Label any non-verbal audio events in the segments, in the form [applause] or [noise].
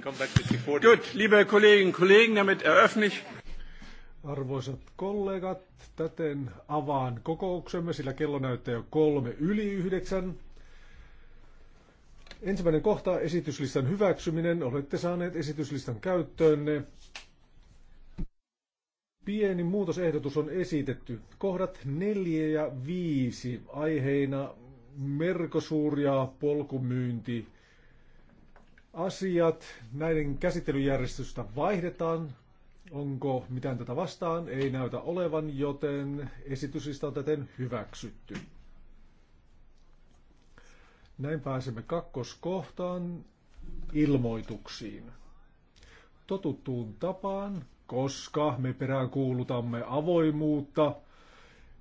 Good, liebe Kolleginnen Kollegen, damit eröffne ich. Arvoisat kollegat, täten avaan kokouksemme, sillä kello näyttää jo kolme yli yhdeksän. Ensimmäinen kohta, esityslistan hyväksyminen. Olette saaneet esityslistan käyttöönne. Pieni muutosehdotus on esitetty. Kohdat 4 ja 5 aiheina merkosuuria polkumyynti asiat. Näiden käsittelyjärjestystä vaihdetaan. Onko mitään tätä vastaan? Ei näytä olevan, joten esitysistä on täten hyväksytty. Näin pääsemme kakkoskohtaan ilmoituksiin. Totuttuun tapaan, koska me peräänkuulutamme avoimuutta,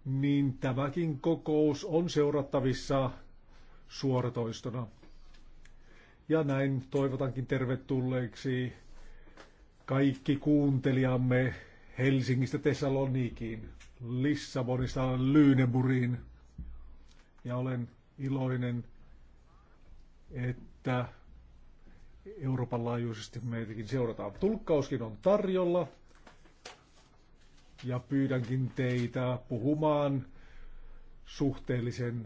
niin tämäkin kokous on seurattavissa suoratoistona ja näin toivotankin tervetulleeksi kaikki kuuntelijamme Helsingistä Thessalonikiin, Lissabonista Lyneburiin. Ja olen iloinen, että Euroopan laajuisesti meitäkin seurataan. Tulkkauskin on tarjolla ja pyydänkin teitä puhumaan suhteellisen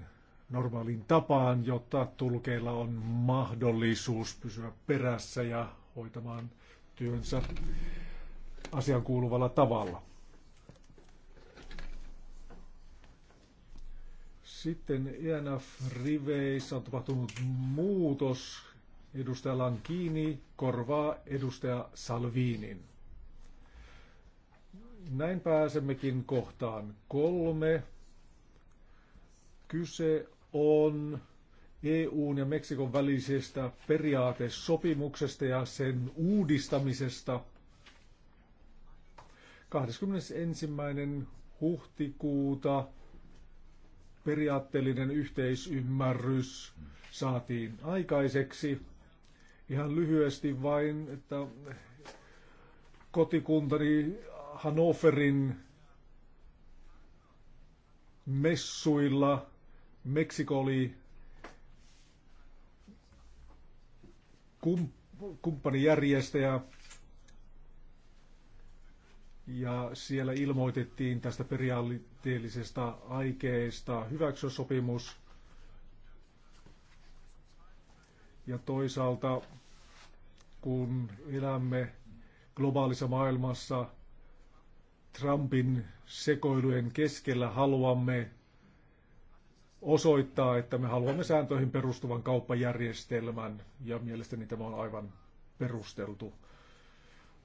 normaalin tapaan, jotta tulkeilla on mahdollisuus pysyä perässä ja hoitamaan työnsä asian kuuluvalla tavalla. Sitten INF-riveissä e on tapahtunut muutos. Edustaja Lankini korvaa edustaja Salvinin. Näin pääsemmekin kohtaan kolme. Kyse on EUn ja Meksikon välisestä periaatesopimuksesta ja sen uudistamisesta 21. huhtikuuta periaatteellinen yhteisymmärrys saatiin aikaiseksi. Ihan lyhyesti vain, että kotikuntani Hannoverin messuilla Meksiko oli kumppanijärjestäjä ja siellä ilmoitettiin tästä periaatteellisesta aikeesta hyväksyä sopimus. Ja toisaalta, kun elämme globaalissa maailmassa Trumpin sekoilujen keskellä, haluamme osoittaa, että me haluamme sääntöihin perustuvan kauppajärjestelmän ja mielestäni tämä on aivan perusteltu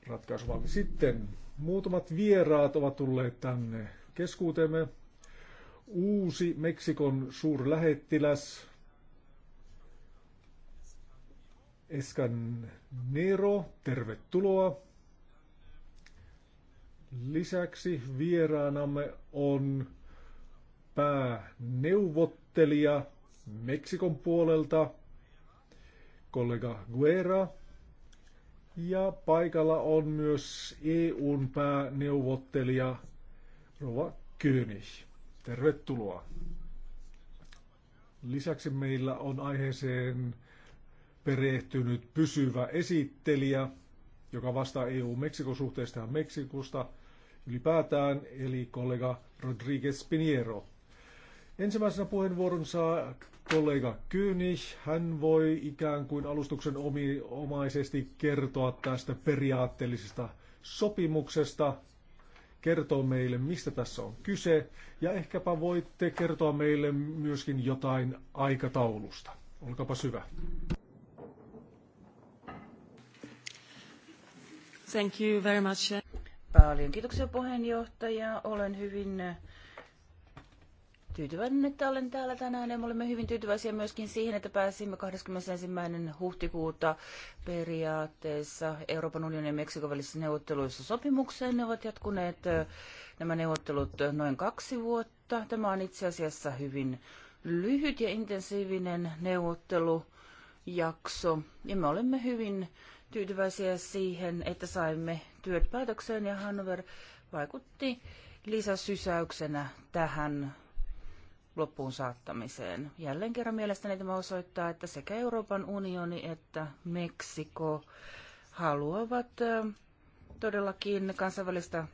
ratkaisu. sitten muutamat vieraat ovat tulleet tänne keskuuteemme. Uusi Meksikon suurlähettiläs Eskan Nero, tervetuloa. Lisäksi vieraanamme on pääneuvottelija Meksikon puolelta, kollega Guerra. Ja paikalla on myös EUn pääneuvottelija Rova König. Tervetuloa. Lisäksi meillä on aiheeseen perehtynyt pysyvä esittelijä, joka vastaa EU-Meksikon suhteesta ja Meksikosta ylipäätään, eli kollega Rodriguez Piniero. Ensimmäisenä puheenvuoron saa kollega Kynich. Hän voi ikään kuin alustuksen omi, omaisesti kertoa tästä periaatteellisesta sopimuksesta, kertoo meille, mistä tässä on kyse, ja ehkäpä voitte kertoa meille myöskin jotain aikataulusta. Olkaapa hyvä. Thank you very much. Paljon kiitoksia puheenjohtaja. Olen hyvin tyytyväinen, että olen täällä tänään ja me olemme hyvin tyytyväisiä myöskin siihen, että pääsimme 21. huhtikuuta periaatteessa Euroopan unionin ja Meksikon välisissä neuvotteluissa sopimukseen. Ne ovat jatkuneet nämä neuvottelut noin kaksi vuotta. Tämä on itse asiassa hyvin lyhyt ja intensiivinen neuvottelujakso ja me olemme hyvin tyytyväisiä siihen, että saimme työt päätökseen ja Hanover vaikutti lisäsysäyksenä tähän loppuun saattamiseen. Jälleen kerran mielestäni tämä osoittaa, että sekä Euroopan unioni että Meksiko haluavat todellakin kansainvälistä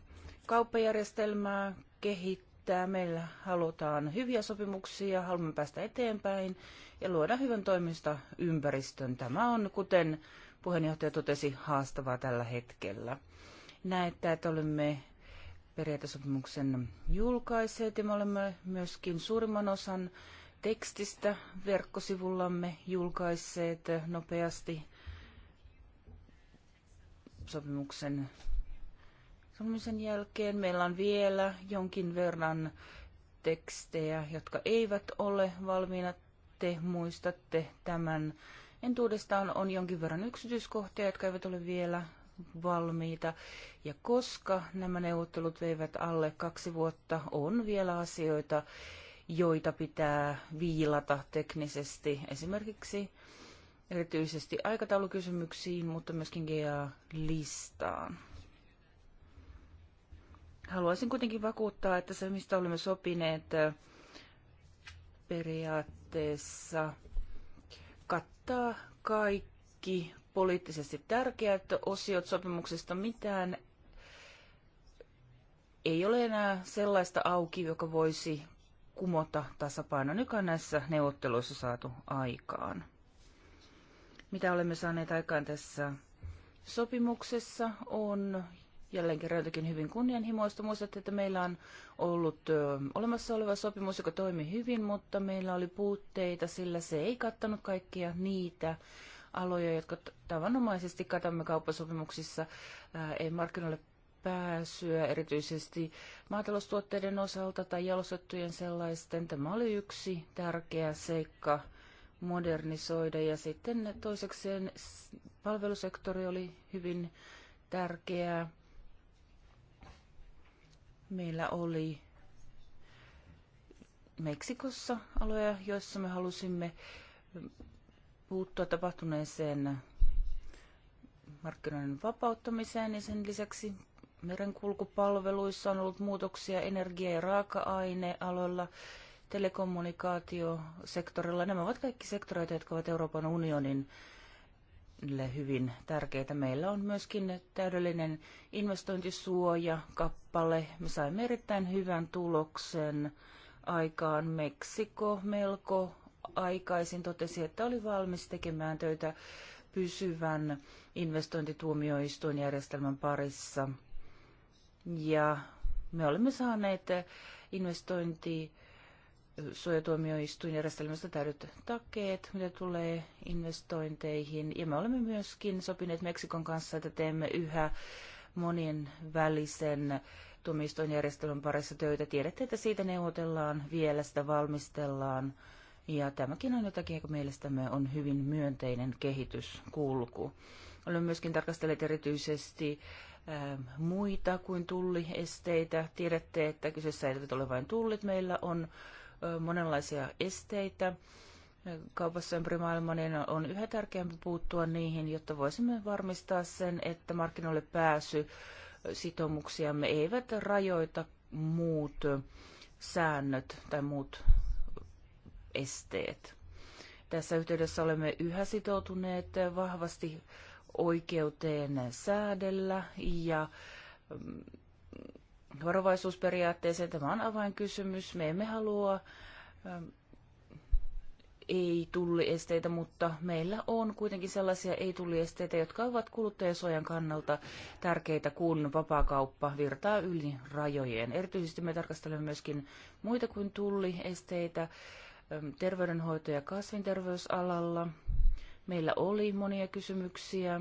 kauppajärjestelmää kehittää. Meillä halutaan hyviä sopimuksia, haluamme päästä eteenpäin ja luoda hyvän toimista ympäristön. Tämä on, kuten puheenjohtaja totesi, haastavaa tällä hetkellä. Näyttää, että olemme periaatesopimuksen julkaiseet ja me olemme myöskin suurimman osan tekstistä verkkosivullamme julkaisseet nopeasti sopimuksen solmimisen jälkeen. Meillä on vielä jonkin verran tekstejä, jotka eivät ole valmiina. Te muistatte tämän entuudestaan on jonkin verran yksityiskohtia, jotka eivät ole vielä valmiita. Ja koska nämä neuvottelut veivät alle kaksi vuotta, on vielä asioita, joita pitää viilata teknisesti. Esimerkiksi erityisesti aikataulukysymyksiin, mutta myöskin GA-listaan. Haluaisin kuitenkin vakuuttaa, että se, mistä olemme sopineet periaatteessa, kattaa kaikki poliittisesti tärkeät osiot sopimuksesta. Mitään ei ole enää sellaista auki, joka voisi kumota tasapaino, joka näissä neuvotteluissa saatu aikaan. Mitä olemme saaneet aikaan tässä sopimuksessa on jälleen kerran jotakin hyvin kunnianhimoista. Muistatte, että meillä on ollut ö, olemassa oleva sopimus, joka toimi hyvin, mutta meillä oli puutteita, sillä se ei kattanut kaikkia niitä aloja, jotka tavanomaisesti katamme kauppasopimuksissa, ei markkinoille pääsyä erityisesti maataloustuotteiden osalta tai jalostettujen sellaisten. Tämä oli yksi tärkeä seikka modernisoida ja sitten toisekseen palvelusektori oli hyvin tärkeää. Meillä oli Meksikossa aloja, joissa me halusimme puuttua tapahtuneeseen markkinoiden vapauttamiseen, ja sen lisäksi merenkulkupalveluissa on ollut muutoksia energia- ja raaka-ainealoilla, telekommunikaatiosektorilla. Nämä ovat kaikki sektoreita, jotka ovat Euroopan unionin hyvin tärkeitä. Meillä on myöskin täydellinen investointisuoja kappale. Me saimme erittäin hyvän tuloksen aikaan. Meksiko melko aikaisin totesi, että oli valmis tekemään töitä pysyvän investointituomioistuinjärjestelmän parissa. Ja me olemme saaneet investointi suojatuomioistuinjärjestelmästä täydet takeet, mitä tulee investointeihin. Ja me olemme myöskin sopineet Meksikon kanssa, että teemme yhä monien välisen tuomioistuinjärjestelmän parissa töitä. Tiedätte, että siitä neuvotellaan vielä, sitä valmistellaan. Ja tämäkin on jotakin, kun mielestämme on hyvin myönteinen kehityskulku. Olemme myöskin tarkastelleet erityisesti ähm, muita kuin tulliesteitä. Tiedätte, että kyseessä eivät ole vain tullit. Meillä on monenlaisia esteitä. Kaupassa ympäri niin on yhä tärkeämpi puuttua niihin, jotta voisimme varmistaa sen, että markkinoille pääsy sitoumuksiamme eivät rajoita muut säännöt tai muut esteet. Tässä yhteydessä olemme yhä sitoutuneet vahvasti oikeuteen säädellä ja mm, varovaisuusperiaatteeseen. Tämä on avainkysymys. Me emme halua mm, ei-tulliesteitä, mutta meillä on kuitenkin sellaisia ei-tulliesteitä, jotka ovat kuluttajasuojan kannalta tärkeitä, kun vapaakauppa virtaa yli rajojen. Erityisesti me tarkastelemme myöskin muita kuin tulliesteitä, terveydenhoito- ja kasvinterveysalalla. Meillä oli monia kysymyksiä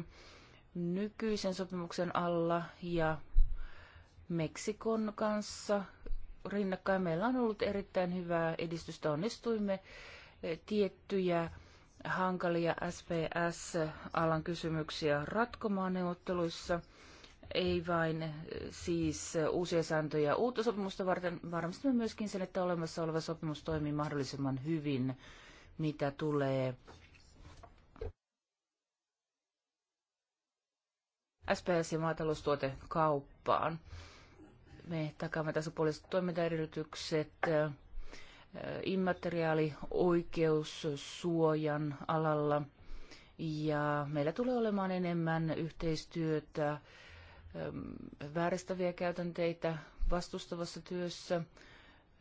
nykyisen sopimuksen alla ja Meksikon kanssa rinnakkain meillä on ollut erittäin hyvää edistystä. Onnistuimme tiettyjä hankalia SPS-alan kysymyksiä ratkomaan neuvotteluissa – ei vain eh, siis eh, uusia sääntöjä uutta sopimusta varten, varmistamme myöskin sen, että olemassa oleva sopimus toimii mahdollisimman hyvin, mitä tulee SPS- ja maataloustuotekauppaan. Me takaamme tässä puolesta toimintaedellytykset, eh, immateriaalioikeussuojan alalla ja meillä tulee olemaan enemmän yhteistyötä Ähm, vääristäviä käytänteitä vastustavassa työssä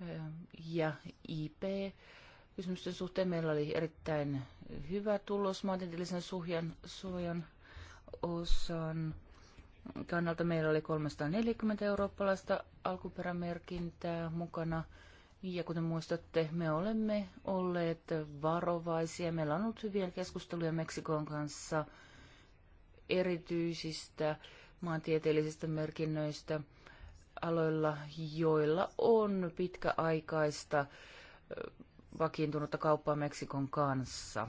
ähm, ja IP. Kysymysten suhteen meillä oli erittäin hyvä tulos maantieteellisen suhjan, suojan osan kannalta. Meillä oli 340 eurooppalaista alkuperämerkintää mukana. Ja kuten muistatte, me olemme olleet varovaisia. Meillä on ollut hyviä keskusteluja Meksikon kanssa erityisistä maantieteellisistä merkinnöistä aloilla, joilla on pitkäaikaista vakiintunutta kauppaa Meksikon kanssa.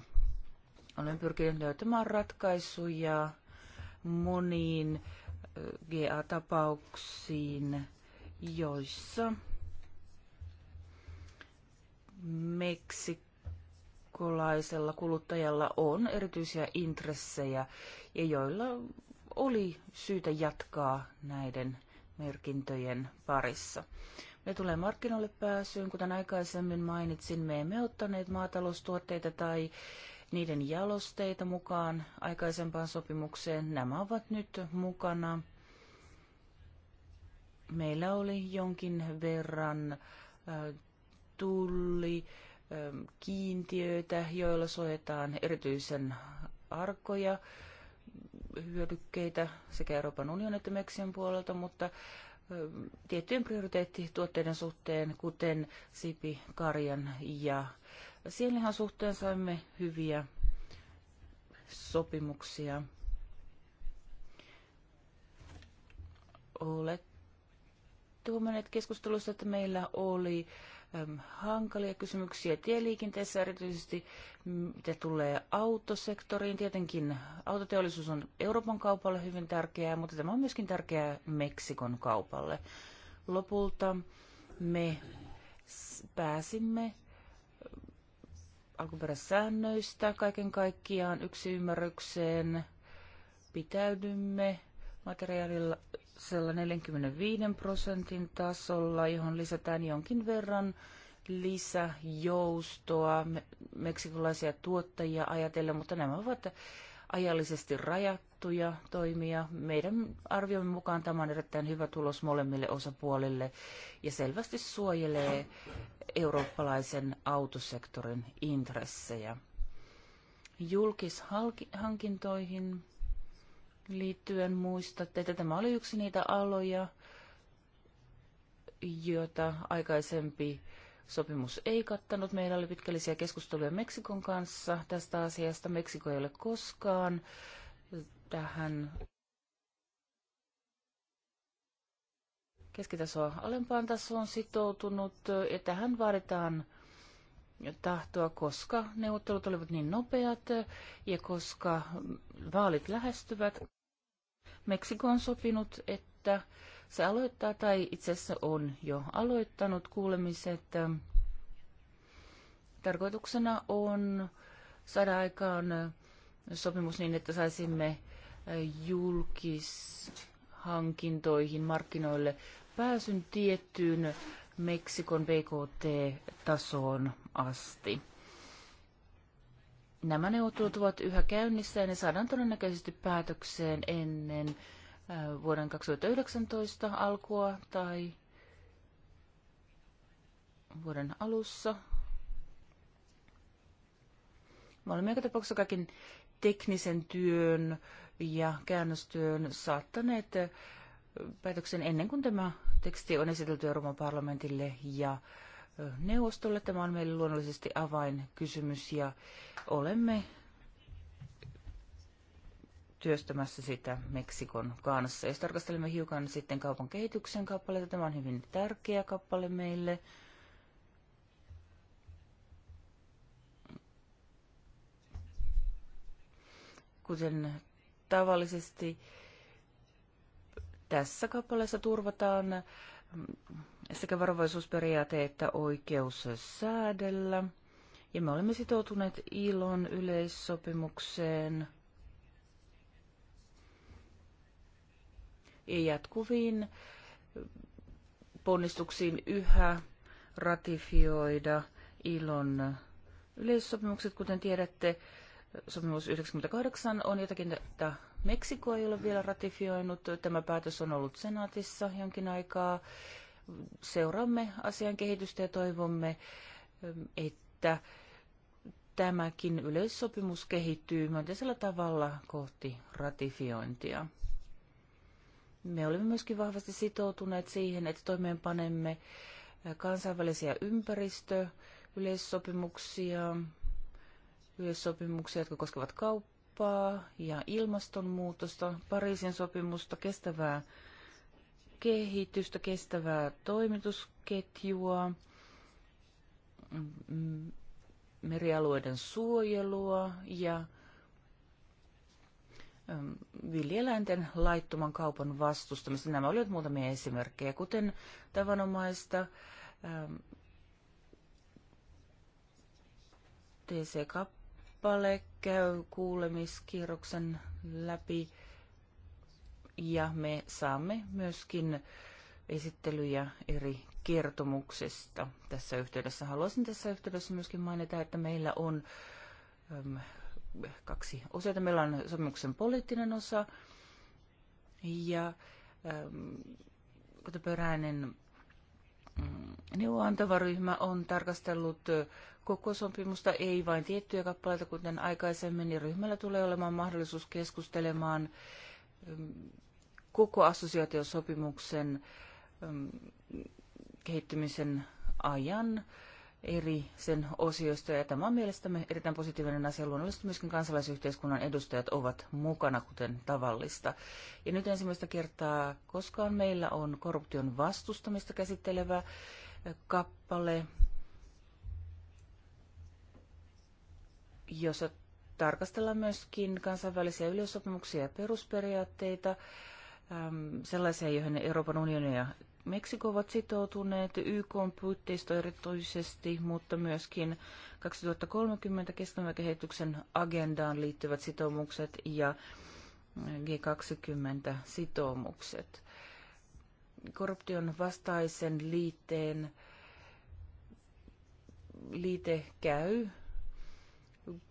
Olen pyrkinyt löytämään ratkaisuja moniin GA-tapauksiin, joissa meksikolaisella kuluttajalla on erityisiä intressejä ja joilla oli syytä jatkaa näiden merkintöjen parissa. Me tulee markkinoille pääsyyn, kuten aikaisemmin mainitsin, me emme ottaneet maataloustuotteita tai niiden jalosteita mukaan aikaisempaan sopimukseen. Nämä ovat nyt mukana. Meillä oli jonkin verran tulli kiintiöitä, joilla soetaan erityisen arkoja hyödykkeitä sekä Euroopan unionin että Meksikon puolelta, mutta tiettyjen prioriteettituotteiden suhteen, kuten sipi, karjan ja sienlihan suhteen saimme hyviä sopimuksia. Olet tuomaneet keskustelussa, että meillä oli äh, hankalia kysymyksiä tieliikenteessä, erityisesti mitä tulee autosektoriin. Tietenkin autoteollisuus on Euroopan kaupalle hyvin tärkeää, mutta tämä on myöskin tärkeää Meksikon kaupalle. Lopulta me pääsimme alkuperäsäännöistä kaiken kaikkiaan yksi ymmärrykseen. Pitäydymme materiaalilla 45 prosentin tasolla, johon lisätään jonkin verran lisäjoustoa meksikolaisia tuottajia ajatellen, mutta nämä ovat ajallisesti rajattuja toimia. Meidän arviomme mukaan tämä on erittäin hyvä tulos molemmille osapuolille ja selvästi suojelee eurooppalaisen autosektorin intressejä. Julkishankintoihin liittyen muistatte, että tämä oli yksi niitä aloja, joita aikaisempi sopimus ei kattanut. Meillä oli pitkällisiä keskusteluja Meksikon kanssa tästä asiasta. Meksiko ei ole koskaan tähän keskitasoa alempaan tasoon sitoutunut, ja tähän vaaditaan tahtoa, koska neuvottelut olivat niin nopeat ja koska vaalit lähestyvät. Meksiko on sopinut, että se aloittaa tai itse asiassa on jo aloittanut kuulemiset. Tarkoituksena on saada aikaan sopimus niin, että saisimme julkishankintoihin markkinoille pääsyn tiettyyn Meksikon BKT-tasoon asti. Nämä neuvottelut ovat yhä käynnissä ja ne saadaan todennäköisesti päätökseen ennen äh, vuoden 2019 alkua tai vuoden alussa. Me olemme joka tapauksessa kaiken teknisen työn ja käännöstyön saattaneet äh, päätöksen ennen kuin tämä teksti on esitelty Euroopan parlamentille ja neuvostolle. Tämä on meille luonnollisesti avainkysymys ja olemme työstämässä sitä Meksikon kanssa. Jos tarkastelemme hiukan sitten kaupan kehityksen kappaleita, tämä on hyvin tärkeä kappale meille. Kuten tavallisesti tässä kappaleessa turvataan sekä varovaisuusperiaate että oikeus säädellä. Ja me olemme sitoutuneet ILON yleissopimukseen ja jatkuviin ponnistuksiin yhä ratifioida ILON yleissopimukset. Kuten tiedätte, sopimus 98 on jotakin, että Meksiko ei ole vielä ratifioinut. Tämä päätös on ollut senaatissa jonkin aikaa. Seuraamme asian kehitystä ja toivomme, ähm, että tämäkin yleissopimus kehittyy myönteisellä tavalla kohti ratifiointia. Me olemme myöskin vahvasti sitoutuneet siihen, että toimeenpanemme äh, kansainvälisiä ympäristöyleissopimuksia yleissopimuksia, yleissopimuksia, jotka koskevat kauppaa kauppaa ja ilmastonmuutosta, Pariisin sopimusta, kestävää kehitystä, kestävää toimitusketjua, mm, merialueiden suojelua ja mm, viljeläinten laittoman kaupan vastustamista. Nämä olivat muutamia esimerkkejä, kuten tavanomaista mm, TC-kappaleista kappale käy kuulemiskierroksen läpi ja me saamme myöskin esittelyjä eri kertomuksista tässä yhteydessä. Haluaisin tässä yhteydessä myöskin mainita, että meillä on äm, kaksi osia. Meillä on sopimuksen poliittinen osa ja kuten ähm, kotoperäinen mm, neuvoantava on tarkastellut äh, koko sopimusta, ei vain tiettyjä kappaleita, kuten aikaisemmin, niin ryhmällä tulee olemaan mahdollisuus keskustelemaan mm, koko assosiaatiosopimuksen mm, kehittymisen ajan eri sen osioista, ja tämä on mielestämme erittäin positiivinen asia. Luonnollisesti myöskin kansalaisyhteiskunnan edustajat ovat mukana, kuten tavallista. Ja nyt ensimmäistä kertaa koskaan meillä on korruption vastustamista käsittelevä eh, kappale jossa tarkastellaan myöskin kansainvälisiä yleissopimuksia ja perusperiaatteita, sellaisia, joihin Euroopan unioni ja Meksiko ovat sitoutuneet YK on puitteisto erityisesti, mutta myöskin 2030 kestävän kehityksen agendaan liittyvät sitoumukset ja G20-sitoumukset. Korruption vastaisen liitteen liite käy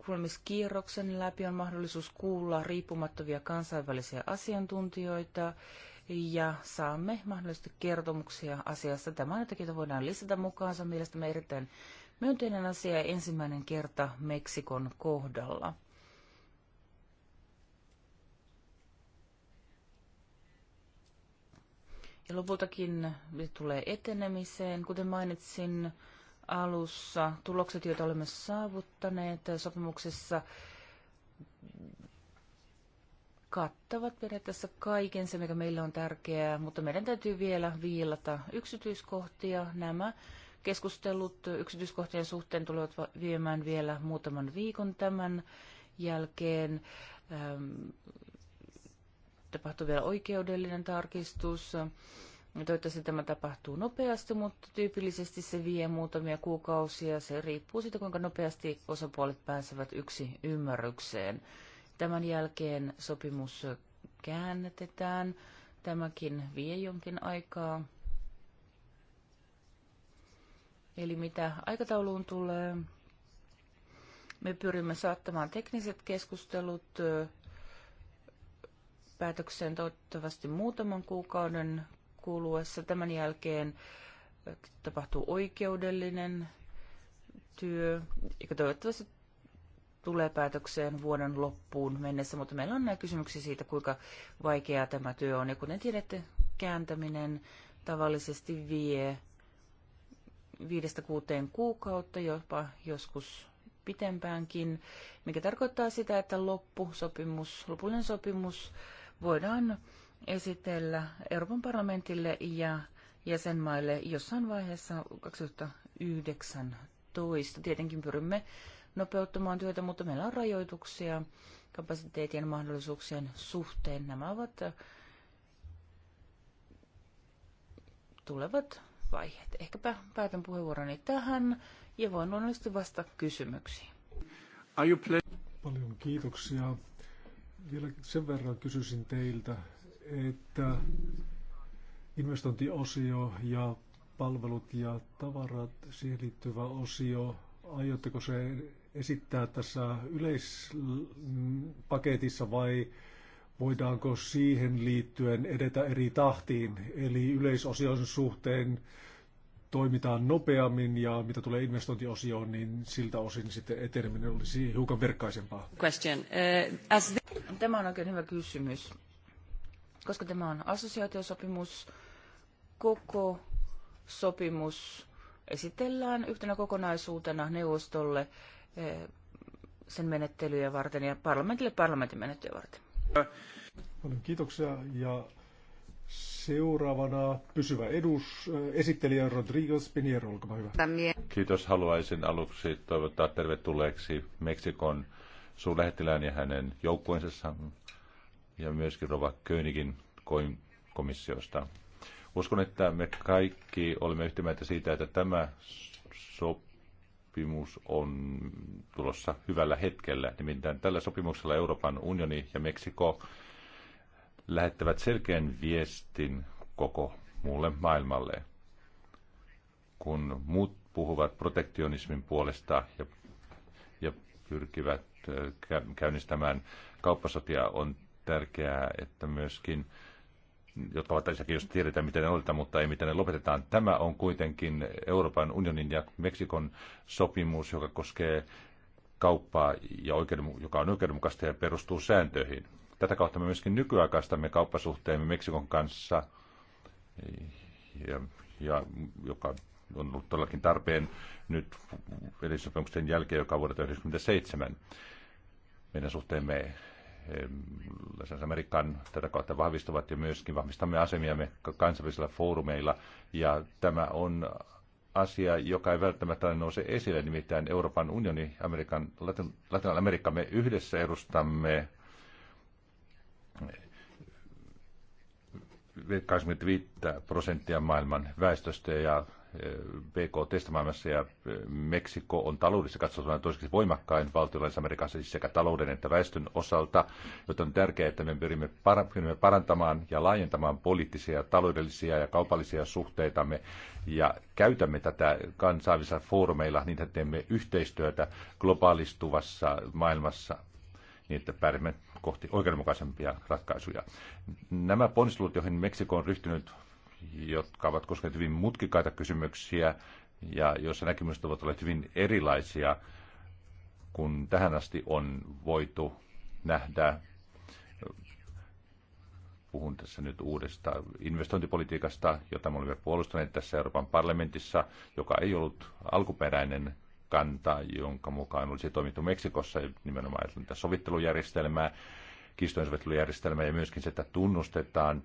kuulemiskierroksen läpi on mahdollisuus kuulla riippumattomia kansainvälisiä asiantuntijoita ja saamme mahdollisesti kertomuksia asiasta. Tämä on voidaan lisätä mukaansa. Mielestäni erittäin myönteinen asia ensimmäinen kerta Meksikon kohdalla. Ja lopultakin tulee etenemiseen. Kuten mainitsin, alussa tulokset, joita olemme saavuttaneet sopimuksessa, kattavat periaatteessa kaiken se, mikä meillä on tärkeää, mutta meidän täytyy vielä viilata yksityiskohtia. Nämä keskustelut yksityiskohtien suhteen tulevat viemään vielä muutaman viikon tämän jälkeen. tapahtui vielä oikeudellinen tarkistus. Toivottavasti tämä tapahtuu nopeasti, mutta tyypillisesti se vie muutamia kuukausia. Se riippuu siitä, kuinka nopeasti osapuolet pääsevät yksi ymmärrykseen. Tämän jälkeen sopimus käännetetään. Tämäkin vie jonkin aikaa. Eli mitä aikatauluun tulee, me pyrimme saattamaan tekniset keskustelut päätökseen toivottavasti muutaman kuukauden kuluessa. Tämän jälkeen tapahtuu oikeudellinen työ, joka toivottavasti tulee päätökseen vuoden loppuun mennessä, mutta meillä on nämä kysymyksiä siitä, kuinka vaikeaa tämä työ on. Ja kuten tiedätte, kääntäminen tavallisesti vie viidestä kuuteen kuukautta, jopa joskus pitempäänkin, mikä tarkoittaa sitä, että loppusopimus, lopullinen sopimus voidaan esitellä Euroopan parlamentille ja jäsenmaille jossain vaiheessa 2019. Tietenkin pyrimme nopeuttamaan työtä, mutta meillä on rajoituksia kapasiteetin mahdollisuuksien suhteen. Nämä ovat äh, tulevat vaiheet. Ehkäpä päätän puheenvuoroni tähän ja voin luonnollisesti vastata kysymyksiin. Paljon kiitoksia. Vielä sen verran kysyisin teiltä, että investointiosio ja palvelut ja tavarat, siihen liittyvä osio, aiotteko se esittää tässä yleispaketissa vai voidaanko siihen liittyen edetä eri tahtiin? Eli yleisosion suhteen toimitaan nopeammin ja mitä tulee investointiosioon, niin siltä osin sitten eteneminen olisi hiukan verkkaisempaa. Question. Uh, Tämä on oikein hyvä kysymys koska tämä on assosiaatiosopimus, koko sopimus esitellään yhtenä kokonaisuutena neuvostolle eh, sen menettelyjä varten ja parlamentille parlamentin menettelyjä varten. Paljon kiitoksia ja seuraavana pysyvä edus, eh, esittelijä Rodrigo Spinier, olkaa hyvä. Kiitos, haluaisin aluksi toivottaa tervetulleeksi Meksikon suurlähettilään ja hänen joukkueensa ja myöskin Rova Köynigin komissiosta. Uskon, että me kaikki olemme yhtä mieltä siitä, että tämä sopimus on tulossa hyvällä hetkellä. Nimittäin tällä sopimuksella Euroopan unioni ja Meksiko lähettävät selkeän viestin koko muulle maailmalle. Kun muut puhuvat protektionismin puolesta ja, ja pyrkivät äh, käynnistämään kauppasotia, on tärkeää, että myöskin jotka ovat tässäkin, jos tiedetään, miten ne olivat, mutta ei miten ne lopetetaan. Tämä on kuitenkin Euroopan unionin ja Meksikon sopimus, joka koskee kauppaa, ja oikeuden, joka on oikeudenmukaista ja perustuu sääntöihin. Tätä kautta me myöskin nykyaikaistamme kauppasuhteemme Meksikon kanssa, ja, ja joka on ollut todellakin tarpeen nyt edellisopimuksen jälkeen, joka on vuodelta 1997. Meidän suhteemme Amerikan tätä kautta vahvistuvat ja myöskin vahvistamme asemiamme kansainvälisillä foorumeilla. Ja tämä on asia, joka ei välttämättä nouse esille, nimittäin Euroopan unioni, Amerikan, Latin, Latin-Amerikka, me yhdessä edustamme 25 prosenttia maailman väestöstä ja BKT maailmassa ja eh, Meksiko on taloudessa katsottuna toiseksi voimakkain valtio Amerikassa siis sekä talouden että väestön osalta, joten on tärkeää, että me pyrimme parantamaan ja laajentamaan poliittisia, taloudellisia ja kaupallisia suhteitamme ja käytämme tätä kansainvälisillä foorumeilla niin, että teemme yhteistyötä globaalistuvassa maailmassa niin, että päädymme kohti oikeudenmukaisempia ratkaisuja. Nämä ponnistelut, joihin Meksiko on ryhtynyt jotka ovat koskeneet hyvin mutkikaita kysymyksiä ja joissa näkemykset ovat olleet hyvin erilaisia, kun tähän asti on voitu nähdä. Puhun tässä nyt uudesta investointipolitiikasta, jota me olemme puolustaneet tässä Euroopan parlamentissa, joka ei ollut alkuperäinen kanta, jonka mukaan olisi toimittu Meksikossa nimenomaan tätä sovittelujärjestelmää, kiistojen sovittelujärjestelmää ja myöskin se, että tunnustetaan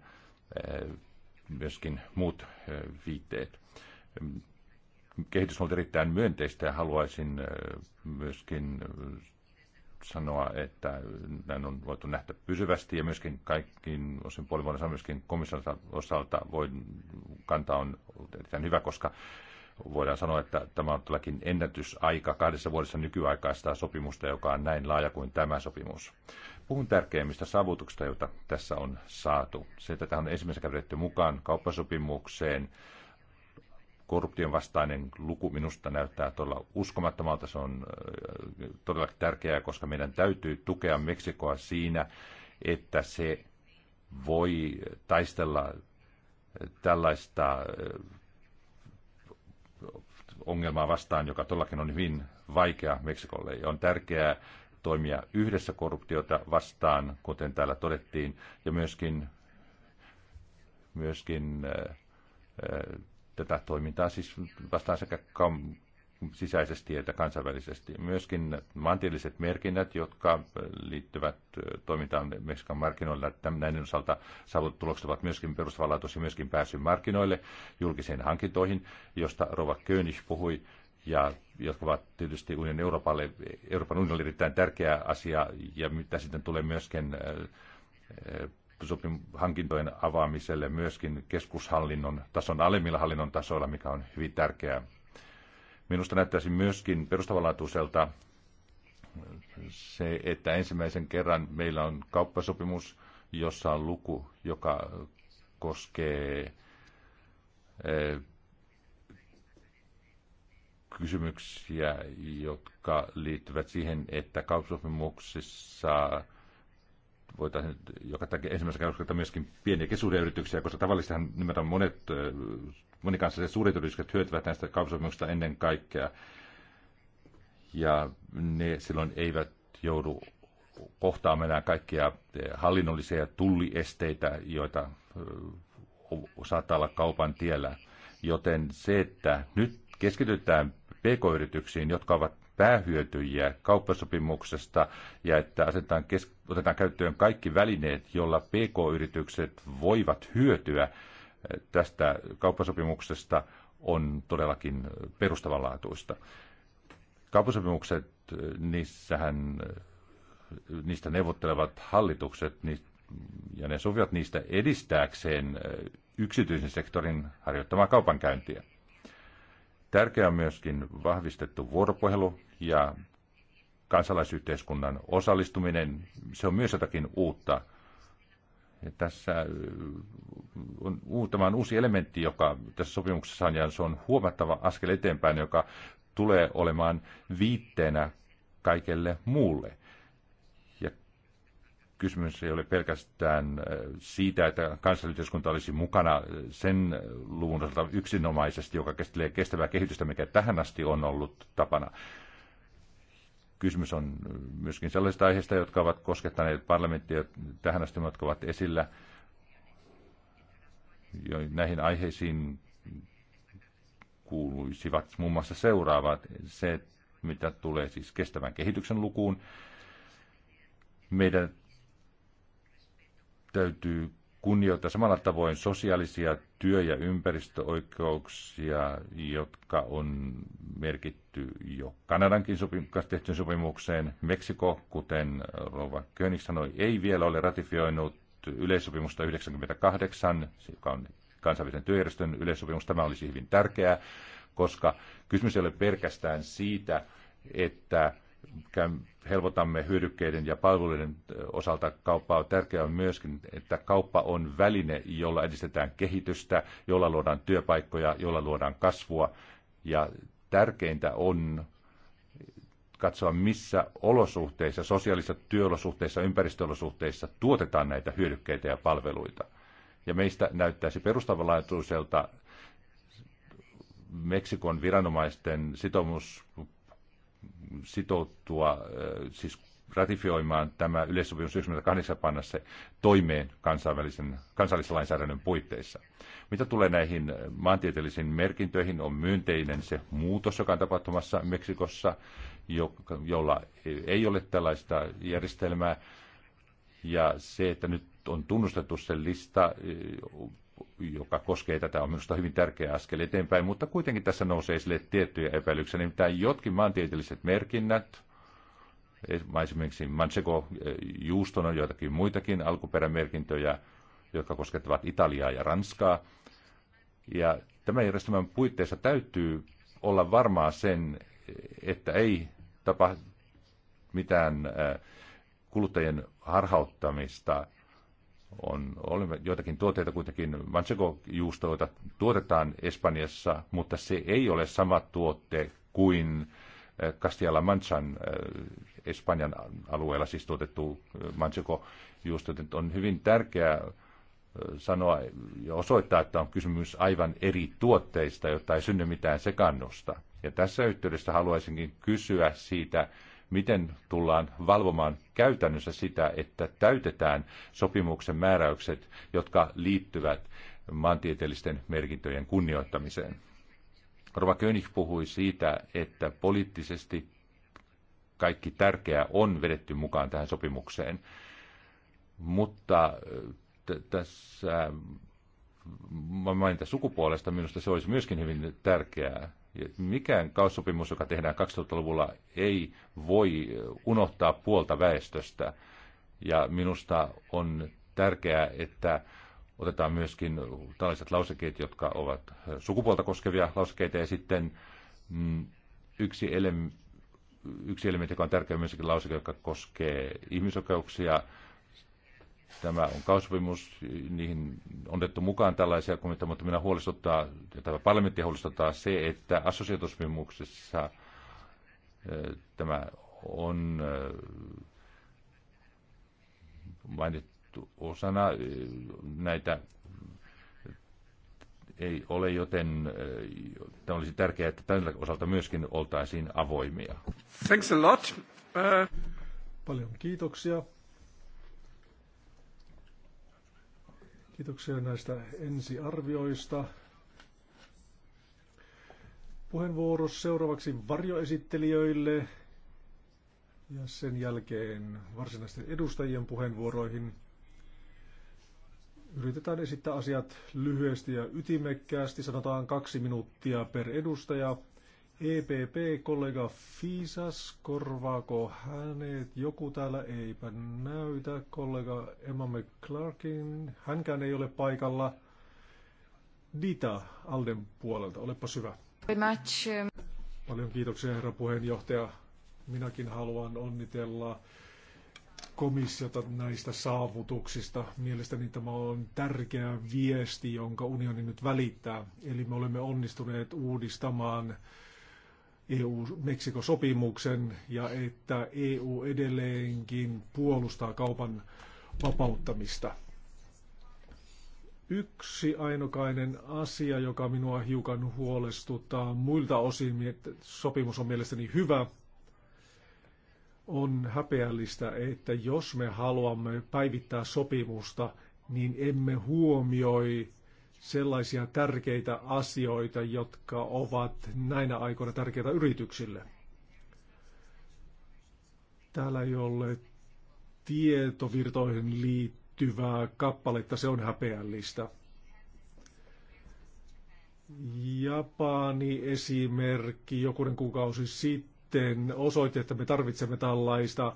eh, myöskin muut viitteet. Kehitys on ollut erittäin myönteistä ja haluaisin myöskin sanoa, että näin on voitu nähdä pysyvästi ja myöskin kaikkiin osin puolivuodessa myöskin komission osalta voi, kantaa on erittäin hyvä, koska Voidaan sanoa, että tämä on todellakin ennätysaika kahdessa vuodessa nykyaikaista sopimusta, joka on näin laaja kuin tämä sopimus. Puhun tärkeimmistä saavutuksista, joita tässä on saatu. Se, että tähän on ensimmäisen kerran mukaan kauppasopimukseen, korruption vastainen luku minusta näyttää todella uskomattomalta. Se on äh, todella tärkeää, koska meidän täytyy tukea Meksikoa siinä, että se voi taistella tällaista äh, ongelmaa vastaan, joka todellakin on hyvin vaikea Meksikolle. Ja on tärkeää toimia yhdessä korruptiota vastaan, kuten täällä todettiin, ja myöskin, myöskin ää, äh, ää, äh, tätä toimintaa siis vastaan sekä kam- sisäisesti että kansainvälisesti. Myöskin maantieteelliset merkinnät, jotka liittyvät toimintaan Meksikan markkinoilla, näiden osalta saavut tulokset ovat myöskin perustavanlaatuisia, ja myöskin pääsy markkinoille, julkisiin hankintoihin, josta Rova König puhui, ja jotka ovat tietysti unionin Euroopalle, Euroopan unionille erittäin tärkeä asia, ja mitä sitten tulee myöskin hankintojen avaamiselle myöskin keskushallinnon tason, alemmilla hallinnon tasoilla, mikä on hyvin tärkeää Minusta näyttäisi myöskin perustavanlaatuiselta se, että ensimmäisen kerran meillä on kauppasopimus, jossa on luku, joka koskee eh, kysymyksiä, jotka liittyvät siihen, että kauppasopimuksissa voitaisiin, joka ensimmäisen kerran myöskin pieniä ja yrityksiä, koska tavallisesti nimenomaan monet eh, monikansalliset suuret yritykset hyötyvät näistä kauppasopimuksista ennen kaikkea. Ja ne silloin eivät joudu kohtaamaan enää kaikkia eh, hallinnollisia tulliesteitä, joita eh, saattaa olla kaupan tiellä. Joten se, että nyt keskitytään pk-yrityksiin, jotka ovat päähyötyjiä kauppasopimuksesta ja että asetetaan kes- otetaan käyttöön kaikki välineet, joilla pk-yritykset voivat hyötyä tästä kauppasopimuksesta on todellakin perustavanlaatuista. Kauppasopimukset, niissähän, niistä neuvottelevat hallitukset, niin ja ne sopivat niistä edistääkseen yksityisen sektorin harjoittamaa kaupankäyntiä. Tärkeää on myöskin vahvistettu vuoropuhelu ja kansalaisyhteiskunnan osallistuminen. Se on myös jotakin uutta. Ja tässä on, tämä uusi elementti, joka tässä sopimuksessa on, ja se on huomattava askel eteenpäin, joka tulee olemaan viitteenä kaikelle muulle. Ja kysymys ei ole pelkästään siitä, että kansallisyhteiskunta olisi mukana sen luvun osalta yksinomaisesti, joka käsittelee kestävää kehitystä, mikä tähän asti on ollut tapana, Kysymys on myöskin sellaisista aiheista, jotka ovat koskettaneet parlamenttia tähän asti, jotka ovat esillä. Jo näihin aiheisiin kuuluisivat muun muassa seuraavat. Se, mitä tulee siis kestävän kehityksen lukuun, meidän täytyy kunnioittaa samalla tavoin sosiaalisia työ- ja ympäristöoikeuksia, jotka on merkitty jo Kanadankin sopim- tehtyyn sopimukseen. Meksiko, kuten Rova König sanoi, ei vielä ole ratifioinut yleissopimusta 98, joka on kansainvälisen työjärjestön yleissopimus. Tämä olisi hyvin tärkeää, koska kysymys ei ole pelkästään siitä, että helpotamme hyödykkeiden ja palveluiden osalta kauppaa. Tärkeää on myöskin, että kauppa on väline, jolla edistetään kehitystä, jolla luodaan työpaikkoja, jolla luodaan kasvua. Ja tärkeintä on katsoa, missä olosuhteissa, sosiaalisissa työolosuhteissa, ympäristöolosuhteissa tuotetaan näitä hyödykkeitä ja palveluita. Ja meistä näyttäisi perustavanlaatuiselta Meksikon viranomaisten sitoumus sitouttua siis ratifioimaan tämä yleissopimus 98 panna se toimeen kansainvälisen, kansallisen lainsäädännön puitteissa. Mitä tulee näihin maantieteellisiin merkintöihin, on myönteinen se muutos, joka on tapahtumassa Meksikossa, jo, jolla ei ole tällaista järjestelmää. Ja se, että nyt on tunnustettu se lista, joka koskee tätä, on minusta hyvin tärkeä askel eteenpäin, mutta kuitenkin tässä nousee esille tiettyjä epäilyksiä, nimittäin jotkin maantieteelliset merkinnät, esimerkiksi Manchego eh, juuston on joitakin muitakin alkuperämerkintöjä, jotka koskettavat Italiaa ja Ranskaa. Ja tämän järjestelmän puitteissa täytyy olla varmaa sen, että ei tapahdu mitään eh, kuluttajien harhauttamista on olemme joitakin tuotteita kuitenkin, manchego-juustoita tuotetaan Espanjassa, mutta se ei ole sama tuotte kuin eh, Castilla Manchan eh, Espanjan alueella siis tuotettu eh, manchego-juusto. On hyvin tärkeää sanoa ja osoittaa, että on kysymys aivan eri tuotteista, jotta ei synny mitään sekannusta. Ja tässä yhteydessä haluaisinkin kysyä siitä, miten tullaan valvomaan käytännössä sitä, että täytetään sopimuksen määräykset, jotka liittyvät maantieteellisten merkintöjen kunnioittamiseen. Rova König puhui siitä, että poliittisesti kaikki tärkeää on vedetty mukaan tähän sopimukseen, mutta tässä mainita sukupuolesta minusta se olisi myöskin hyvin tärkeää. Mikään kaussopimus, joka tehdään 2000-luvulla, ei voi unohtaa puolta väestöstä. Ja minusta on tärkeää, että otetaan myöskin tällaiset lausekkeet, jotka ovat sukupuolta koskevia lausekkeita, ja sitten mm, yksi, ele, yksi elementti, joka on tärkeä myöskin lauseke, joka koskee ihmisoikeuksia, Tämä on kausopimus, niihin on otettu mukaan tällaisia komiteita, mutta minä huolestuttaa, ja tämä parlamentti huolestuttaa se, että assosiaatiosopimuksessa tämä on mainittu osana näitä ei ole, joten tämä olisi tärkeää, että tällä osalta myöskin oltaisiin avoimia. Thanks a lot. Uh... Paljon kiitoksia. Kiitoksia näistä ensiarvioista. Puheenvuoro seuraavaksi varjoesittelijöille ja sen jälkeen varsinaisten edustajien puheenvuoroihin. Yritetään esittää asiat lyhyesti ja ytimekkäästi, sanotaan kaksi minuuttia per edustaja. EPP-kollega Fiisas, korvaako hänet? Joku täällä eipä näytä. Kollega Emma McClarkin, hänkään ei ole paikalla. Dita Alden puolelta, olepa syvä. Um, Paljon kiitoksia herra puheenjohtaja. Minäkin haluan onnitella komissiota näistä saavutuksista. Mielestäni tämä on tärkeä viesti, jonka unioni nyt välittää. Eli me olemme onnistuneet uudistamaan eu meksikosopimuksen sopimuksen ja että EU edelleenkin puolustaa kaupan vapauttamista. Yksi ainokainen asia, joka minua hiukan huolestuttaa muilta osin, niin että sopimus on mielestäni hyvä, on häpeällistä, että jos me haluamme päivittää sopimusta, niin emme huomioi sellaisia tärkeitä asioita, jotka ovat näinä aikoina tärkeitä yrityksille. Täällä ei ole tietovirtoihin liittyvää kappaletta, se on häpeällistä. Japani esimerkki jokunen kuukausi sitten osoitti, että me tarvitsemme tällaista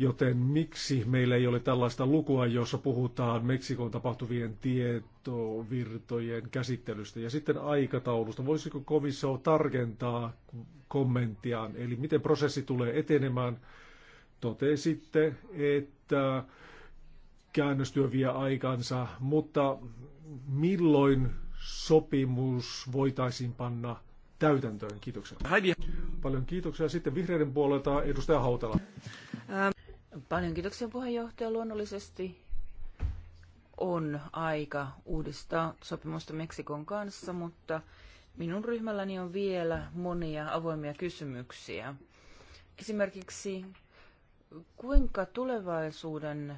Joten miksi meillä ei ole tällaista lukua, jossa puhutaan Meksikon tapahtuvien tietovirtojen käsittelystä ja sitten aikataulusta? Voisiko komissio tarkentaa kommenttiaan, eli miten prosessi tulee etenemään? Totesitte, että käännöstyö vie aikansa, mutta milloin sopimus voitaisiin panna täytäntöön? Kiitoksia. Paljon kiitoksia. Sitten vihreiden puolelta edustaja Hautala. Ähm. Paljon kiitoksia puheenjohtaja. Luonnollisesti on aika uudistaa sopimusta Meksikon kanssa, mutta minun ryhmälläni on vielä monia avoimia kysymyksiä. Esimerkiksi kuinka tulevaisuuden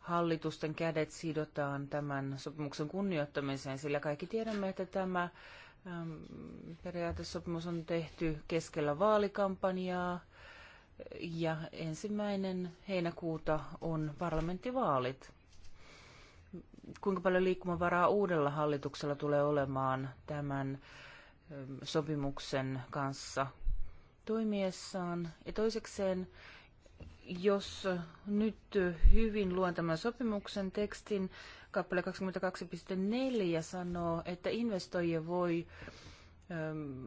hallitusten kädet sidotaan tämän sopimuksen kunnioittamiseen, sillä kaikki tiedämme, että tämä periaatesopimus on tehty keskellä vaalikampanjaa, ja ensimmäinen heinäkuuta on parlamenttivaalit. Kuinka paljon liikkumavaraa uudella hallituksella tulee olemaan tämän ähm, sopimuksen kanssa toimiessaan? Ja toisekseen, jos nyt hyvin luen tämän sopimuksen tekstin, kappale 22.4 sanoo, että investoijia voi ähm,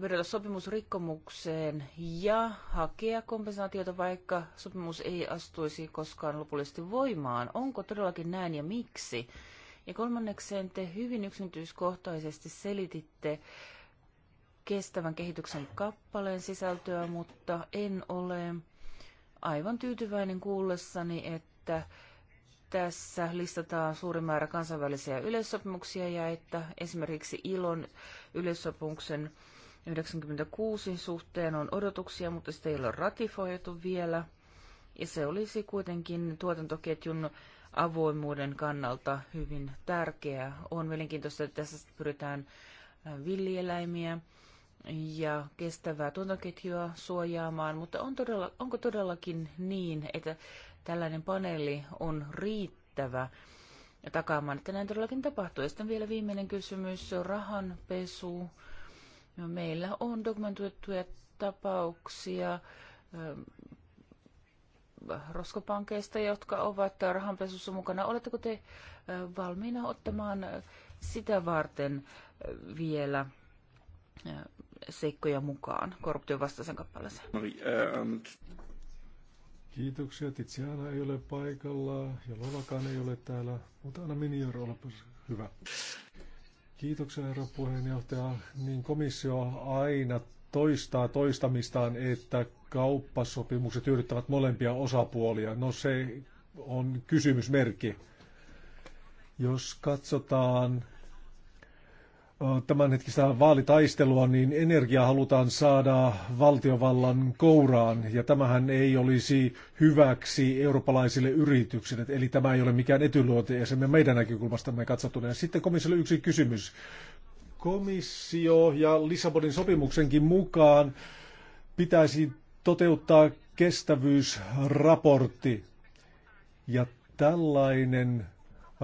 vedota sopimusrikkomukseen ja hakea kompensaatiota, vaikka sopimus ei astuisi koskaan lopullisesti voimaan. Onko todellakin näin ja miksi? Ja kolmannekseen te hyvin yksityiskohtaisesti selititte kestävän kehityksen kappaleen sisältöä, mutta en ole aivan tyytyväinen kuullessani, että tässä listataan suuri määrä kansainvälisiä yleissopimuksia ja että esimerkiksi ILON yleissopimuksen 96 suhteen on odotuksia, mutta sitä ei ole ratifoitu vielä. Ja se olisi kuitenkin tuotantoketjun avoimuuden kannalta hyvin tärkeää. On mielenkiintoista, että tässä pyritään villieläimiä ja kestävää tuotantoketjua suojaamaan, mutta on todella, onko todellakin niin, että tällainen paneeli on riittävä takaamaan, että näin todellakin tapahtuu. Ja sitten vielä viimeinen kysymys, rahanpesu. No, meillä on dokumentoituja tapauksia ähm, roskopankeista, jotka ovat rahanpesussa mukana. Oletteko te äh, valmiina ottamaan äh, sitä varten äh, vielä seikkoja mukaan korruption vastaisen kappaleeseen? Kiitoksia. Tiziana ei ole paikalla ja Lovakaan ei ole täällä, mutta Anna Minior, olepas hyvä. Kiitoksia herra puheenjohtaja. Niin komissio aina toistaa toistamistaan, että kauppasopimukset hyödyttävät molempia osapuolia. No se on kysymysmerkki. Jos katsotaan tämänhetkistä vaalitaistelua, niin energia halutaan saada valtiovallan kouraan, ja tämähän ei olisi hyväksi eurooppalaisille yrityksille, eli tämä ei ole mikään etyluote, me meidän näkökulmastamme katsottuna. Ja sitten komissiolle yksi kysymys. Komissio ja Lissabonin sopimuksenkin mukaan pitäisi toteuttaa kestävyysraportti, ja tällainen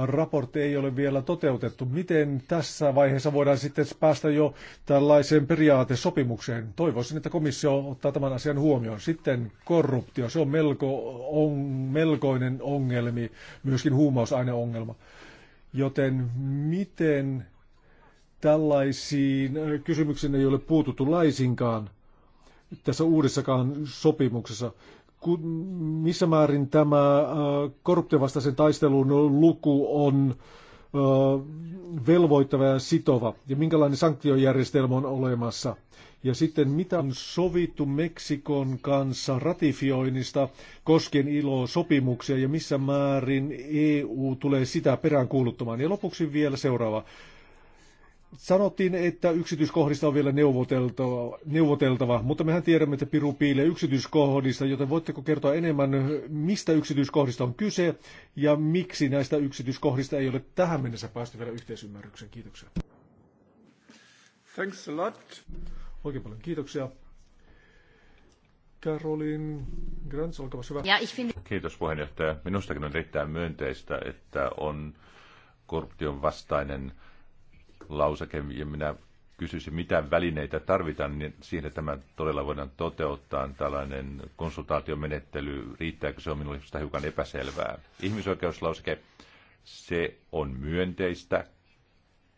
raportti ei ole vielä toteutettu. Miten tässä vaiheessa voidaan sitten päästä jo tällaiseen periaatesopimukseen? Toivoisin, että komissio ottaa tämän asian huomioon. Sitten korruptio, se on, melko, on melkoinen ongelmi, myöskin huumausaineongelma. Joten miten tällaisiin äh, kysymyksiin ei ole puututtu laisinkaan tässä uudessakaan sopimuksessa? kun, missä määrin tämä äh, korruptiovastaisen taistelun luku on äh, velvoittava ja sitova, ja minkälainen sanktiojärjestelmä on olemassa. Ja sitten mitä on sovittu Meksikon kanssa ratifioinnista koskien ILO-sopimuksia ja missä määrin EU tulee sitä peräänkuuluttamaan. Ja lopuksi vielä seuraava. Sanottiin, että yksityiskohdista on vielä neuvoteltava, neuvoteltava, mutta mehän tiedämme, että Piru piilee yksityiskohdista, joten voitteko kertoa enemmän, mistä yksityiskohdista on kyse ja miksi näistä yksityiskohdista ei ole tähän mennessä päästy vielä yhteisymmärrykseen? Kiitoksia. Thanks a lot. Oikein paljon kiitoksia. Caroline Grants, olkaa hyvä. Ja, ich finde... Kiitos puheenjohtaja. Minustakin on erittäin myönteistä, että on korruption vastainen lauseke, ja minä kysyisin, mitä välineitä tarvitaan, niin että tämä todella voidaan toteuttaa, tällainen konsultaatiomenettely, riittääkö se on minulle sitä hiukan epäselvää. Ihmisoikeuslauseke, se on myönteistä.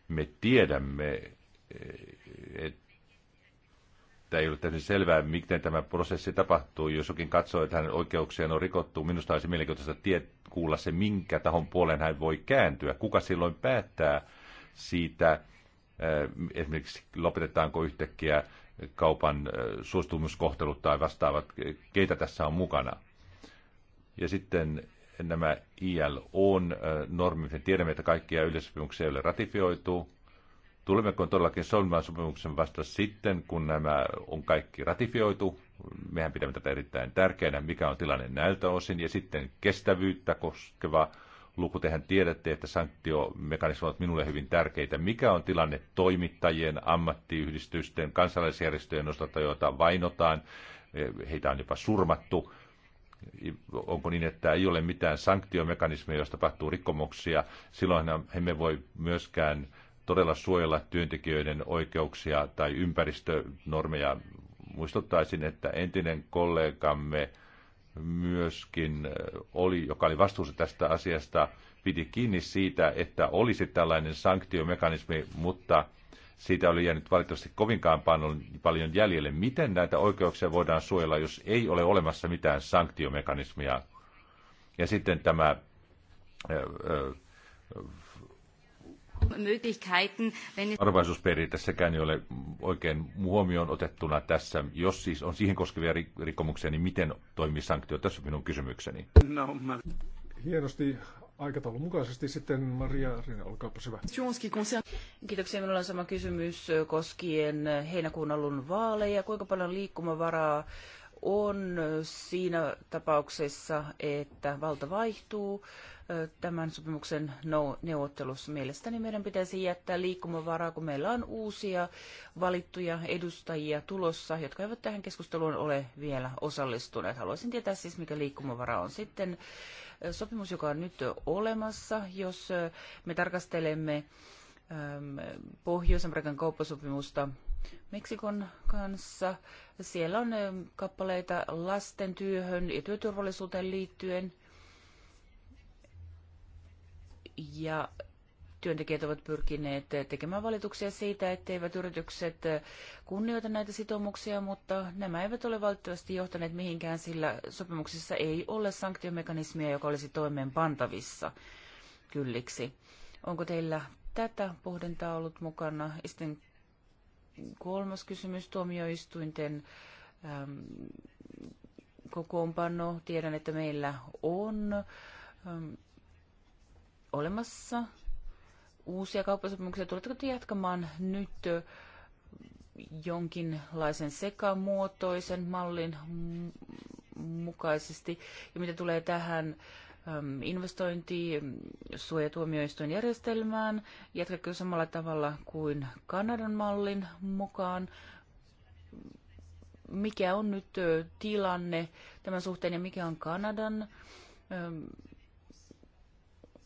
Me tiedämme, eh, että ei ole täysin selvää, miten tämä prosessi tapahtuu. Jos jokin katsoo, että hänen oikeuksiaan on rikottu, minusta olisi mielenkiintoista tie, kuulla se, minkä tahon puoleen hän voi kääntyä. Kuka silloin päättää, siitä, äh, esimerkiksi lopetetaanko yhtäkkiä kaupan äh, suostumuskohtelut tai vastaavat, keitä tässä on mukana. Ja sitten nämä ILO-normit, äh, me tiedämme, että kaikkia yleissopimuksia ei ole ratifioitu. Tulemmeko todellakin solmimaan sopimuksen vasta sitten, kun nämä on kaikki ratifioitu? Mehän pidämme tätä erittäin tärkeänä, mikä on tilanne näiltä osin. Ja sitten kestävyyttä koskeva luku. Tehän tiedätte, että sanktiomekanismit ovat minulle hyvin tärkeitä. Mikä on tilanne toimittajien, ammattiyhdistysten, kansalaisjärjestöjen osalta, joita vainotaan? Eh, heitä on jopa surmattu. Onko niin, että ei ole mitään sanktiomekanismeja, jos tapahtuu rikkomuksia? Silloin emme voi myöskään todella suojella työntekijöiden oikeuksia tai ympäristönormeja. Muistuttaisin, että entinen kollegamme myöskin oli, joka oli vastuussa tästä asiasta, piti kiinni siitä, että olisi tällainen sanktiomekanismi, mutta siitä oli jäänyt valitettavasti kovinkaan paljon jäljelle. Miten näitä oikeuksia voidaan suojella, jos ei ole olemassa mitään sanktiomekanismia? Ja sitten tämä Arvaisuusperiaate sekään ei ole oikein huomioon otettuna tässä. Jos siis on siihen koskevia rikkomuksia, niin miten toimii sanktio? Tässä on minun kysymykseni. No, mä... Hienosti aikataulun mukaisesti sitten Maria Rinne, olkaapa hyvä. Kiitoksia. Minulla on sama kysymys koskien heinäkuun alun vaaleja. Kuinka paljon liikkumavaraa on siinä tapauksessa, että valta vaihtuu? tämän sopimuksen neuvottelussa. Mielestäni meidän pitäisi jättää liikkumavaraa, kun meillä on uusia valittuja edustajia tulossa, jotka eivät tähän keskusteluun ole vielä osallistuneet. Haluaisin tietää siis, mikä liikkumavara on sitten sopimus, joka on nyt olemassa, jos me tarkastelemme Pohjois-Amerikan kauppasopimusta Meksikon kanssa. Siellä on kappaleita lasten työhön ja työturvallisuuteen liittyen ja työntekijät ovat pyrkineet tekemään valituksia siitä, etteivät yritykset kunnioita näitä sitoumuksia, mutta nämä eivät ole valitettavasti johtaneet mihinkään, sillä sopimuksissa ei ole sanktiomekanismia, joka olisi toimeenpantavissa kylliksi. Onko teillä tätä pohdintaa ollut mukana? sitten kolmas kysymys, tuomioistuinten äm, kokoonpano. Tiedän, että meillä on äm, olemassa uusia kauppasopimuksia. Tuletteko te jatkamaan nyt jonkinlaisen sekamuotoisen mallin mukaisesti? Ja mitä tulee tähän investointi suojatuomioistuin järjestelmään, jatkaako samalla tavalla kuin Kanadan mallin mukaan? Mikä on nyt tilanne tämän suhteen ja mikä on Kanadan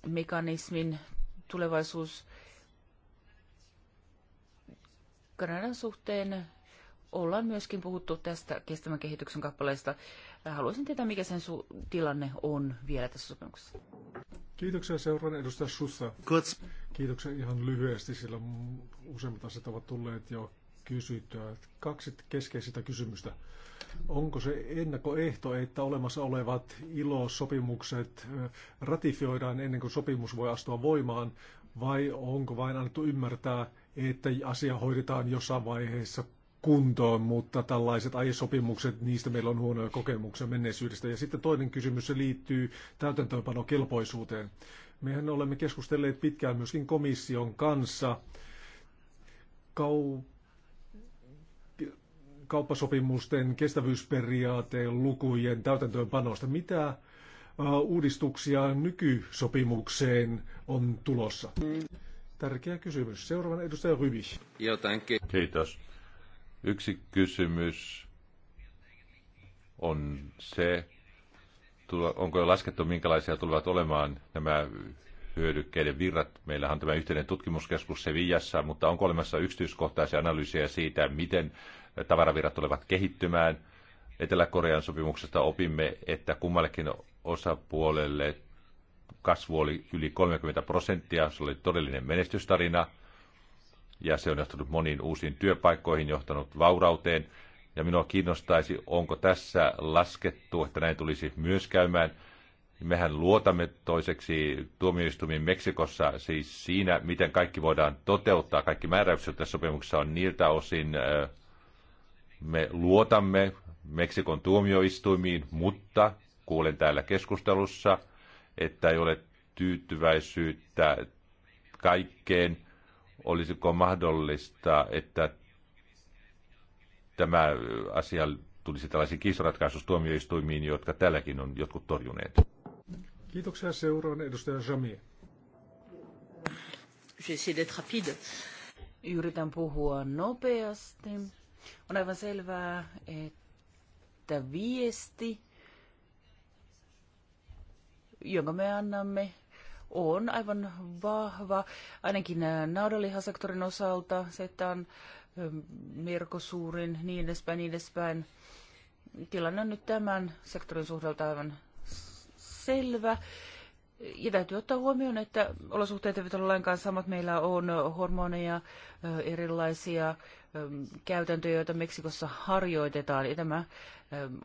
mekanismin tulevaisuus Kanadan suhteen ollaan myöskin puhuttu tästä kestävän kehityksen kappaleesta. Haluaisin tietää, mikä sen su- tilanne on vielä tässä sopimuksessa. Kiitoksia seuraan edustaja Sussa. Kiitoksia ihan lyhyesti, sillä useimmat asiat ovat tulleet jo kysyttyä. Kaksi keskeistä kysymystä. Onko se ennakkoehto, että olemassa olevat ILO-sopimukset ratifioidaan ennen kuin sopimus voi astua voimaan, vai onko vain annettu ymmärtää, että asia hoidetaan jossain vaiheessa kuntoon, mutta tällaiset aiesopimukset, niistä meillä on huonoja kokemuksia menneisyydestä. Ja sitten toinen kysymys se liittyy täytäntöönpanokelpoisuuteen. Mehän olemme keskustelleet pitkään myöskin komission kanssa kau kauppasopimusten kestävyysperiaateen lukujen täytäntöönpanosta. Mitä uudistuksia nykysopimukseen on tulossa? Tärkeä kysymys. Seuraavan edustaja Ryvi. Kiitos. Yksi kysymys on se, onko jo laskettu, minkälaisia tulevat olemaan nämä hyödykkeiden virrat. meillä on tämä yhteinen tutkimuskeskus Sevillassa, mutta onko olemassa yksityiskohtaisia analyysejä siitä, miten tavaravirrat tulevat kehittymään. Etelä-Korean sopimuksesta opimme, että kummallekin osapuolelle kasvu oli yli 30 prosenttia. Se oli todellinen menestystarina ja se on johtanut moniin uusiin työpaikkoihin, johtanut vaurauteen. Ja minua kiinnostaisi, onko tässä laskettu, että näin tulisi myös käymään. Mehän luotamme toiseksi tuomioistumiin Meksikossa siis siinä, miten kaikki voidaan toteuttaa. Kaikki määräykset tässä sopimuksessa on niiltä osin äh, me luotamme Meksikon tuomioistuimiin, mutta kuulen täällä keskustelussa, että ei ole tyytyväisyyttä kaikkeen. Olisiko mahdollista, että tämä asia tulisi tällaisiin kiistoratkaisustuomioistuimiin, jotka tälläkin on jotkut torjuneet? Kiitoksia. Seuraavan edustaja Jamie. Yritän puhua nopeasti. On aivan selvää, että viesti, jonka me annamme, on aivan vahva, ainakin naudanlihasektorin osalta, se, että on Merkosuurin, niin edespäin, niin edespäin. Tilanne on nyt tämän sektorin suhdelta aivan selvä. Ja täytyy ottaa huomioon, että olosuhteet eivät ole lainkaan samat. Meillä on hormoneja, erilaisia käytäntöjä, joita Meksikossa harjoitetaan. Ja tämä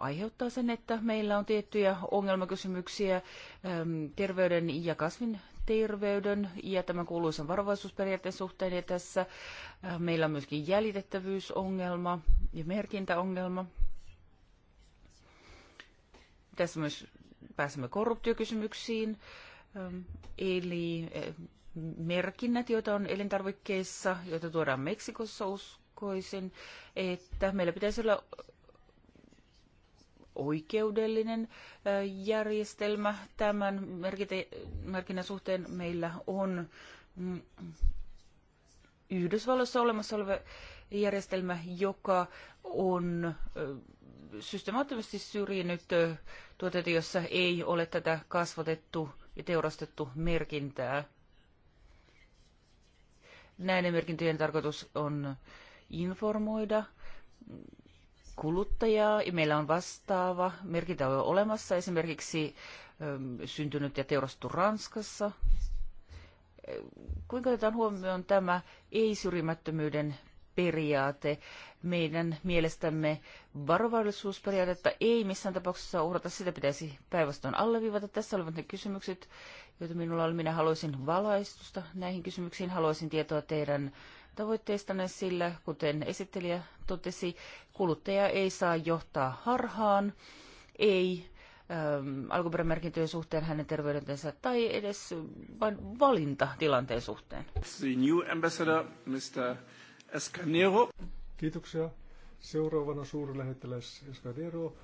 aiheuttaa sen, että meillä on tiettyjä ongelmakysymyksiä terveyden ja kasvin terveyden ja tämän kuuluisen varovaisuusperiaatteen suhteen. Ja tässä meillä on myöskin jäljitettävyysongelma ja merkintäongelma. Tässä myös pääsemme korruptiokysymyksiin. Eli merkinnät, joita on elintarvikkeissa, joita tuodaan Meksikossa, uskoisin, että meillä pitäisi olla oikeudellinen järjestelmä tämän merkinnän suhteen. Meillä on mm, Yhdysvalloissa olemassa oleva järjestelmä, joka on systemaattisesti syrjinyt tuotteita, jossa ei ole tätä kasvatettu ja teurastettu merkintää. Näiden merkintöjen tarkoitus on informoida kuluttajaa. Meillä on vastaava merkintä on jo olemassa, esimerkiksi ähm, syntynyt ja teurastettu Ranskassa. Kuinka otetaan huomioon tämä ei-syrjimättömyyden periaate. Meidän mielestämme varovaisuusperiaatetta ei missään tapauksessa uhrata, sitä pitäisi päinvastoin alleviivata. Tässä olivat ne kysymykset, joita minulla oli. Minä haluaisin valaistusta näihin kysymyksiin, haluaisin tietoa teidän tavoitteistanne, sillä kuten esittelijä totesi, kuluttaja ei saa johtaa harhaan, ei ähm, alkuperämerkintöjen suhteen hänen terveydentensä tai edes äh, vain valinta tilanteen suhteen. The new ambassador, Mr. Escanero. Kiitoksia. Seuraavana suurlähettiläs Escanero.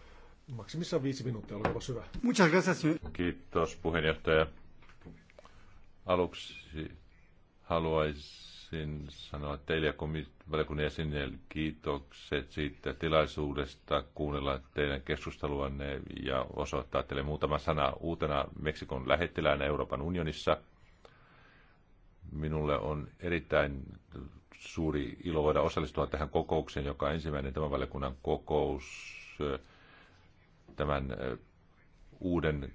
Maksimissaan viisi minuuttia, olkaa hyvä. Muchas gracias. Kiitos puheenjohtaja. Aluksi haluaisin haluaisin sanoa teille ja valiokunnan jäsenille kiitokset siitä tilaisuudesta kuunnella teidän keskusteluanne ja osoittaa teille muutama sana uutena Meksikon lähettiläänä Euroopan unionissa. Minulle on erittäin suuri ilo voida osallistua tähän kokoukseen, joka on ensimmäinen tämän valiokunnan kokous eh, tämän eh, uuden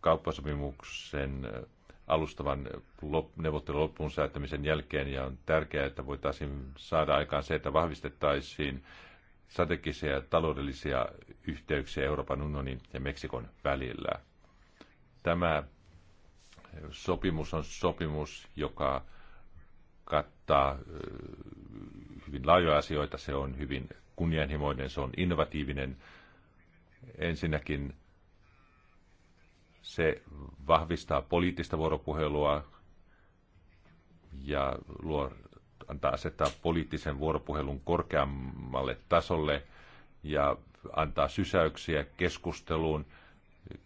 kauppasopimuksen eh, alustavan lop, neuvottelun loppuun säättämisen jälkeen ja on tärkeää, että voitaisiin saada aikaan se, että vahvistettaisiin strategisia ja taloudellisia yhteyksiä Euroopan unionin ja Meksikon välillä. Tämä sopimus on sopimus, joka kattaa hyvin laajoja asioita. Se on hyvin kunnianhimoinen, se on innovatiivinen. Ensinnäkin se vahvistaa poliittista vuoropuhelua ja luo, antaa asettaa poliittisen vuoropuhelun korkeammalle tasolle ja antaa sysäyksiä keskusteluun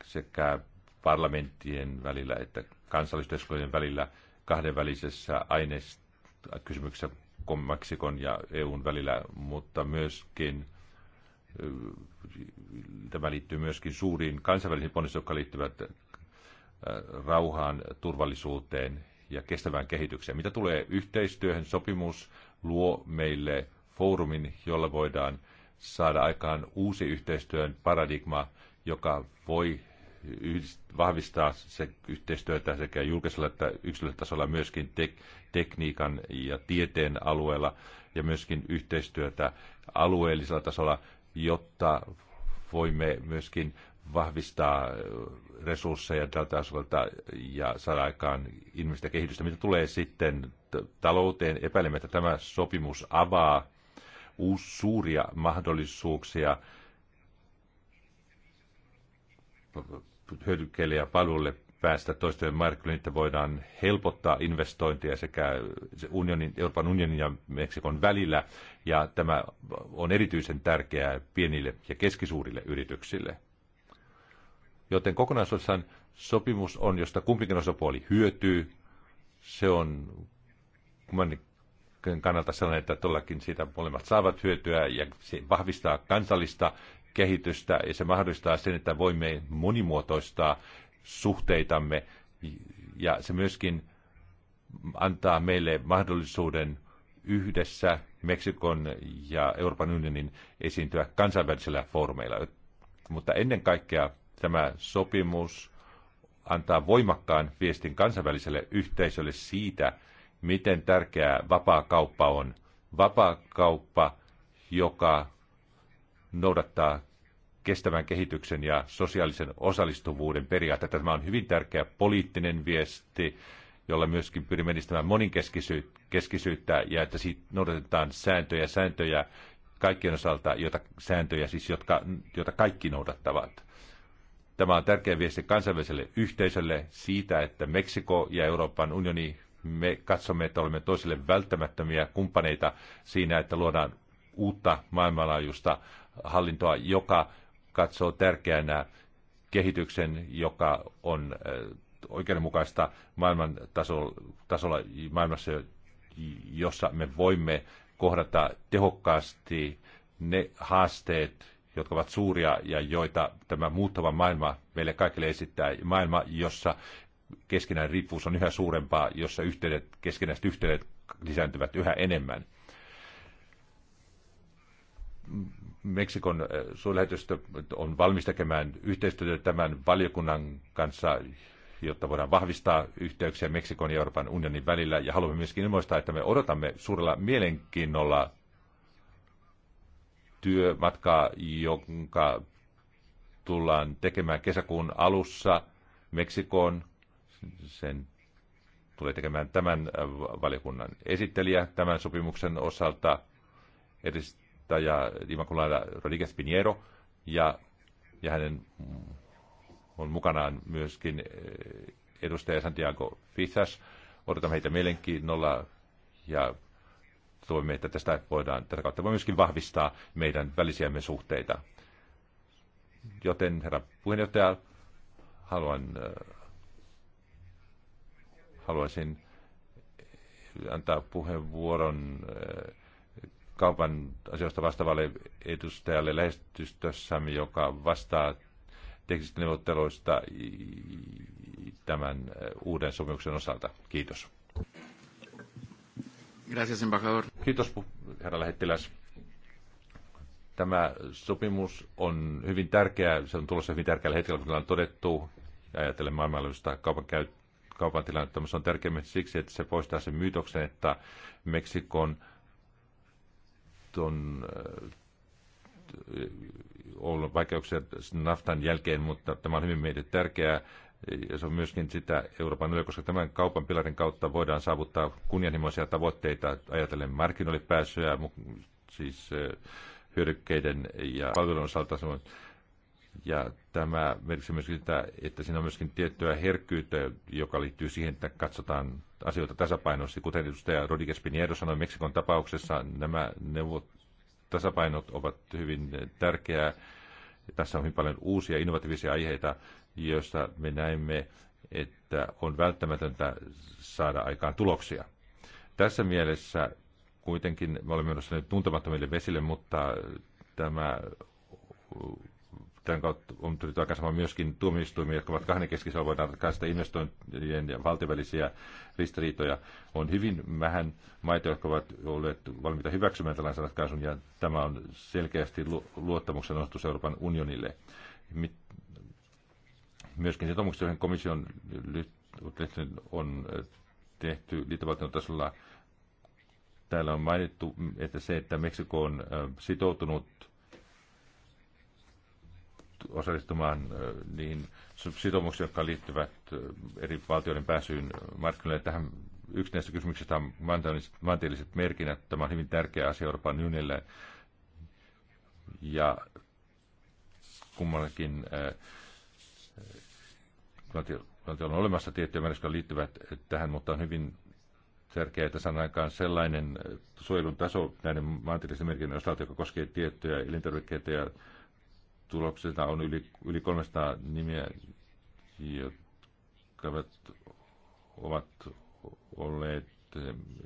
sekä parlamenttien välillä että kansallisten välillä kahdenvälisessä aineista kysymyksessä Meksikon ja EUn välillä, mutta myöskin Tämä liittyy myöskin suuriin kansainvälisiin ponnistuksiin, jotka liittyvät äh, rauhaan, turvallisuuteen ja kestävään kehitykseen. Mitä tulee yhteistyöhön, sopimus luo meille foorumin, jolla voidaan saada aikaan uusi yhteistyön paradigma, joka voi vahvistaa se yhteistyötä sekä julkisella että yksilöllä tasolla myöskin tek- tekniikan ja tieteen alueella ja myöskin yhteistyötä alueellisella tasolla jotta voimme myöskin vahvistaa resursseja tältä asolta ja saada aikaan ihmistä kehitystä. Mitä tulee sitten talouteen, epäilemättä tämä sopimus avaa uus, suuria mahdollisuuksia hyödykkeille ja palveluille päästä toistojen markkinoille, niin että voidaan helpottaa investointeja sekä unionin, Euroopan unionin ja Meksikon välillä. Ja tämä on erityisen tärkeää pienille ja keskisuurille yrityksille. Joten kokonaisuudessaan sopimus on, josta kumpikin osapuoli hyötyy. Se on kannalta sellainen, että todellakin siitä molemmat saavat hyötyä ja se vahvistaa kansallista kehitystä ja se mahdollistaa sen, että voimme monimuotoistaa suhteitamme ja se myöskin antaa meille mahdollisuuden yhdessä Meksikon ja Euroopan unionin esiintyä kansainvälisillä foorumeilla. Mutta ennen kaikkea tämä sopimus antaa voimakkaan viestin kansainväliselle yhteisölle siitä, miten tärkeää vapaa kauppa on. Vapaa kauppa, joka noudattaa kestävän kehityksen ja sosiaalisen osallistuvuuden periaate. Tämä on hyvin tärkeä poliittinen viesti, jolla myöskin pyrimme edistämään moninkeskisyyttä ja että siitä noudatetaan sääntöjä, sääntöjä kaikkien osalta, joita, sääntöjä siis, jotka, joita kaikki noudattavat. Tämä on tärkeä viesti kansainväliselle yhteisölle siitä, että Meksiko ja Euroopan unioni, me katsomme, että olemme toisille välttämättömiä kumppaneita siinä, että luodaan uutta maailmanlaajuista hallintoa, joka katsoo tärkeänä kehityksen, joka on äh, oikeudenmukaista maailman tasolla, maailmassa, jossa me voimme kohdata tehokkaasti ne haasteet, jotka ovat suuria ja joita tämä muuttava maailma meille kaikille esittää. Maailma, jossa keskinäinen riippuvuus on yhä suurempaa, jossa yhteydet, keskinäiset yhteydet lisääntyvät yhä enemmän. Meksikon äh, suurlähetystö on valmis tekemään yhteistyötä tämän valiokunnan kanssa, jotta voidaan vahvistaa yhteyksiä Meksikon ja Euroopan unionin välillä. Ja haluamme myöskin ilmoistaa, että me odotamme suurella mielenkiinnolla työmatkaa, jonka tullaan tekemään kesäkuun alussa Meksikoon. Sen tulee tekemään tämän valiokunnan esittelijä tämän sopimuksen osalta. Edes johtaja Immaculada Rodriguez Piniero ja, ja hänen on mukanaan myöskin eh, edustaja Santiago Fisas. Odotamme heitä mielenkiinnolla ja toivomme, että tästä voidaan, tätä kautta voi myöskin vahvistaa meidän välisiämme suhteita. Joten herra puheenjohtaja, haluan, eh, haluaisin antaa puheenvuoron eh, kaupan asioista vastaavalle edustajalle lähestystössämme, joka vastaa teknisistä neuvotteluista tämän eh, uuden sopimuksen osalta. Kiitos. Gracias, embajador. Kiitos, herra lähettiläs. Tämä sopimus on hyvin tärkeä, se on tulossa hyvin tärkeällä hetkellä, kun on todettu, ja ajatellen maailmanlaajuista kaupan kaupan tilannetta, se on tärkeä siksi, että se poistaa sen myytoksen, että Meksikon on äh, ollut vaikeuksia naftan jälkeen, mutta tämä on hyvin meille tärkeää. Ja se on myöskin sitä Euroopan yli, koska tämän kaupan pilarin kautta voidaan saavuttaa kunnianhimoisia tavoitteita ajatellen markkinoille pääsyä, siis äh, hyödykkeiden ja palvelun osalta ja tämä merkitsee myös sitä, että siinä on myöskin tiettyä herkkyyttä, joka liittyy siihen, että katsotaan asioita tasapainossa. Kuten edustaja Rodriguez Pinedo sanoi Meksikon tapauksessa, nämä neuvot, tasapainot ovat hyvin tärkeää. Tässä on hyvin paljon uusia innovatiivisia aiheita, joista me näemme, että on välttämätöntä saada aikaan tuloksia. Tässä mielessä kuitenkin me olemme menossa nyt tuntemattomille vesille, mutta tämä tämän kautta on aika sama myöskin tuomioistuimia, jotka ovat keskisellä voidaan ratkaista investointien ja valtiovälisiä ristiriitoja. On hyvin vähän maita, jotka ovat olleet valmiita hyväksymään tällaisen ratkaisun, ja tämä on selkeästi luottamuksen nostus Euroopan unionille. Myöskin sitoumukset, joihin komission on äh, tehty liittovaltion tasolla, täällä on mainittu, että se, että Meksiko on äh, sitoutunut osallistumaan niihin sitoumuksiin, jotka liittyvät eri valtioiden pääsyyn markkinoille. Tähän yksi näistä kysymyksistä on maantieteelliset merkinnät. Tämä on hyvin tärkeä asia Euroopan unionille ja kummallakin valtiolla on olemassa tiettyjä määräyksiä, jotka liittyvät tähän, mutta on hyvin tärkeää, että saadaan aikaan sellainen suojelun taso näiden maantieteellisten merkinnän osalta, joka koskee tiettyjä elintarvikkeita ja tuloksena on yli, yli 300 nimeä, jotka ovat, ovat olleet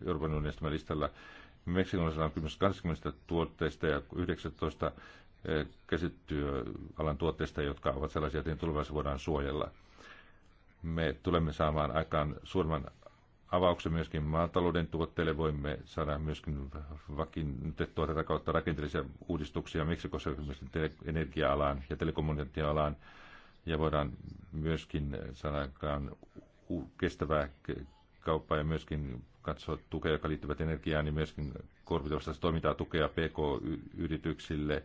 Euroopan unionin listalla. Meksikolaisella on 20 tuotteista ja 19 eh, käsityöalan tuotteista, jotka ovat sellaisia, joiden tulevaisuus voidaan suojella. Me tulemme saamaan aikaan suurman avauksen myöskin maatalouden tuotteille. Voimme saada myöskin vakiinnutettua tätä kautta rakenteellisia uudistuksia Meksikossa esimerkiksi energia-alaan ja telekommunikaatioalaan. Ja voidaan myöskin saada kestävää kauppaa ja myöskin katsoa tukea, joka liittyvät energiaan, niin myöskin korvitavasta toimintaa tukea PK-yrityksille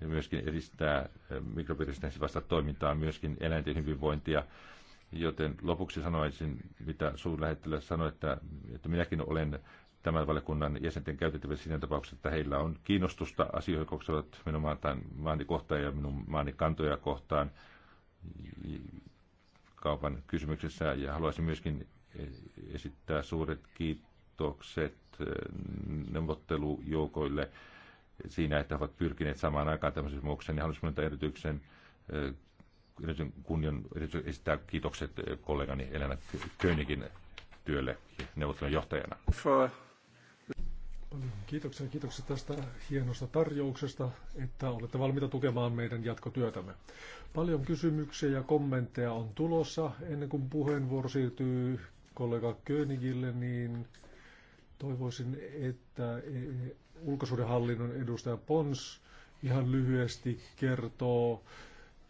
ja myöskin edistää mikrobiristenssi vasta toimintaa, myöskin eläinten hyvinvointia Joten lopuksi sanoisin, mitä suurlähettiläs sanoi, että, että minäkin olen tämän valiokunnan jäsenten käytettävissä siinä tapauksessa, että heillä on kiinnostusta asioihin ovat minun maani kohtaan ja minun maani kantoja kohtaan kaupan kysymyksessä. Ja haluaisin myöskin esittää suuret kiitokset neuvottelujoukoille siinä, että he ovat pyrkineet samaan aikaan tämmöisen muokseen. Ja haluaisin erityisen erityisen kunnian esittää kiitokset eh, kollegani Elena Köynigin työlle neuvottelun johtajana. kiitoksia, kiitoksia tästä hienosta tarjouksesta, että olette valmiita tukemaan meidän jatkotyötämme. Paljon kysymyksiä ja kommentteja on tulossa. Ennen kuin puheenvuoro siirtyy kollega Königille, niin toivoisin, että eh, ulkosuudenhallinnon edustaja Pons ihan lyhyesti kertoo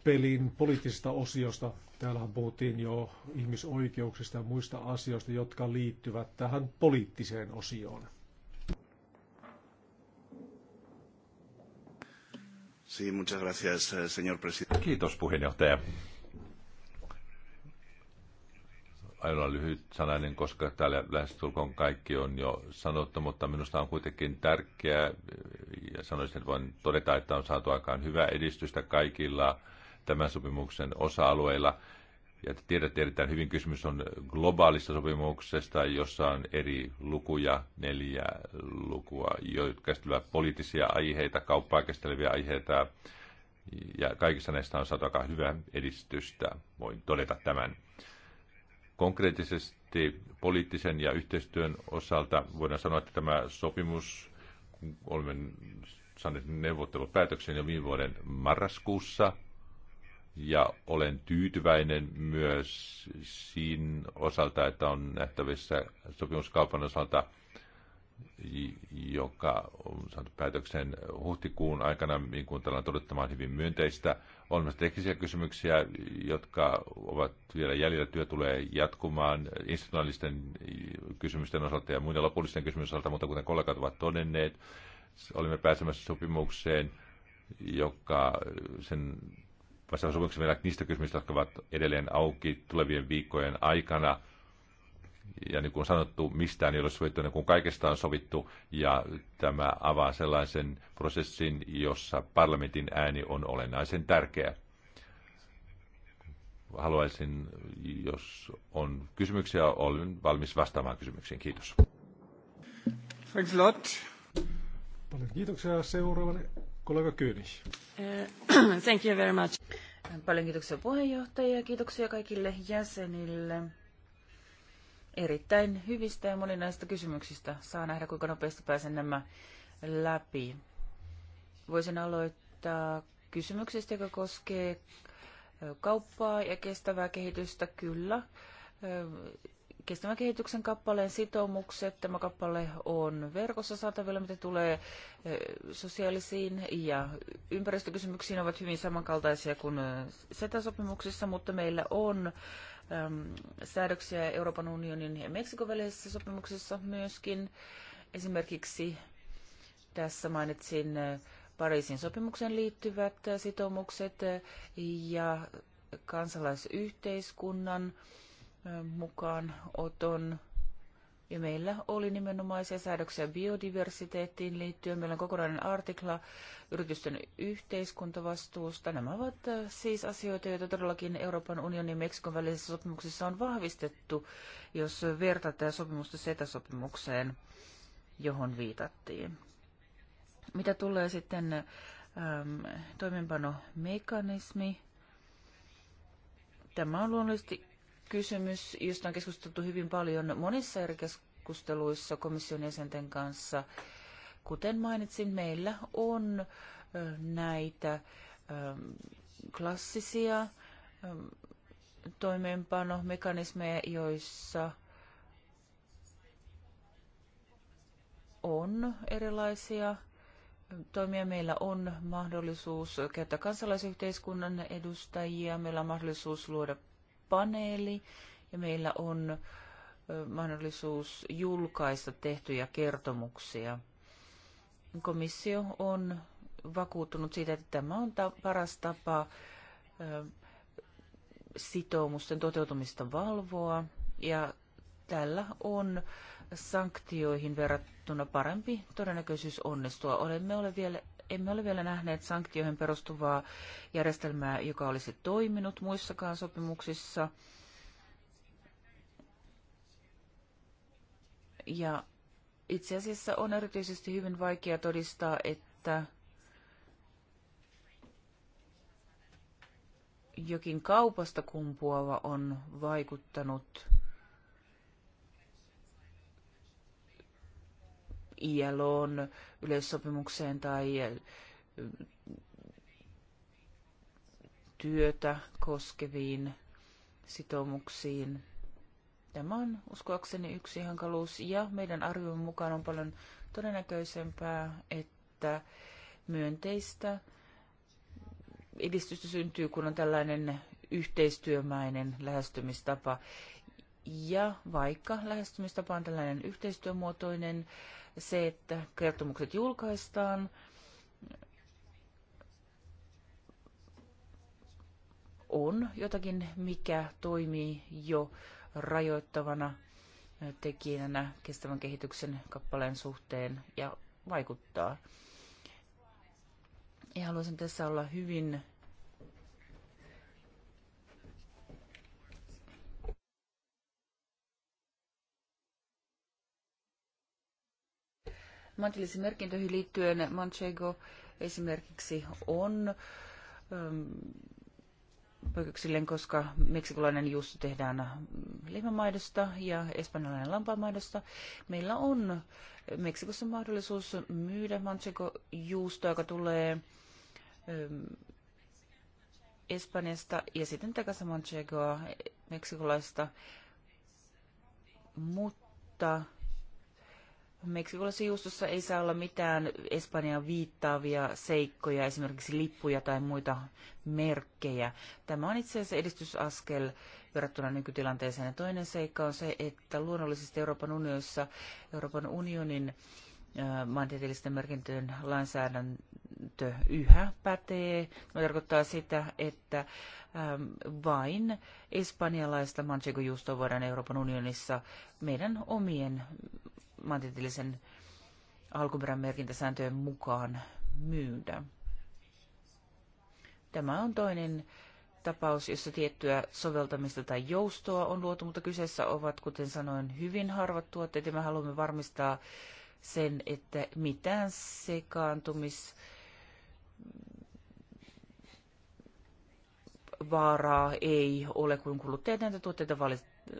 pelin poliittisesta osiosta. Täällähän puhuttiin jo ihmisoikeuksista ja muista asioista, jotka liittyvät tähän poliittiseen osioon. Sí, muchas gracias, eh, señor presidente. Kiitos puheenjohtaja. Aivan lyhyt sanainen, koska täällä lähestulkoon kaikki on jo sanottu, mutta minusta on kuitenkin tärkeää, ja sanoisin, että voin todeta, että on saatu aikaan hyvää edistystä kaikilla tämän sopimuksen osa-alueilla. Ja tiedätte erittäin hyvin, kysymys on globaalista sopimuksesta, jossa on eri lukuja, neljä lukua, jotka käsittelevät poliittisia aiheita, kauppaa käsitteleviä aiheita. Ja kaikissa näistä on saatu aika hyvää edistystä, voin todeta tämän. Konkreettisesti poliittisen ja yhteistyön osalta voidaan sanoa, että tämä sopimus, olemme saaneet neuvottelupäätöksen jo viime vuoden marraskuussa – ja olen tyytyväinen myös siinä osalta, että on nähtävissä sopimuskaupan osalta, joka on saatu päätöksen huhtikuun aikana, niin kuin tällä on todettamaan hyvin myönteistä. On myös teknisiä kysymyksiä, jotka ovat vielä jäljellä. Työ tulee jatkumaan institutionaalisten kysymysten osalta ja muiden lopullisten kysymysten osalta, mutta kuten kollegat ovat todenneet, olimme pääsemässä sopimukseen, joka sen Vastaan sopimuksen vielä niistä kysymyksistä, jotka ovat edelleen auki tulevien viikkojen aikana. Ja niin kuin sanottu, mistään ei ole sovittu, niin kuin kaikesta on sovittu. Ja tämä avaa sellaisen prosessin, jossa parlamentin ääni on olennaisen tärkeä haluaisin, jos on kysymyksiä, olen valmis vastaamaan kysymyksiin. Kiitos. Thanks a lot. Paljon kiitoksia. seuraavalle. Kollega Kyynis. Eh, [clears throat] thank you very much. Paljon kiitoksia puheenjohtajia ja kiitoksia kaikille jäsenille erittäin hyvistä ja moninaista kysymyksistä. Saa nähdä, kuinka nopeasti pääsen nämä läpi. Voisin aloittaa kysymyksestä, joka koskee kauppaa ja kestävää kehitystä. Kyllä, eh, kestävän kehityksen kappaleen sitoumukset. Tämä kappale on verkossa saatavilla, mitä tulee eh, sosiaalisiin ja ympäristökysymyksiin ovat hyvin samankaltaisia kuin SETA-sopimuksissa, eh, mutta meillä on ehm, säädöksiä Euroopan unionin ja Meksikon välisissä sopimuksissa myöskin. Esimerkiksi tässä mainitsin eh, Pariisin sopimuksen liittyvät sitoumukset ja kansalaisyhteiskunnan mukaan oton. Ja meillä oli nimenomaisia säädöksiä biodiversiteettiin liittyen. Meillä on kokonainen artikla yritysten yhteiskuntavastuusta. Nämä ovat siis asioita, joita todellakin Euroopan unionin ja Meksikon välisissä sopimuksissa on vahvistettu, jos vertataan sopimusta SETA-sopimukseen, johon viitattiin. Mitä tulee sitten äm, toimenpanomekanismi, tämä on luonnollisesti kysymys, josta on keskusteltu hyvin paljon monissa eri keskusteluissa komission jäsenten kanssa. Kuten mainitsin, meillä on näitä klassisia toimeenpanomekanismeja, joissa on erilaisia toimia. Meillä on mahdollisuus käyttää kansalaisyhteiskunnan edustajia, meillä on mahdollisuus luoda paneeli ja meillä on mahdollisuus julkaista tehtyjä kertomuksia. Komissio on vakuuttunut siitä, että tämä on ta- paras tapa ö, sitoumusten toteutumista valvoa ja tällä on sanktioihin verrattuna parempi todennäköisyys onnistua. Olemme ole vielä, emme ole vielä nähneet sanktioihin perustuvaa järjestelmää, joka olisi toiminut muissakaan sopimuksissa. Ja itse asiassa on erityisesti hyvin vaikea todistaa, että jokin kaupasta kumpuava on vaikuttanut ILOn yleissopimukseen tai eh, työtä koskeviin sitoumuksiin. Tämä on uskoakseni yksi hankaluus ja meidän arvion mukaan on paljon todennäköisempää, että myönteistä edistystä syntyy, kun on tällainen yhteistyömäinen lähestymistapa. Ja vaikka lähestymistapa on tällainen yhteistyömuotoinen, se, että kertomukset julkaistaan, on jotakin, mikä toimii jo rajoittavana tekijänä kestävän kehityksen kappaleen suhteen ja vaikuttaa. Ja haluaisin tässä olla hyvin Maantillisiin merkintöihin liittyen Manchego esimerkiksi on ähm, poikkeuksilleen, koska meksikolainen juusto tehdään lehmämaidosta ja espanjalainen lampaamaidosta. Meillä on Meksikossa mahdollisuus myydä manchego-juustoa, joka tulee ähm, Espanjasta ja sitten takaisin manchegoa meksikolaista, mutta Meksikolaisessa juustossa ei saa olla mitään Espanjaan viittaavia seikkoja, esimerkiksi lippuja tai muita merkkejä. Tämä on itse asiassa edistysaskel verrattuna nykytilanteeseen. Ja toinen seikka on se, että luonnollisesti Euroopan unionissa Euroopan unionin maantieteellisten merkintöjen lainsäädäntö yhä pätee. Tämä tarkoittaa sitä, että vain espanjalaista manchego voidaan Euroopan unionissa meidän omien maantieteellisen alkuperän merkintäsääntöjen mukaan myydä. Tämä on toinen tapaus, jossa tiettyä soveltamista tai joustoa on luotu, mutta kyseessä ovat, kuten sanoin, hyvin harvat tuotteet, ja me haluamme varmistaa sen, että mitään sekaantumis vaaraa ei ole, kun kuluttajat näitä tuotteita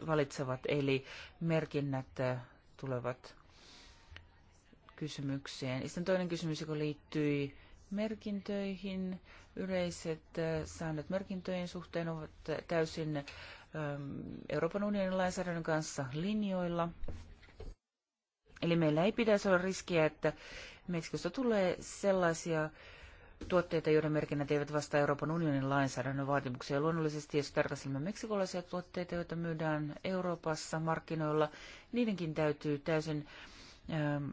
valitsevat, eli merkinnät tulevat kysymykseen. Sitten toinen kysymys, joka liittyi merkintöihin. Yleiset äh, säännöt merkintöjen suhteen ovat täysin ähm, Euroopan unionin lainsäädännön kanssa linjoilla. Eli meillä ei pidä olla riskiä, että Meksikosta tulee sellaisia tuotteita, joiden merkinnät eivät vastaa Euroopan unionin lainsäädännön vaatimuksia. Luonnollisesti, jos tarkastelemme meksikolaisia tuotteita, joita myydään Euroopassa markkinoilla, niidenkin täytyy täysin ähm,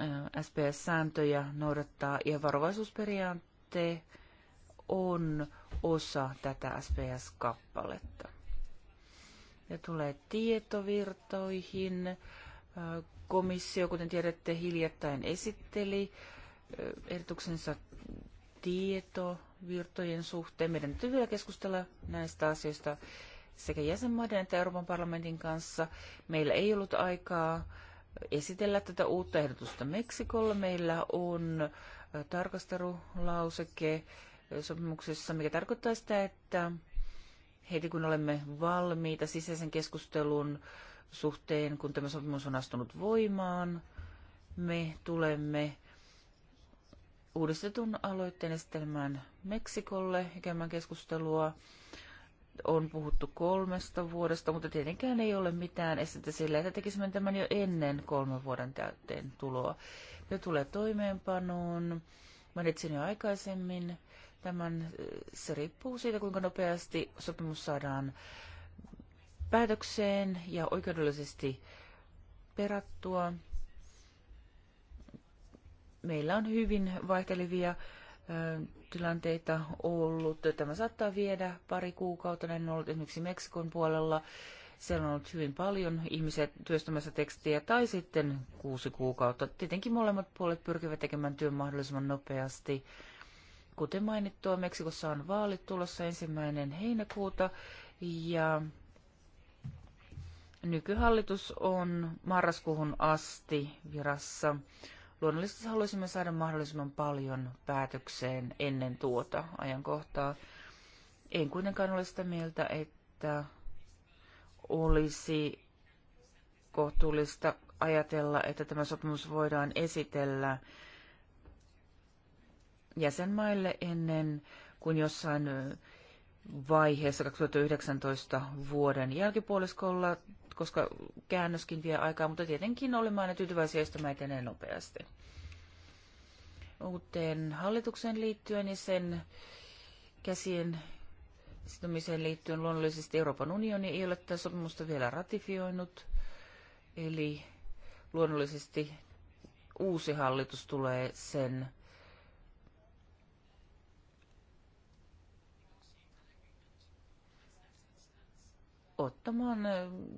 äh, SPS-sääntöjä noudattaa ja varovaisuusperiaate on osa tätä SPS-kappaletta. Ja tulee tietovirtoihin. Äh, komissio, kuten tiedätte, hiljattain esitteli äh, ehdotuksensa tietovirtojen suhteen. Meidän täytyy vielä keskustella näistä asioista sekä jäsenmaiden että Euroopan parlamentin kanssa. Meillä ei ollut aikaa esitellä tätä uutta ehdotusta Meksikolla. Meillä on tarkastelulauseke sopimuksessa, mikä tarkoittaa sitä, että heti kun olemme valmiita sisäisen keskustelun suhteen, kun tämä sopimus on astunut voimaan, me tulemme uudistetun aloitteen esittelemään Meksikolle ja käymään keskustelua. On puhuttu kolmesta vuodesta, mutta tietenkään ei ole mitään estettä sillä, että tekisimme tämän jo ennen kolmen vuoden täytteen tuloa. Ne tulee toimeenpanoon. Mainitsin jo aikaisemmin tämän. Eh, se riippuu siitä, kuinka nopeasti sopimus saadaan päätökseen ja oikeudellisesti perattua meillä on hyvin vaihtelevia tilanteita ollut. Tämä saattaa viedä pari kuukautta. Näin on ollut esimerkiksi Meksikon puolella. Siellä on ollut hyvin paljon ihmisiä työstämässä tekstiä tai sitten kuusi kuukautta. Tietenkin molemmat puolet pyrkivät tekemään työn mahdollisimman nopeasti. Kuten mainittua, Meksikossa on vaalit tulossa ensimmäinen heinäkuuta ja nykyhallitus on marraskuuhun asti virassa luonnollisesti haluaisimme saada mahdollisimman paljon päätökseen ennen tuota ajankohtaa. En kuitenkaan ole sitä mieltä, että olisi kohtuullista ajatella, että tämä sopimus voidaan esitellä jäsenmaille ennen kuin jossain vaiheessa 2019 vuoden jälkipuoliskolla koska käännöskin vie aikaa, mutta tietenkin olemme aina tyytyväisiä, jos tämä etenee nopeasti. Uuteen hallitukseen liittyen ja sen käsien sitomiseen liittyen luonnollisesti Euroopan unioni ei ole tätä sopimusta vielä ratifioinut, eli luonnollisesti uusi hallitus tulee sen ottamaan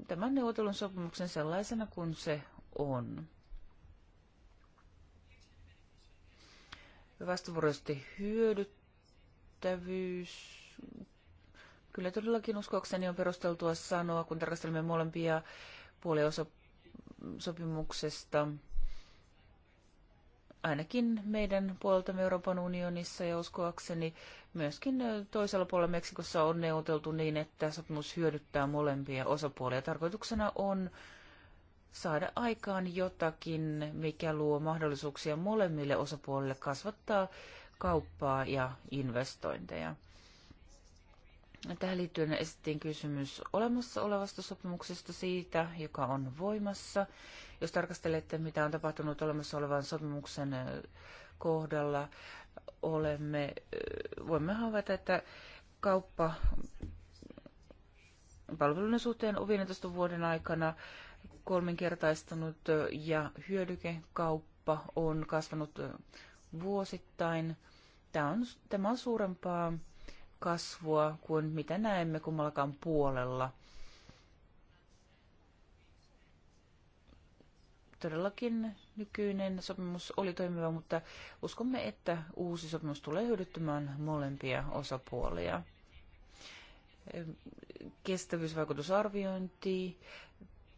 tämän neuvotelun sopimuksen sellaisena kuin se on. Vastavuoroisesti hyödyttävyys. Kyllä todellakin uskoakseni on perusteltua sanoa, kun tarkastelemme molempia puolia sopimuksesta ainakin meidän puolelta Euroopan unionissa ja uskoakseni myöskin toisella puolella Meksikossa on neuvoteltu niin, että sopimus hyödyttää molempia osapuolia. Tarkoituksena on saada aikaan jotakin, mikä luo mahdollisuuksia molemmille osapuolille kasvattaa kauppaa ja investointeja. Tähän liittyen esittiin kysymys olemassa olevasta sopimuksesta siitä, joka on voimassa. Jos tarkastelette, mitä on tapahtunut olemassa olevan sopimuksen kohdalla, olemme, voimme havaita, että kauppa palvelun suhteen on 15 vuoden aikana kolminkertaistunut ja hyödykekauppa on kasvanut vuosittain. Tämä on, tämä on suurempaa kasvua kuin mitä näemme kummallakaan puolella – todellakin nykyinen sopimus oli toimiva, mutta uskomme, että uusi sopimus tulee hyödyttämään molempia osapuolia. Kestävyysvaikutusarviointi.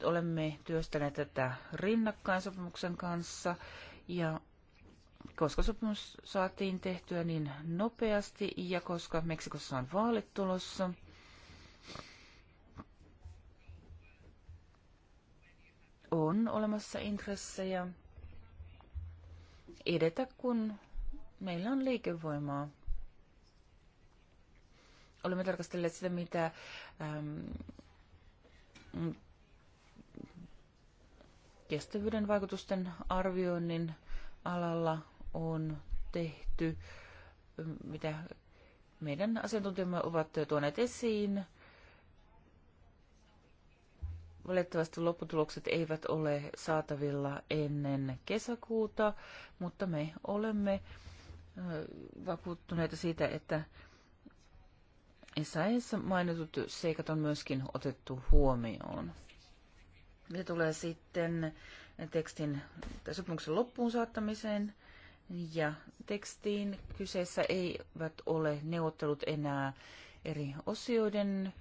Olemme työstäneet tätä rinnakkain sopimuksen kanssa ja koska sopimus saatiin tehtyä niin nopeasti ja koska Meksikossa on vaalit tulossa – on olemassa intressejä edetä, kun meillä on liikevoimaa. Olemme tarkastelleet sitä, mitä äm, kestävyyden vaikutusten arvioinnin alalla on tehty, mitä meidän asiantuntijamme ovat tuoneet esiin Valitettavasti lopputulokset eivät ole saatavilla ennen kesäkuuta, mutta me olemme vakuuttuneita siitä, että Esaessa mainitut seikat on myöskin otettu huomioon. Ja tulee sitten tekstin tai sopimuksen loppuun saattamiseen ja tekstiin. Kyseessä eivät ole neuvottelut enää eri osioiden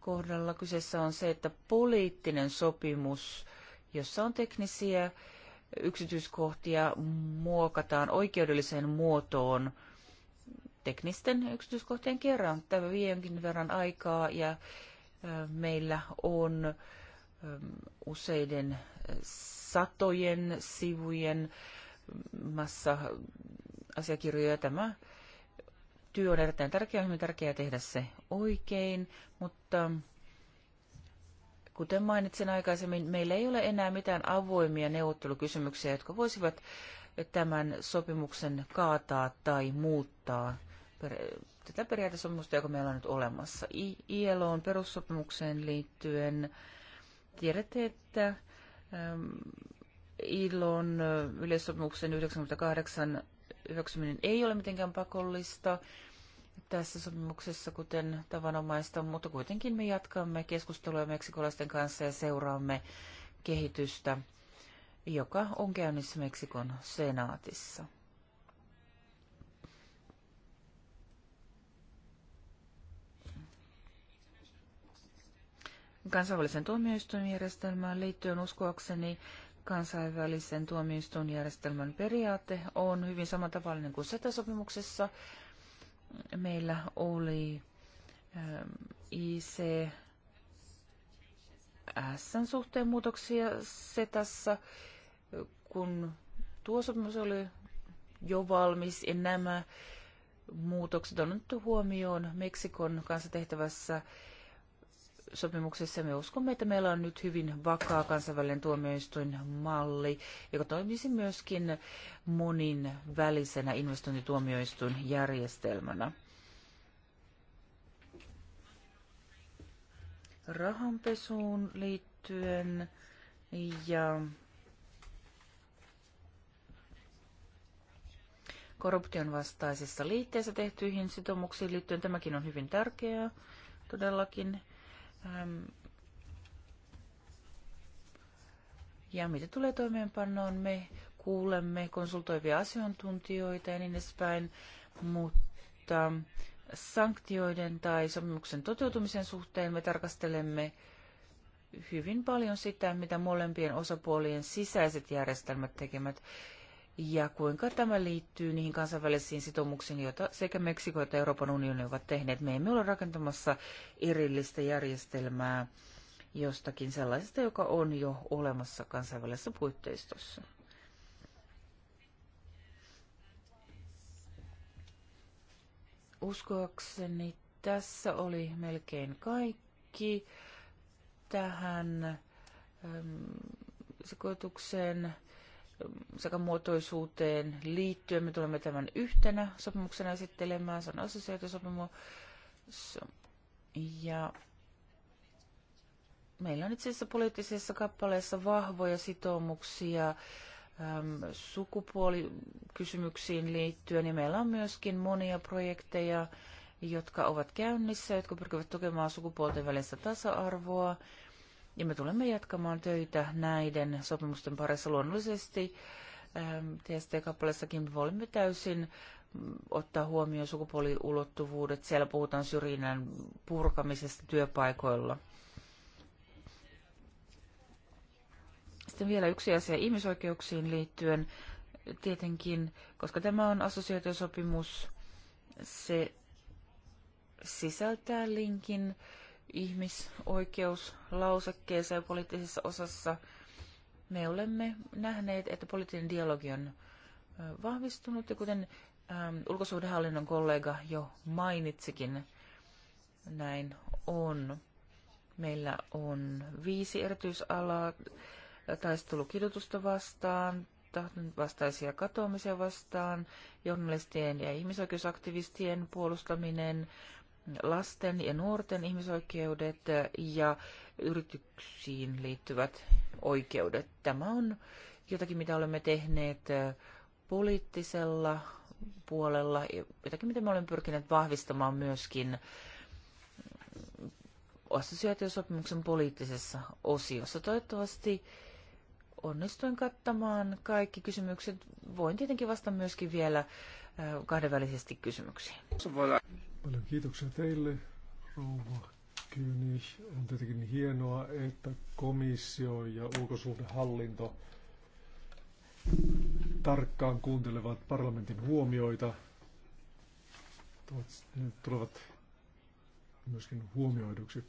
kohdalla kyseessä on se, että poliittinen sopimus, jossa on teknisiä yksityiskohtia, muokataan oikeudelliseen muotoon teknisten yksityiskohtien kerran. Tämä vie jonkin verran aikaa ja meillä on useiden satojen sivujen massa asiakirjoja. Tämä työ on erittäin tärkeä, on hyvin tärkeää tehdä se oikein, mutta kuten mainitsin aikaisemmin, meillä ei ole enää mitään avoimia neuvottelukysymyksiä, jotka voisivat tämän sopimuksen kaataa tai muuttaa tätä periaatesopimusta, joka meillä on nyt olemassa. ILOn perussopimukseen liittyen tiedätte, että ILOn yleissopimuksen 98 hyväksyminen ei ole mitenkään pakollista tässä sopimuksessa, kuten tavanomaista, mutta kuitenkin me jatkamme keskustelua meksikolaisten kanssa ja seuraamme kehitystä, joka on käynnissä Meksikon senaatissa. Kansainvälisen tuomioistuinjärjestelmään liittyen uskoakseni kansainvälisen tuomioistuinjärjestelmän periaate on hyvin samantavallinen kuin SETA-sopimuksessa meillä oli ähm, s suhteen muutoksia se tässä, kun tuo sopimus oli jo valmis ja nämä muutokset on otettu huomioon Meksikon kanssa tehtävässä sopimuksessa me uskomme, että meillä on nyt hyvin vakaa kansainvälinen tuomioistuinmalli, joka toimisi myöskin monin välisenä investointituomioistuinjärjestelmänä. Rahanpesuun liittyen ja korruption vastaisissa liitteissä tehtyihin sitoumuksiin liittyen tämäkin on hyvin tärkeää todellakin. Ähm, ja mitä tulee toimeenpannoon, me kuulemme konsultoivia asiantuntijoita ja niin edespäin, mutta sanktioiden tai sopimuksen toteutumisen suhteen me tarkastelemme hyvin paljon sitä, mitä molempien osapuolien sisäiset järjestelmät tekevät ja kuinka tämä liittyy niihin kansainvälisiin sitoumuksiin, joita sekä Meksiko että Euroopan unioni ovat tehneet. Me emme ole rakentamassa erillistä järjestelmää jostakin sellaisesta, joka on jo olemassa kansainvälisessä puitteistossa. Uskoakseni tässä oli melkein kaikki tähän äm, sekoitukseen muotoisuuteen liittyen. Me tulemme tämän yhtenä sopimuksena esittelemään. Se on assosiaatiosopimus. Ja meillä on itse asiassa poliittisessa kappaleessa vahvoja sitoumuksia sukupuolikysymyksiin liittyen, niin meillä on myöskin monia projekteja, jotka ovat käynnissä, jotka pyrkivät tukemaan sukupuolten välistä tasa-arvoa. Ja me tulemme jatkamaan töitä näiden sopimusten parissa luonnollisesti. tst ähm, me voimme täysin mm, ottaa huomioon sukupuoliulottuvuudet. Siellä puhutaan syrjinnän purkamisesta työpaikoilla. Sitten vielä yksi asia ihmisoikeuksiin liittyen. Tietenkin, koska tämä on assosiaatiosopimus, se sisältää linkin ihmisoikeuslausekkeessa ja poliittisessa osassa me olemme nähneet, että poliittinen dialogi on vahvistunut ja kuten ulkosuhdehallinnon kollega jo mainitsikin, näin on. Meillä on viisi erityisalaa, taistelukidutusta vastaan, vastaisia katoamisia vastaan, journalistien ja ihmisoikeusaktivistien puolustaminen, lasten ja nuorten ihmisoikeudet ja yrityksiin liittyvät oikeudet. Tämä on jotakin, mitä olemme tehneet poliittisella puolella, jotakin, mitä me olemme pyrkineet vahvistamaan myöskin assosiaatiosopimuksen poliittisessa osiossa. Toivottavasti onnistuin kattamaan kaikki kysymykset. Voin tietenkin vastata myöskin vielä kahdenvälisesti kysymyksiin. Paljon kiitoksia teille, rouva Kyni. On tietenkin hienoa, että komissio ja ulkosuhdehallinto tarkkaan kuuntelevat parlamentin huomioita. Ne tulevat myöskin huomioiduksi.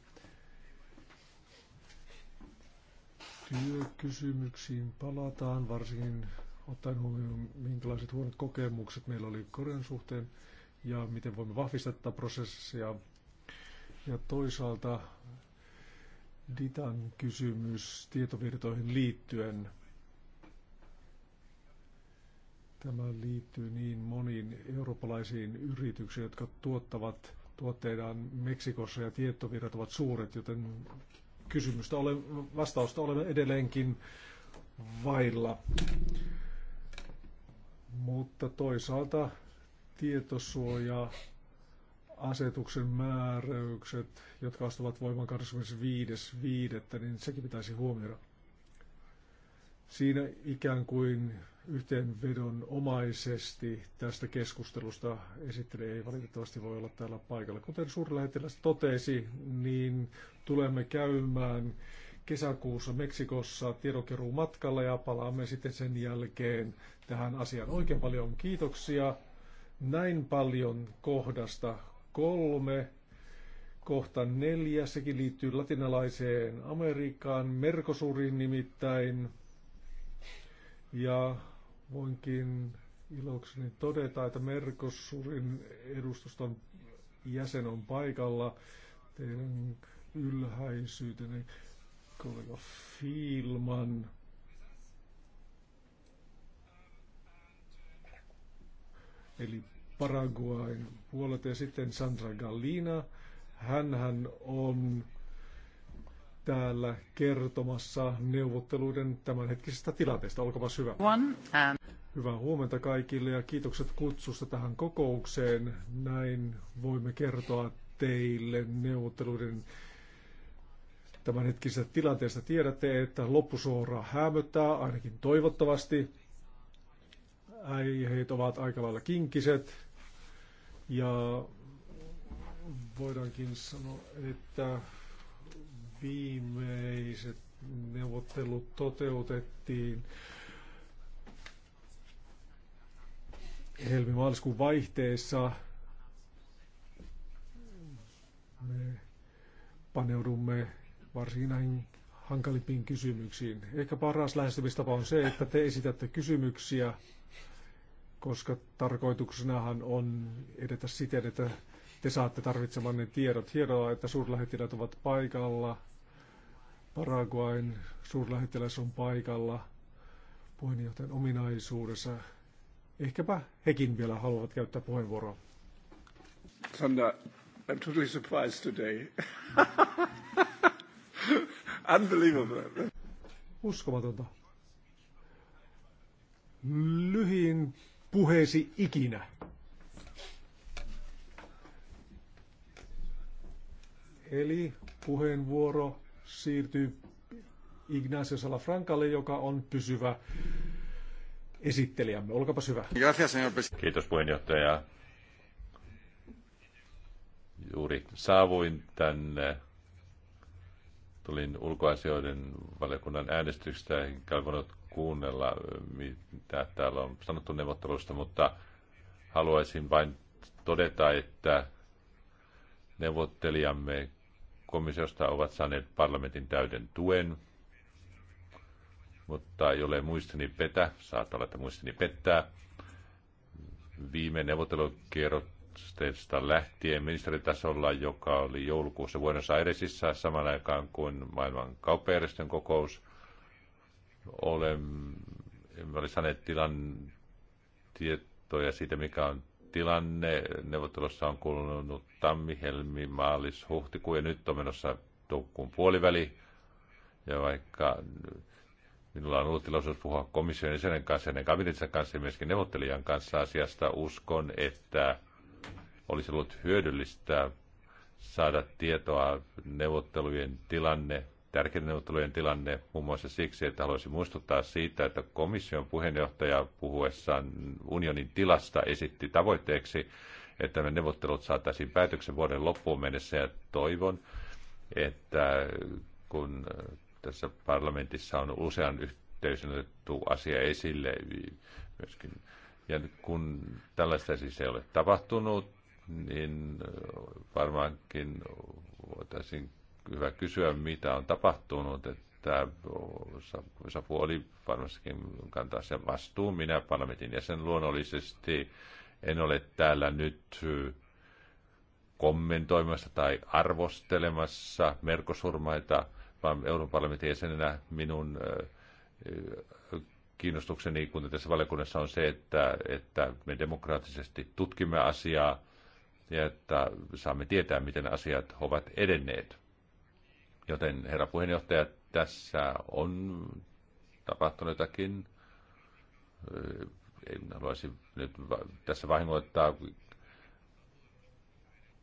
Työkysymyksiin palataan, varsinkin ottaen huomioon, minkälaiset huonot kokemukset meillä oli Korean suhteen ja miten voimme vahvistaa tätä prosessia. Ja toisaalta Ditan kysymys tietovirtoihin liittyen. Tämä liittyy niin moniin eurooppalaisiin yrityksiin, jotka tuottavat tuotteitaan Meksikossa ja tietovirrat ovat suuret, joten kysymystä ole, vastausta olemme edelleenkin vailla. Mutta toisaalta tietosuojaa asetuksen määräykset, jotka astuvat voimaan 25.5., niin sekin pitäisi huomioida. Siinä ikään kuin yhteenvedon omaisesti tästä keskustelusta esittely ei valitettavasti voi olla täällä paikalla. Kuten suurlähettiläs totesi, niin tulemme käymään kesäkuussa Meksikossa tiedonkeruun matkalla ja palaamme sitten sen jälkeen tähän asiaan. Oikein paljon kiitoksia näin paljon kohdasta kolme, kohta neljä, sekin liittyy latinalaiseen Amerikkaan, Merkosurin nimittäin. Ja voinkin ilokseni todeta, että Merkosurin edustuston jäsen on paikalla. Teidän ylhäisyytenne kollega filman. eli Paraguayn puolelta. Ja sitten Sandra Gallina, hän on täällä kertomassa neuvotteluiden tämänhetkisestä tilanteesta. Olkaa hyvä. One, um, Hyvää huomenta kaikille ja kiitokset kutsusta tähän kokoukseen. Näin voimme kertoa teille neuvotteluiden tämänhetkisestä tilanteesta. Tiedätte, että loppusuora hämöttää, ainakin toivottavasti aiheet ovat aika lailla kinkkiset ja voidaankin sanoa, että viimeiset neuvottelut toteutettiin helmimaaliskuun vaihteessa. Me paneudumme varsinkin näihin hankalimpiin kysymyksiin. Ehkä paras lähestymistapa on se, että te esitätte kysymyksiä koska tarkoituksenahan on edetä siten, että te saatte tarvitsemanne tiedot. Hienoa, että suurlähettiläät ovat paikalla. Paraguain suurlähettiläs on paikalla puheenjohtajan ominaisuudessa. Ehkäpä hekin vielä haluavat käyttää puheenvuoroa. Sandra, I'm totally surprised today. [laughs] Unbelievable. Uskomatonta. Lyhin puheesi ikinä. Eli puheenvuoro siirtyy Ignacio Salafrancalle, joka on pysyvä esittelijämme. Olkapas hyvä. Kiitos puheenjohtaja. Juuri saavuin tänne. Tulin ulkoasioiden valiokunnan äänestyksestä, enkä voinut kuunnella, mitä täällä on sanottu neuvottelusta, mutta haluaisin vain todeta, että neuvottelijamme komissiosta ovat saaneet parlamentin täyden tuen, mutta ei ole muistini petä, saattaa olla, että muistini pettää. Viime neuvottelukierroksesta lähtien ministeritasolla, joka oli joulukuussa Buenos Airesissa samaan aikaan kuin maailman kauppajärjestön kokous – olemme ole saaneet tilan tietoja siitä, mikä on tilanne. Neuvottelussa on kulunut tammi, helmi, maalis, huhtikuu ja nyt on menossa toukokuun puoliväli. Ja vaikka minulla on ollut tilaisuus puhua komission jäsenen kanssa, hänen kabinetinsa kanssa ja myöskin neuvottelijan kanssa asiasta, uskon, että olisi ollut hyödyllistä saada tietoa neuvottelujen tilanne tärkeä neuvottelujen tilanne muun muassa siksi, että haluaisin muistuttaa siitä, että komission puheenjohtaja puhuessaan unionin tilasta esitti tavoitteeksi, että me neuvottelut saataisiin päätöksen vuoden loppuun mennessä ja toivon, että kun tässä parlamentissa on usean yhteisön otettu asia esille myöskin, ja kun tällaista siis ei ole tapahtunut, niin varmaankin voitaisiin hyvä kysyä, mitä on tapahtunut, että Sapu oli varmastikin kantaa sen vastuun. Minä parlamentin jäsen luonnollisesti en ole täällä nyt kommentoimassa tai arvostelemassa merkosurmaita, vaan Euroopan parlamentin jäsenenä minun kiinnostukseni, kun tässä valiokunnassa on se, että, että me demokraattisesti tutkimme asiaa ja että saamme tietää, miten asiat ovat edenneet. Joten herra puheenjohtaja, tässä on tapahtunut jotakin. En haluaisi nyt tässä vahingoittaa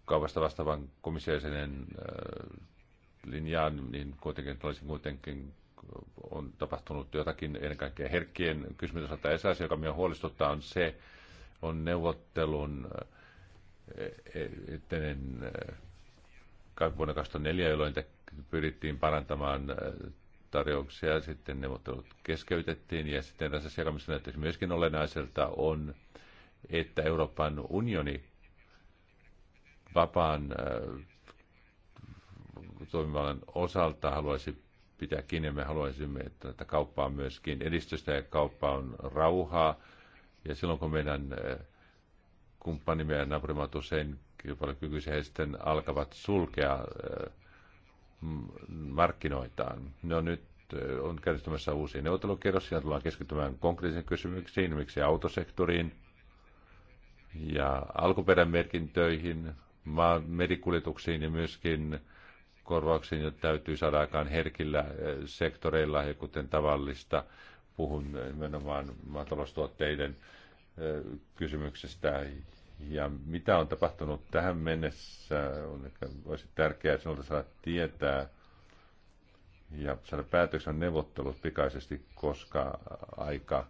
kaupasta vastaavan komissiojäsenen linjaan, niin kuitenkin olisi kuitenkin on tapahtunut jotakin ennen kaikkea herkkien kysymysten osalta. Ja asia, joka minua huolestuttaa, on se, on neuvottelun e-, etenen vuonna 2004, jolloin te pyrittiin parantamaan äh, tarjouksia, sitten neuvottelut keskeytettiin ja sitten tässä sekamissa näyttäisi myöskin olennaiselta on, että Euroopan unioni vapaan äh, toimivallan osalta haluaisi pitää kiinni. Me haluaisimme, että tätä kauppaa on myöskin edistystä ja kauppa on rauhaa. Ja silloin kun meidän äh, kumppanimme ja naapurimaat usein kilpailukykyisiä alkavat sulkea Mm, markkinoitaan. No nyt on käynnistymässä uusia neuvottelukierros, siinä tullaan keskittymään konkreettisiin kysymyksiin, miksi autosektoriin ja alkuperämerkintöihin, merikuljetuksiin ja myöskin korvauksiin, joita täytyy saada aikaan herkillä sektoreilla ja kuten tavallista puhun nimenomaan maataloustuotteiden kysymyksestä ja mitä on tapahtunut tähän mennessä, on ehkä, olisi tärkeää sinulta saada tietää ja saada päätöksen neuvottelut pikaisesti, koska aika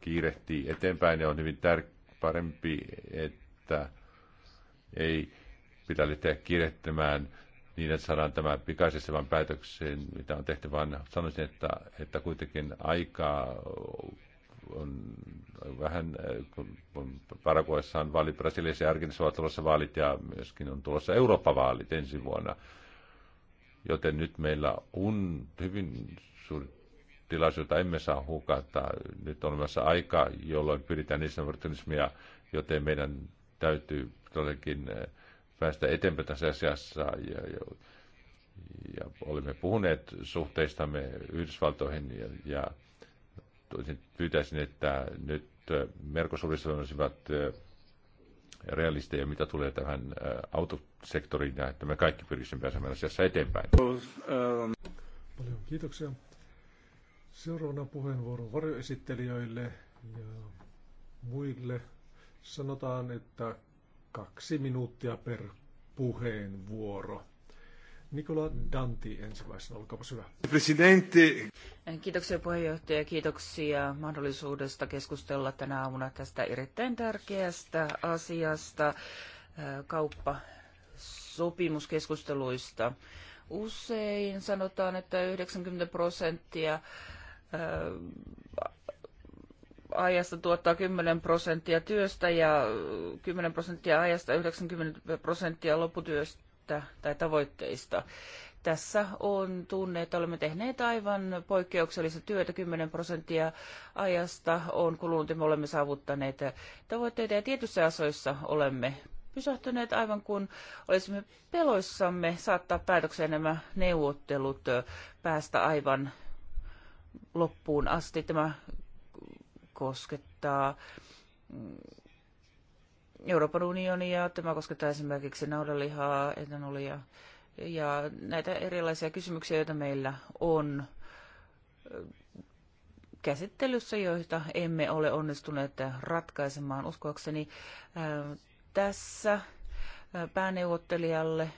kiirehtii eteenpäin ja on hyvin tär- parempi, että ei pitää lähteä kiirehtimään niin, että saadaan tämä pikaisesti vain päätöksen, mitä on tehty, vaan sanoisin, että, että kuitenkin aikaa on vähän, äh, kun Paraguayssa on vaalit, Brasiliassa ja Argentiinassa ovat tulossa vaalit ja myöskin on tulossa Eurooppa-vaalit ensi vuonna. Joten nyt meillä on hyvin suuri tilaisuus, jota emme saa hukata. Nyt on olemassa aika, jolloin pyritään niissä opportunismia, joten meidän täytyy todellakin äh, päästä eteenpäin tässä asiassa. Ja, ja, ja olemme puhuneet suhteistamme Yhdysvaltoihin ja, ja pyytäisin, että nyt Merkosurissa olisivat realisteja, mitä tulee tähän autosektoriin ja että me kaikki pyrkisimme pääsemään asiassa eteenpäin. Paljon kiitoksia. Seuraavana puheenvuoro varjoesittelijöille ja muille. Sanotaan, että kaksi minuuttia per puheenvuoro. Nikola Danti ensimmäisenä, olkaapa hyvä. Presidentti. Kiitoksia puheenjohtaja, kiitoksia mahdollisuudesta keskustella tänä aamuna tästä erittäin tärkeästä asiasta, äh, kauppasopimuskeskusteluista. Usein sanotaan, että 90 prosenttia äh, ajasta tuottaa 10 prosenttia työstä ja 10 prosenttia ajasta 90 prosenttia lopputyöstä tavoitteista tai tavoitteista. Tässä on tunne, että olemme tehneet aivan poikkeuksellista työtä. 10 prosenttia ajasta on kulunut ja me olemme saavuttaneet tavoitteita ja tietyissä asioissa olemme pysähtyneet aivan kuin olisimme peloissamme saattaa päätökseen nämä neuvottelut päästä aivan loppuun asti. Tämä koskettaa mm, Euroopan unioni ja Tämä koskettaa esimerkiksi naudanlihaa, etanolia ja näitä erilaisia kysymyksiä, joita meillä on käsittelyssä, joita emme ole onnistuneet ratkaisemaan. Uskoakseni tässä pääneuvottelijalle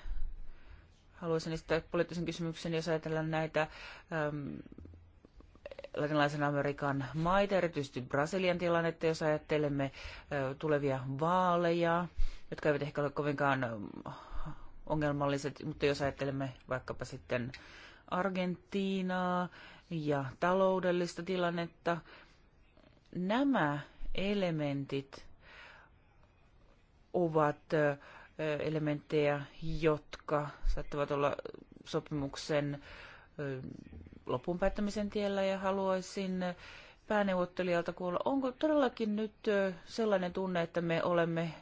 haluaisin esittää poliittisen kysymyksen, jos ajatellaan näitä latinalaisen Amerikan maita, erityisesti Brasilian tilannetta, jos ajattelemme tulevia vaaleja, jotka eivät ehkä ole kovinkaan ongelmalliset, mutta jos ajattelemme vaikkapa sitten Argentiinaa ja taloudellista tilannetta, nämä elementit ovat elementtejä, jotka saattavat olla sopimuksen lopun päättämisen tiellä ja haluaisin pääneuvottelijalta kuulla, onko todellakin nyt sellainen tunne, että me olemme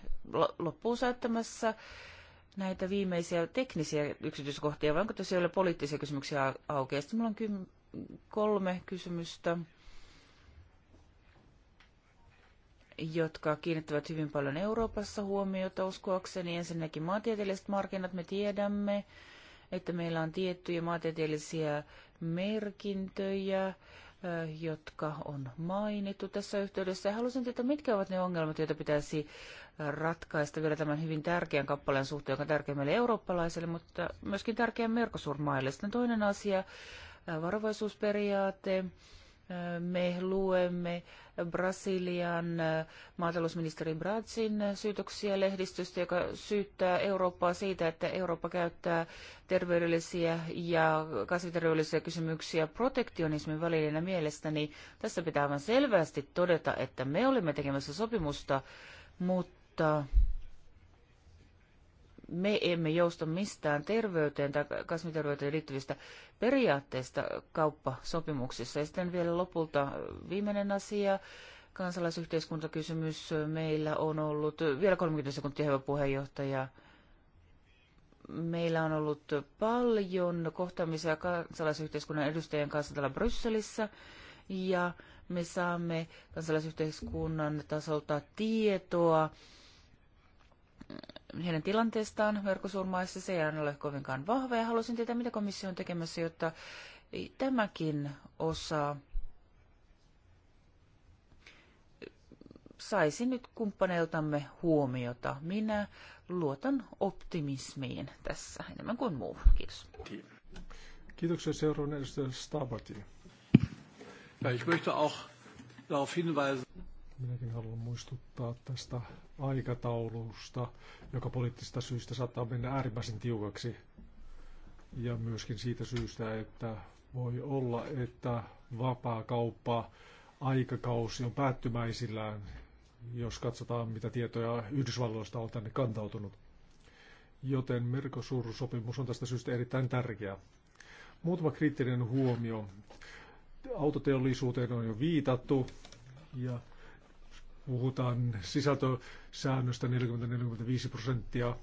loppuun saattamassa näitä viimeisiä teknisiä yksityiskohtia, vai onko tässä poliittisia kysymyksiä auki? Sitten minulla on kolme kysymystä, jotka kiinnittävät hyvin paljon Euroopassa huomiota uskoakseni. Ensinnäkin maantieteelliset markkinat me tiedämme, että meillä on tiettyjä maantieteellisiä merkintöjä, jotka on mainittu tässä yhteydessä. Ja haluaisin tietää, mitkä ovat ne ongelmat, joita pitäisi ratkaista vielä tämän hyvin tärkeän kappaleen suhteen, joka on tärkeä meille eurooppalaisille, mutta myöskin tärkeä Mercosur-maille. Sitten toinen asia, varovaisuusperiaate. Me luemme Brasilian maatalousministeri Bratsin syytöksiä lehdistöstä, joka syyttää Eurooppaa siitä, että Eurooppa käyttää terveydellisiä ja kasviterveydellisiä kysymyksiä protektionismin välineenä mielestäni. Tässä pitää aivan selvästi todeta, että me olimme tekemässä sopimusta, mutta me emme jousta mistään terveyteen tai kasviterveyteen liittyvistä periaatteista kauppasopimuksissa. Ja sitten vielä lopulta viimeinen asia, kansalaisyhteiskuntakysymys meillä on ollut, vielä 30 sekuntia hyvä puheenjohtaja, meillä on ollut paljon kohtaamisia kansalaisyhteiskunnan edustajien kanssa täällä Brysselissä ja me saamme kansalaisyhteiskunnan tasolta tietoa heidän tilanteestaan verkkosurmaissa. Se ei aina ole kovinkaan vahva ja haluaisin tietää, mitä komissio on tekemässä, jotta tämäkin osa saisi nyt kumppaneiltamme huomiota. Minä luotan optimismiin tässä enemmän kuin muuhun. Kiitos. Kiitoksia seuraavan edustajan Stabati. Ja, ich möchte auch darauf hinweisen. Minäkin haluan muistuttaa tästä aikataulusta, joka poliittisista syistä saattaa mennä äärimmäisen tiukaksi. Ja myöskin siitä syystä, että voi olla, että vapaa kauppa aikakausi on päättymäisillään, jos katsotaan mitä tietoja Yhdysvalloista on tänne kantautunut. Joten Mercosur-sopimus on tästä syystä erittäin tärkeä. Muutama kriittinen huomio. Autoteollisuuteen on jo viitattu ja puhutaan sisältösäännöstä 40-45 prosenttia.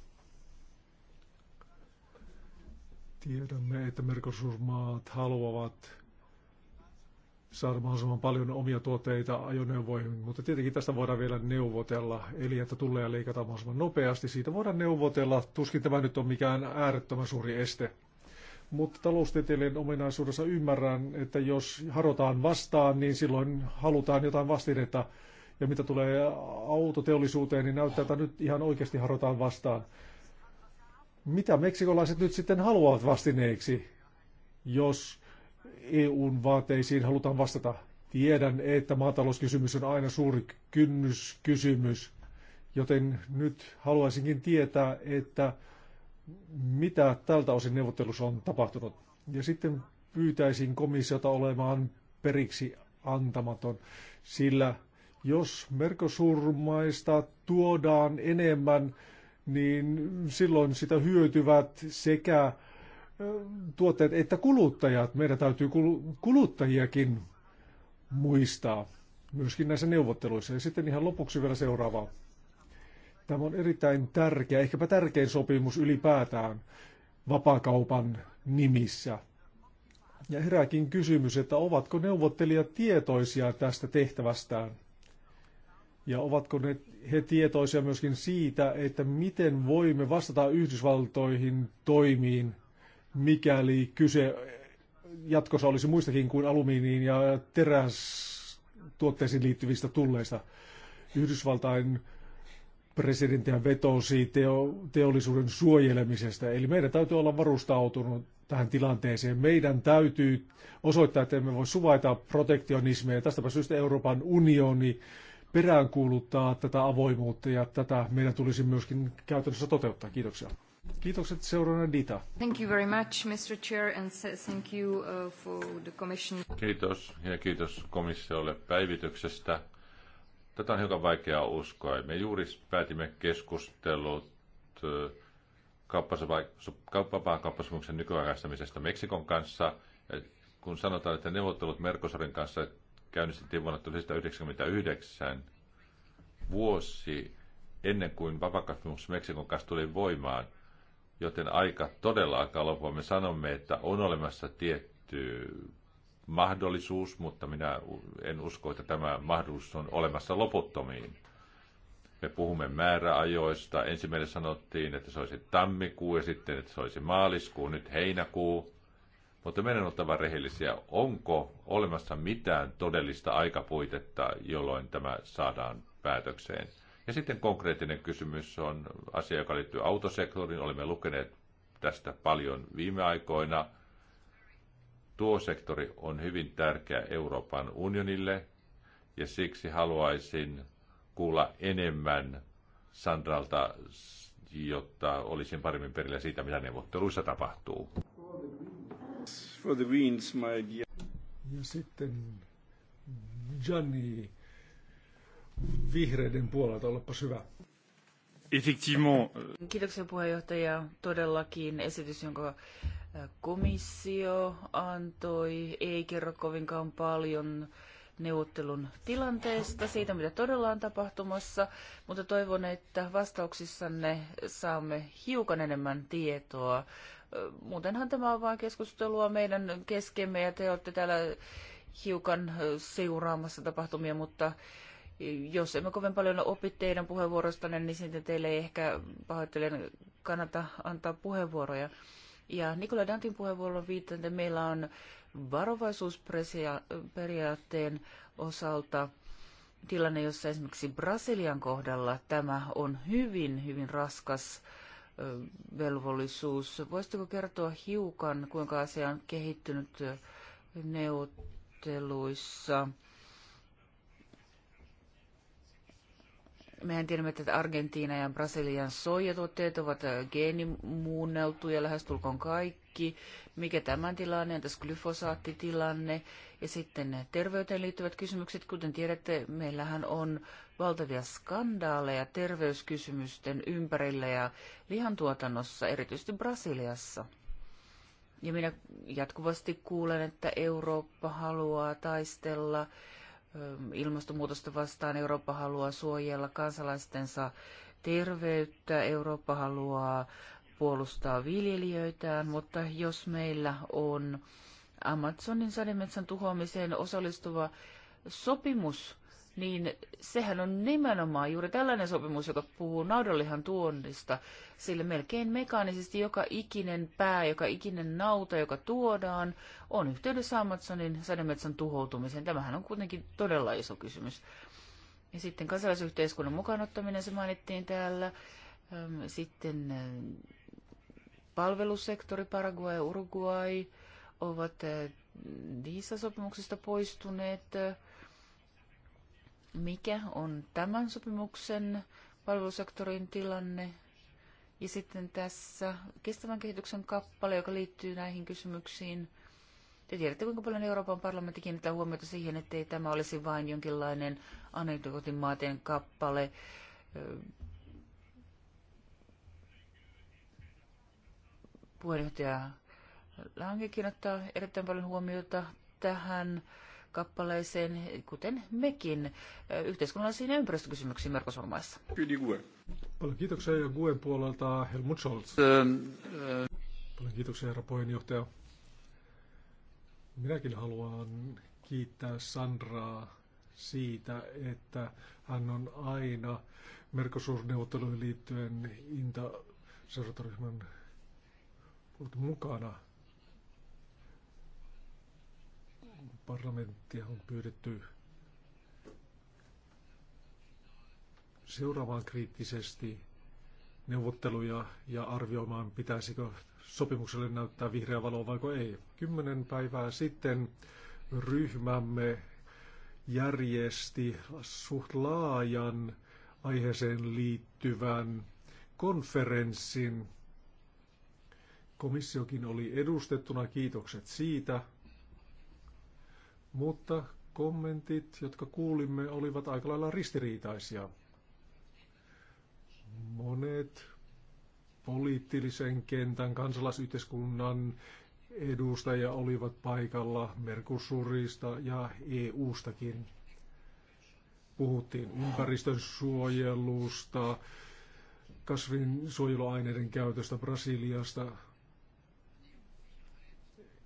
Tiedämme, että mercosur haluavat saada mahdollisimman paljon omia tuotteita ajoneuvoihin, mutta tietenkin tästä voidaan vielä neuvotella, eli että tulee leikata mahdollisimman nopeasti. Siitä voidaan neuvotella, tuskin tämä nyt on mikään äärettömän suuri este. Mutta taloustieteilijän ominaisuudessa ymmärrän, että jos harotaan vastaan, niin silloin halutaan jotain vastinetta ja mitä tulee autoteollisuuteen, niin näyttää, että nyt ihan oikeasti harotaan vastaan. Mitä meksikolaiset nyt sitten haluavat vastineeksi, jos EUn vaateisiin halutaan vastata? Tiedän, että maatalouskysymys on aina suuri kynnyskysymys, joten nyt haluaisinkin tietää, että mitä tältä osin neuvottelussa on tapahtunut. Ja sitten pyytäisin komissiota olemaan periksi antamaton, sillä jos Mercosur-maista tuodaan enemmän, niin silloin sitä hyötyvät sekä tuotteet että kuluttajat. Meidän täytyy kuluttajiakin muistaa myöskin näissä neuvotteluissa. Ja sitten ihan lopuksi vielä seuraava. Tämä on erittäin tärkeä, ehkäpä tärkein sopimus ylipäätään vapakaupan nimissä. Ja herääkin kysymys, että ovatko neuvottelijat tietoisia tästä tehtävästään? Ja ovatko ne, he tietoisia myöskin siitä, että miten voimme vastata Yhdysvaltoihin toimiin, mikäli kyse jatkossa olisi muistakin kuin alumiiniin ja terästuotteisiin liittyvistä tulleista. Yhdysvaltain presidentti vetosi teo, teollisuuden suojelemisesta. Eli meidän täytyy olla varustautunut tähän tilanteeseen. Meidän täytyy osoittaa, että emme voi suvaita protektionismia. Tästäpä syystä Euroopan unioni peräänkuuluttaa tätä avoimuutta ja tätä meidän tulisi myöskin käytännössä toteuttaa. Kiitoksia. Kiitokset seuraavana Dita. Thank you very much, Mr. Chair, and thank you uh, for the commission. Kiitos ja kiitos komissiolle päivityksestä. Tätä on hiukan vaikeaa uskoa. Me juuri päätimme keskustelut uh, kauppapääkauppasopimuksen nykyaikaistamisesta Meksikon kanssa. Kun sanotaan, että neuvottelut Merkosarin kanssa käynnistettiin vuonna 1999, vuosi ennen kuin vapakauppasopimus Meksikon kanssa tuli voimaan, joten aika todella alkaa loppua. Me sanomme, että on olemassa tietty mahdollisuus, mutta minä en usko, että tämä mahdollisuus on olemassa loputtomiin. Me puhumme määräajoista. Ensimmäinen sanottiin, että se olisi tammikuu ja sitten, että se olisi maaliskuu, nyt heinäkuu. Mutta meidän on oltava rehellisiä. Onko olemassa mitään todellista aikapuitetta, jolloin tämä saadaan päätökseen? Ja sitten konkreettinen kysymys on asia, joka liittyy autosektoriin. Olemme lukeneet tästä paljon viime aikoina. Tuo sektori on hyvin tärkeä Euroopan unionille ja siksi haluaisin kuulla enemmän Sandralta, jotta olisin paremmin perillä siitä, mitä neuvotteluissa tapahtuu for the winds, my dear. Ja sitten Gianni vihreiden puolelta, olepas hyvä. Effectivement. Euh, Kiitoksia puheenjohtaja. Todellakin esitys, jonka äh, komissio antoi, ei kerro kovinkaan paljon neuvottelun tilanteesta, siitä mitä todella on tapahtumassa, mutta toivon, että vastauksissanne saamme hiukan enemmän tietoa. Muutenhan tämä on vain keskustelua meidän keskemme ja te olette täällä hiukan seuraamassa tapahtumia, mutta jos emme kovin paljon opi teidän puheenvuorostanne, niin sitten teille ei ehkä pahoittelen kannata antaa puheenvuoroja. Ja Nikola Dantin puheenvuoron viittaan, että meillä on varovaisuusperiaatteen osalta tilanne, jossa esimerkiksi Brasilian kohdalla tämä on hyvin, hyvin raskas äh, velvollisuus. Voisitteko kertoa hiukan, kuinka asia on kehittynyt neuvotteluissa? Mehän tiedämme, että Argentiina ja Brasilian soijatuotteet ovat geenimuunneltuja lähestulkoon kaikki. Mikä tämän tilanne on? Tässä glyfosaattitilanne. tilanne ja sitten terveyteen liittyvät kysymykset. Kuten tiedätte, meillähän on valtavia skandaaleja terveyskysymysten ympärillä ja lihantuotannossa, erityisesti Brasiliassa. Ja minä jatkuvasti kuulen, että Eurooppa haluaa taistella ähm, ilmastonmuutosta vastaan, Eurooppa haluaa suojella kansalaistensa terveyttä, Eurooppa haluaa puolustaa viljelijöitään, mutta jos meillä on Amazonin sademetsän tuhoamiseen osallistuva sopimus, niin sehän on nimenomaan juuri tällainen sopimus, joka puhuu naudanlihan tuonnista, sillä melkein mekaanisesti joka ikinen pää, joka ikinen nauta, joka tuodaan, on yhteydessä Amazonin sademetsän tuhoutumiseen. Tämähän on kuitenkin todella iso kysymys. Ja sitten kansalaisyhteiskunnan mukaanottaminen, se mainittiin täällä. Sitten palvelusektori, Paraguay, Uruguay, ovat eh, DISA-sopimuksesta poistuneet. Mikä on tämän sopimuksen palvelusektorin tilanne? Ja sitten tässä kestävän kehityksen kappale, joka liittyy näihin kysymyksiin. Te tiedätte, kuinka paljon Euroopan parlamentti kiinnittää huomiota siihen, ei tämä olisi vain jonkinlainen anekdotimaatien kappale. Eh, puheenjohtaja Langekin ottaa erittäin paljon huomiota tähän kappaleeseen, kuten mekin, yhteiskunnallisiin ja ympäristökysymyksiin Merkosurmaissa. Paljon kiitoksia ja Guen puolelta Helmut Scholz. Ähm, äh. Paljon kiitoksia herra puheenjohtaja. Minäkin haluan kiittää Sandraa siitä, että hän on aina Merkosuusneuvotteluihin liittyen Inta-seurantaryhmän mukana – parlamenttia on pyydetty seuraavaan kriittisesti neuvotteluja ja arvioimaan, pitäisikö sopimukselle näyttää vihreä valo vai ei. Kymmenen päivää sitten ryhmämme järjesti suht laajan aiheeseen liittyvän konferenssin. Komissiokin oli edustettuna, kiitokset siitä. Mutta kommentit, jotka kuulimme, olivat aika lailla ristiriitaisia. Monet poliittisen kentän, kansalaisyhteiskunnan edustajia olivat paikalla Mercosurista ja EU-stakin. Puhuttiin ympäristön suojelusta, kasvinsuojeluaineiden käytöstä Brasiliasta,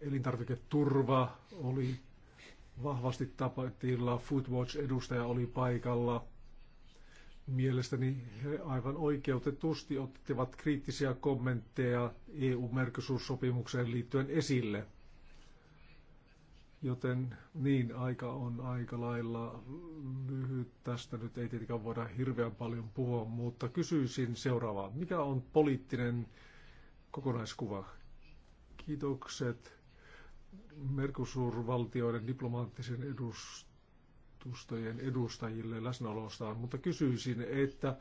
elintarviketurva oli vahvasti tapahtilla. Foodwatch-edustaja oli paikalla. Mielestäni he aivan oikeutetusti ottivat kriittisiä kommentteja EU-merkisuussopimukseen liittyen esille. Joten niin, aika on aika lailla lyhyt. Tästä nyt ei tietenkään voida hirveän paljon puhua, mutta kysyisin seuraavaa. Mikä on poliittinen kokonaiskuva? Kiitokset Mercosur-valtioiden diplomaattisen edustustojen edustajille läsnäolostaan, mutta kysyisin, että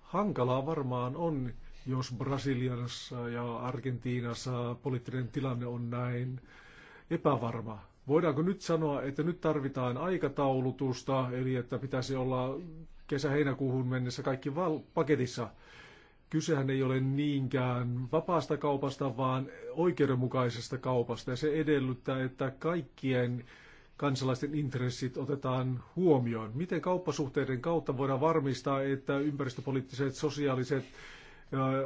hankalaa varmaan on, jos Brasiliassa ja Argentiinassa poliittinen tilanne on näin epävarma. Voidaanko nyt sanoa, että nyt tarvitaan aikataulutusta, eli että pitäisi olla kesä-heinäkuuhun mennessä kaikki val- paketissa? Kysehän ei ole niinkään vapaasta kaupasta, vaan oikeudenmukaisesta kaupasta. Ja se edellyttää, että kaikkien kansalaisten intressit otetaan huomioon. Miten kauppasuhteiden kautta voidaan varmistaa, että ympäristöpoliittiset, sosiaaliset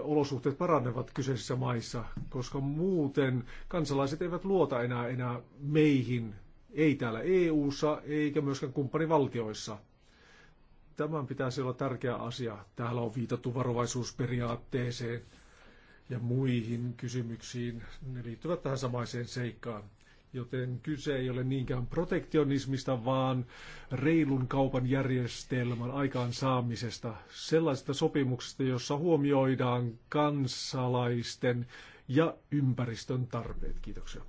olosuhteet paranevat kyseisissä maissa, koska muuten kansalaiset eivät luota enää, enää meihin, ei täällä EU-ssa eikä myöskään kumppanivaltioissa. Tämän pitäisi olla tärkeä asia. Täällä on viitattu varovaisuusperiaatteeseen ja muihin kysymyksiin. Ne liittyvät tähän samaiseen seikkaan. Joten kyse ei ole niinkään protektionismista, vaan reilun kaupan järjestelmän aikaansaamisesta. Sellaisesta sopimuksesta, jossa huomioidaan kansalaisten ja ympäristön tarpeet. Kiitoksia.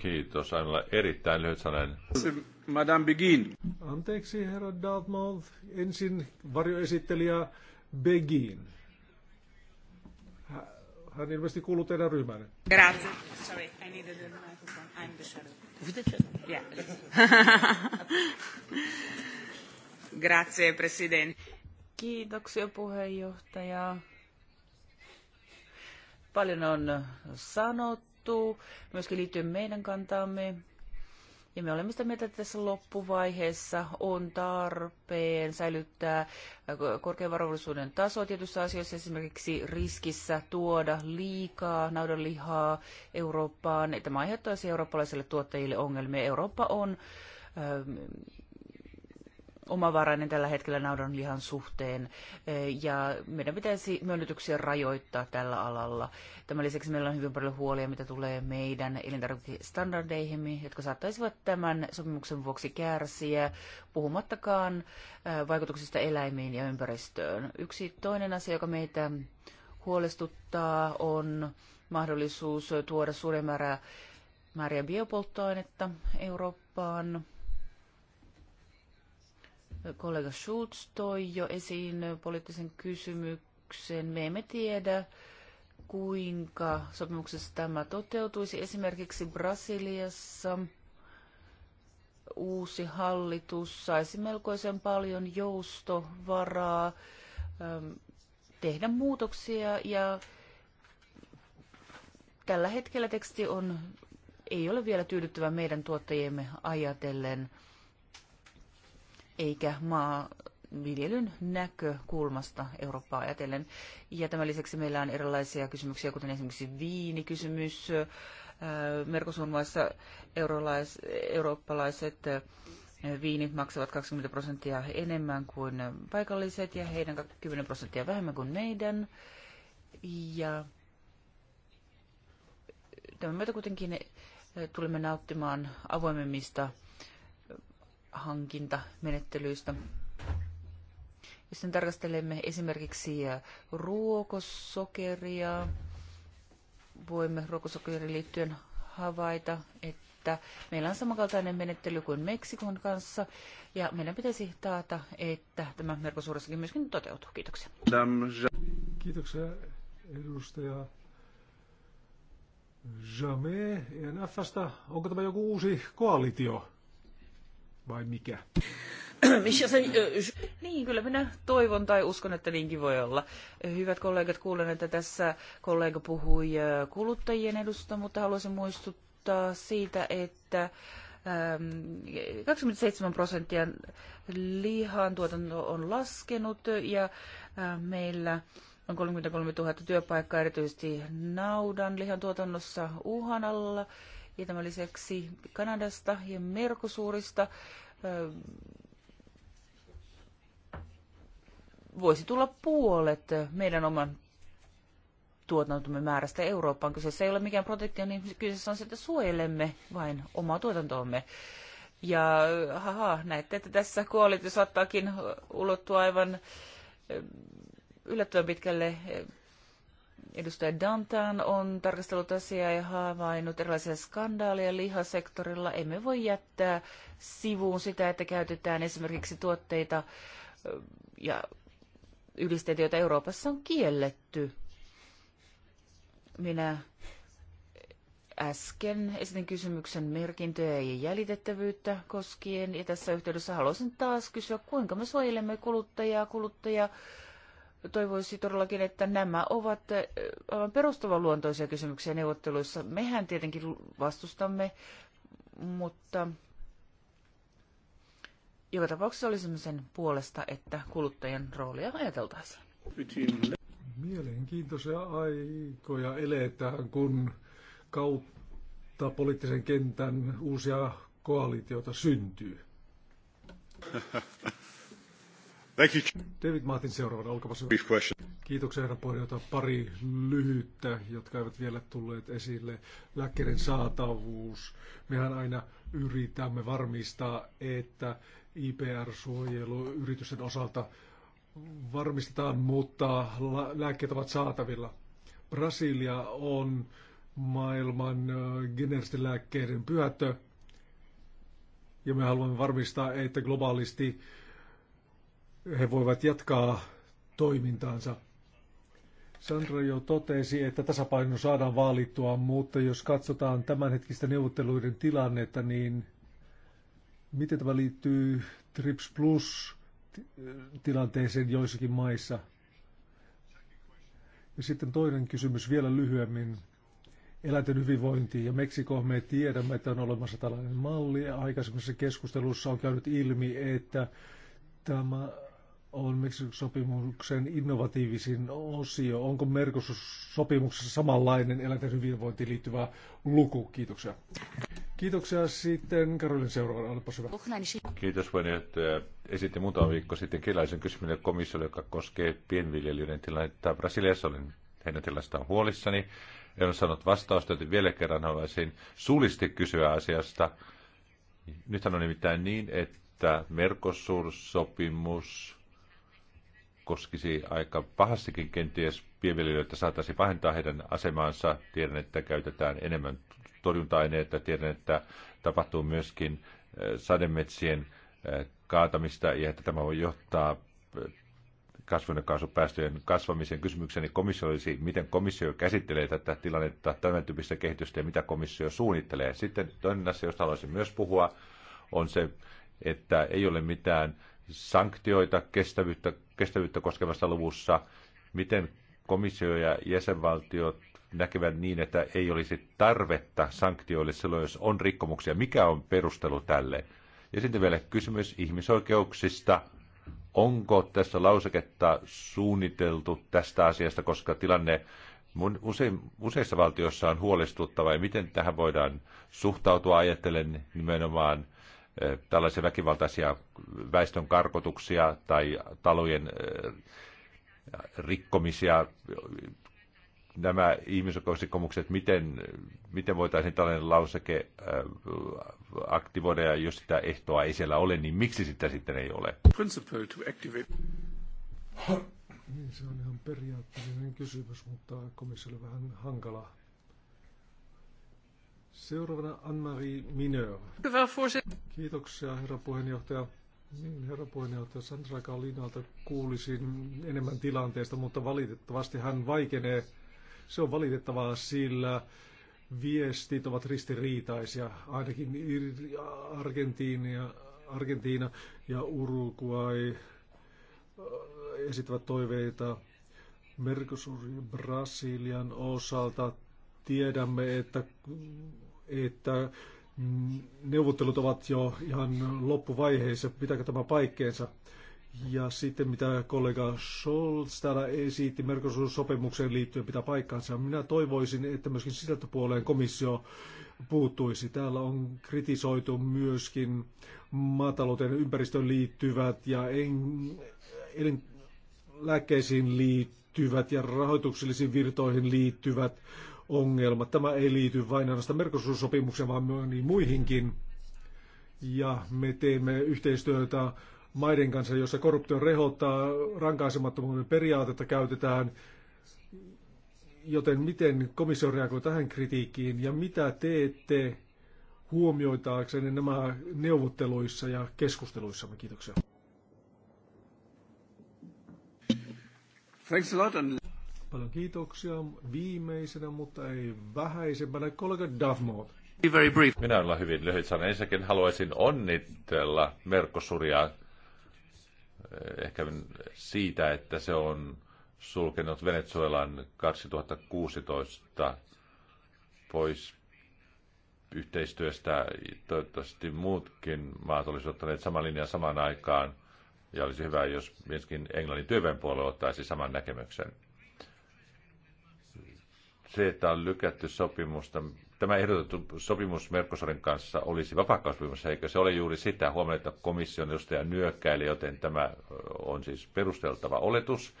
Kiitos, Anilla. Erittäin lyhyt sanen. Madame Begin. Anteeksi, herra Dartmouth. Ensin varjoesittelijä Begin. Hän ilmeisesti kuuluu teidän ryhmänne. Grazie. Sorry, I needed the microphone. I'm the shadow. [laughs] Grazie, President. Kiitoksia puheenjohtaja. Paljon on sanottu, myöskin liittyen meidän kantaamme. Ja me olemme sitä mieltä, että tässä loppuvaiheessa on tarpeen säilyttää korkean varovallisuuden taso tietyissä asioissa, esimerkiksi riskissä tuoda liikaa naudanlihaa Eurooppaan. Tämä aiheuttaisi siis eurooppalaisille tuottajille ongelmia. Eurooppa on ähm, omavarainen tällä hetkellä naudan lihan suhteen e, ja meidän pitäisi myönnytyksiä rajoittaa tällä alalla. Tämän lisäksi meillä on hyvin paljon huolia, mitä tulee meidän elintarvikestandardeihimme, jotka saattaisivat tämän sopimuksen vuoksi kärsiä, puhumattakaan e, vaikutuksista eläimiin ja ympäristöön. Yksi toinen asia, joka meitä huolestuttaa, on mahdollisuus tuoda suuren määrä, määriä biopolttoainetta Eurooppaan kollega Schulz toi jo esiin poliittisen kysymyksen. Me emme tiedä, kuinka sopimuksessa tämä toteutuisi. Esimerkiksi Brasiliassa uusi hallitus saisi melkoisen paljon joustovaraa ähm, tehdä muutoksia ja tällä hetkellä teksti on, ei ole vielä tyydyttävä meidän tuottajiemme ajatellen – eikä maa viljelyn näkökulmasta Eurooppaa ajatellen. Ja tämän lisäksi meillä on erilaisia kysymyksiä, kuten esimerkiksi viinikysymys. eurolais, eurooppalaiset viinit maksavat 20 prosenttia enemmän kuin paikalliset ja heidän 10 prosenttia vähemmän kuin meidän. Ja tämän myötä kuitenkin tulemme nauttimaan avoimemmista hankintamenettelyistä. Jos sen tarkastelemme esimerkiksi ruokosokeria, voimme ruokosokeriin liittyen havaita, että meillä on samankaltainen menettely kuin Meksikon kanssa, ja meidän pitäisi taata, että tämä Merkosuurissakin myöskin toteutuu. Kiitoksia. Kiitoksia edustaja ja ENFstä. Onko tämä joku uusi koalitio? vai mikä? niin, kyllä minä toivon tai uskon, että niinkin voi olla. Hyvät kollegat, kuulen, että tässä kollega puhui kuluttajien edusta, mutta haluaisin muistuttaa siitä, että 27 prosenttia lihan tuotanto on laskenut ja meillä on 33 000 työpaikkaa erityisesti naudan lihan tuotannossa uhan alla ja tämän lisäksi Kanadasta ja Merkosuurista voisi tulla puolet meidän oman tuotantomme määrästä Eurooppaan. Kyseessä ei ole mikään protektio, niin kyseessä on se, että suojelemme vain omaa tuotantoamme. Ja haha, näette, että tässä koalitio saattaakin ulottua aivan yllättävän pitkälle Edustaja Dantan on tarkastellut asiaa ja havainnut erilaisia skandaaleja lihasektorilla. Emme voi jättää sivuun sitä, että käytetään esimerkiksi tuotteita ja yhdisteitä, joita Euroopassa on kielletty. Minä äsken esitin kysymyksen merkintöjä ja jäljitettävyyttä koskien, ja tässä yhteydessä haluaisin taas kysyä, kuinka me suojelemme kuluttajaa, kuluttajaa, toivoisi todellakin, että nämä ovat aivan perustavan luontoisia kysymyksiä neuvotteluissa. Mehän tietenkin vastustamme, mutta joka tapauksessa olisimme sen puolesta, että kuluttajan roolia ajateltaisiin. Mielenkiintoisia aikoja eletään, kun kautta poliittisen kentän uusia koalitioita syntyy. [laughs] Thank you. David Martin seuraavana, olkaa hyvä. Kiitoksia herra puheenjohtaja. Pari lyhyttä, jotka eivät vielä tulleet esille. Lääkkeiden saatavuus. Mehän aina yritämme varmistaa, että IPR-suojelu yritysten osalta varmistetaan, mutta lääkkeet ovat saatavilla. Brasilia on maailman geneeristen lääkkeiden pyötö, ja me haluamme varmistaa, että globaalisti he voivat jatkaa toimintaansa. Sandra jo totesi, että tasapaino saadaan vaalittua, mutta jos katsotaan tämänhetkistä neuvotteluiden tilannetta, niin miten tämä liittyy TRIPS Plus tilanteeseen joissakin maissa? Ja sitten toinen kysymys vielä lyhyemmin eläinten hyvinvointi ja Meksiko, me tiedämme, että on olemassa tällainen malli. Aikaisemmassa keskustelussa on käynyt ilmi, että tämä on Mercosur-sopimuksen innovatiivisin osio. Onko Mercosur-sopimuksessa samanlainen eläinten hyvinvointiin liittyvä luku? Kiitoksia. Kiitoksia sitten Karolin seuraavana. Olipa hyvä. Kiitos että Esitin muutama viikko sitten kirjallisen kysymyksen komissiolle, joka koskee pienviljelijöiden tilannetta Brasiliassa. Olin heidän tilastaan huolissani. En ole saanut vastausta, joten vielä kerran haluaisin suullisesti kysyä asiasta. Nythän on nimittäin niin, että Mercosur-sopimus koskisi aika pahastikin kenties pienviljelijöitä, saataisiin pahentaa heidän asemaansa. Tiedän, että käytetään enemmän torjunta-aineita. Tiedän, että tapahtuu myöskin eh, sademetsien eh, kaatamista ja että tämä voi johtaa eh, kasvihuonekaasupäästöjen kasvamisen kysymykseni komissio olisi, miten komissio käsittelee tätä tilannetta, tämän tyyppistä kehitystä ja mitä komissio suunnittelee. Sitten toinen asia, josta haluaisin myös puhua, on se, että ei ole mitään sanktioita kestävyyttä, kestävyyttä koskevassa luvussa, miten komissio ja jäsenvaltiot näkevät niin, että ei olisi tarvetta sanktioille silloin, jos on rikkomuksia. Mikä on perustelu tälle? Ja sitten vielä kysymys ihmisoikeuksista. Onko tässä lauseketta suunniteltu tästä asiasta, koska tilanne usein, useissa valtioissa on huolestuttava ja miten tähän voidaan suhtautua, ajattelen nimenomaan tällaisia väkivaltaisia väestön karkotuksia tai talojen rikkomisia. Nämä ihmisoikeusrikkomukset, miten, miten voitaisiin tällainen lauseke aktivoida, ja jos sitä ehtoa ei siellä ole, niin miksi sitä sitten ei ole? Niin, se on ihan periaatteellinen kysymys, mutta komissiolle vähän hankala Seuraavana Anne-Marie Mineur. Kiitoksia herra puheenjohtaja. Niin, herra puheenjohtaja Sandra Kalinalta kuulisin enemmän tilanteesta, mutta valitettavasti hän vaikenee. Se on valitettavaa, sillä viestit ovat ristiriitaisia, ainakin Argentiina, Argentiina ja Uruguay äh, esittävät toiveita Mercosur Brasilian osalta. Tiedämme, että että neuvottelut ovat jo ihan loppuvaiheessa. Pitääkö tämä paikkeensa? Ja sitten mitä kollega Scholz täällä esitti Mercosur-sopimukseen liittyen pitää paikkaansa. Minä toivoisin, että myöskin sisältöpuoleen komissio puuttuisi. Täällä on kritisoitu myöskin maatalouteen ympäristöön liittyvät ja en, elin, lääkkeisiin liittyvät ja rahoituksellisiin virtoihin liittyvät ongelma. Tämä ei liity vain ainoastaan Mercosur-sopimukseen, vaan niin muihinkin. Ja me teemme yhteistyötä maiden kanssa, jossa korruptio rehottaa, rankaisemattomuuden periaatetta käytetään. Joten miten komissio reagoi tähän kritiikkiin ja mitä teette huomioitaakseni nämä neuvotteluissa ja keskusteluissa? Kiitoksia. Thanks a lot and... Paljon kiitoksia. Viimeisenä, mutta ei vähäisempänä, kollega Duffmore. Very brief. Minä olen hyvin lyhyt sanan. Ensinnäkin haluaisin onnitella Merkosuria eh, ehkä siitä, että se on sulkenut Venezuelan 2016 pois yhteistyöstä. Toivottavasti muutkin maat olisivat ottaneet saman linjan samaan aikaan. Ja olisi hyvä, jos myöskin Englannin työväenpuolue ottaisi saman näkemyksen se, että on lykätty sopimusta, tämä ehdotettu sopimus Merkosarin kanssa olisi vapaakauppimus, eikö se ole juuri sitä? Huomioon, että komission edustaja nyökkäili, joten tämä on siis perusteltava oletus.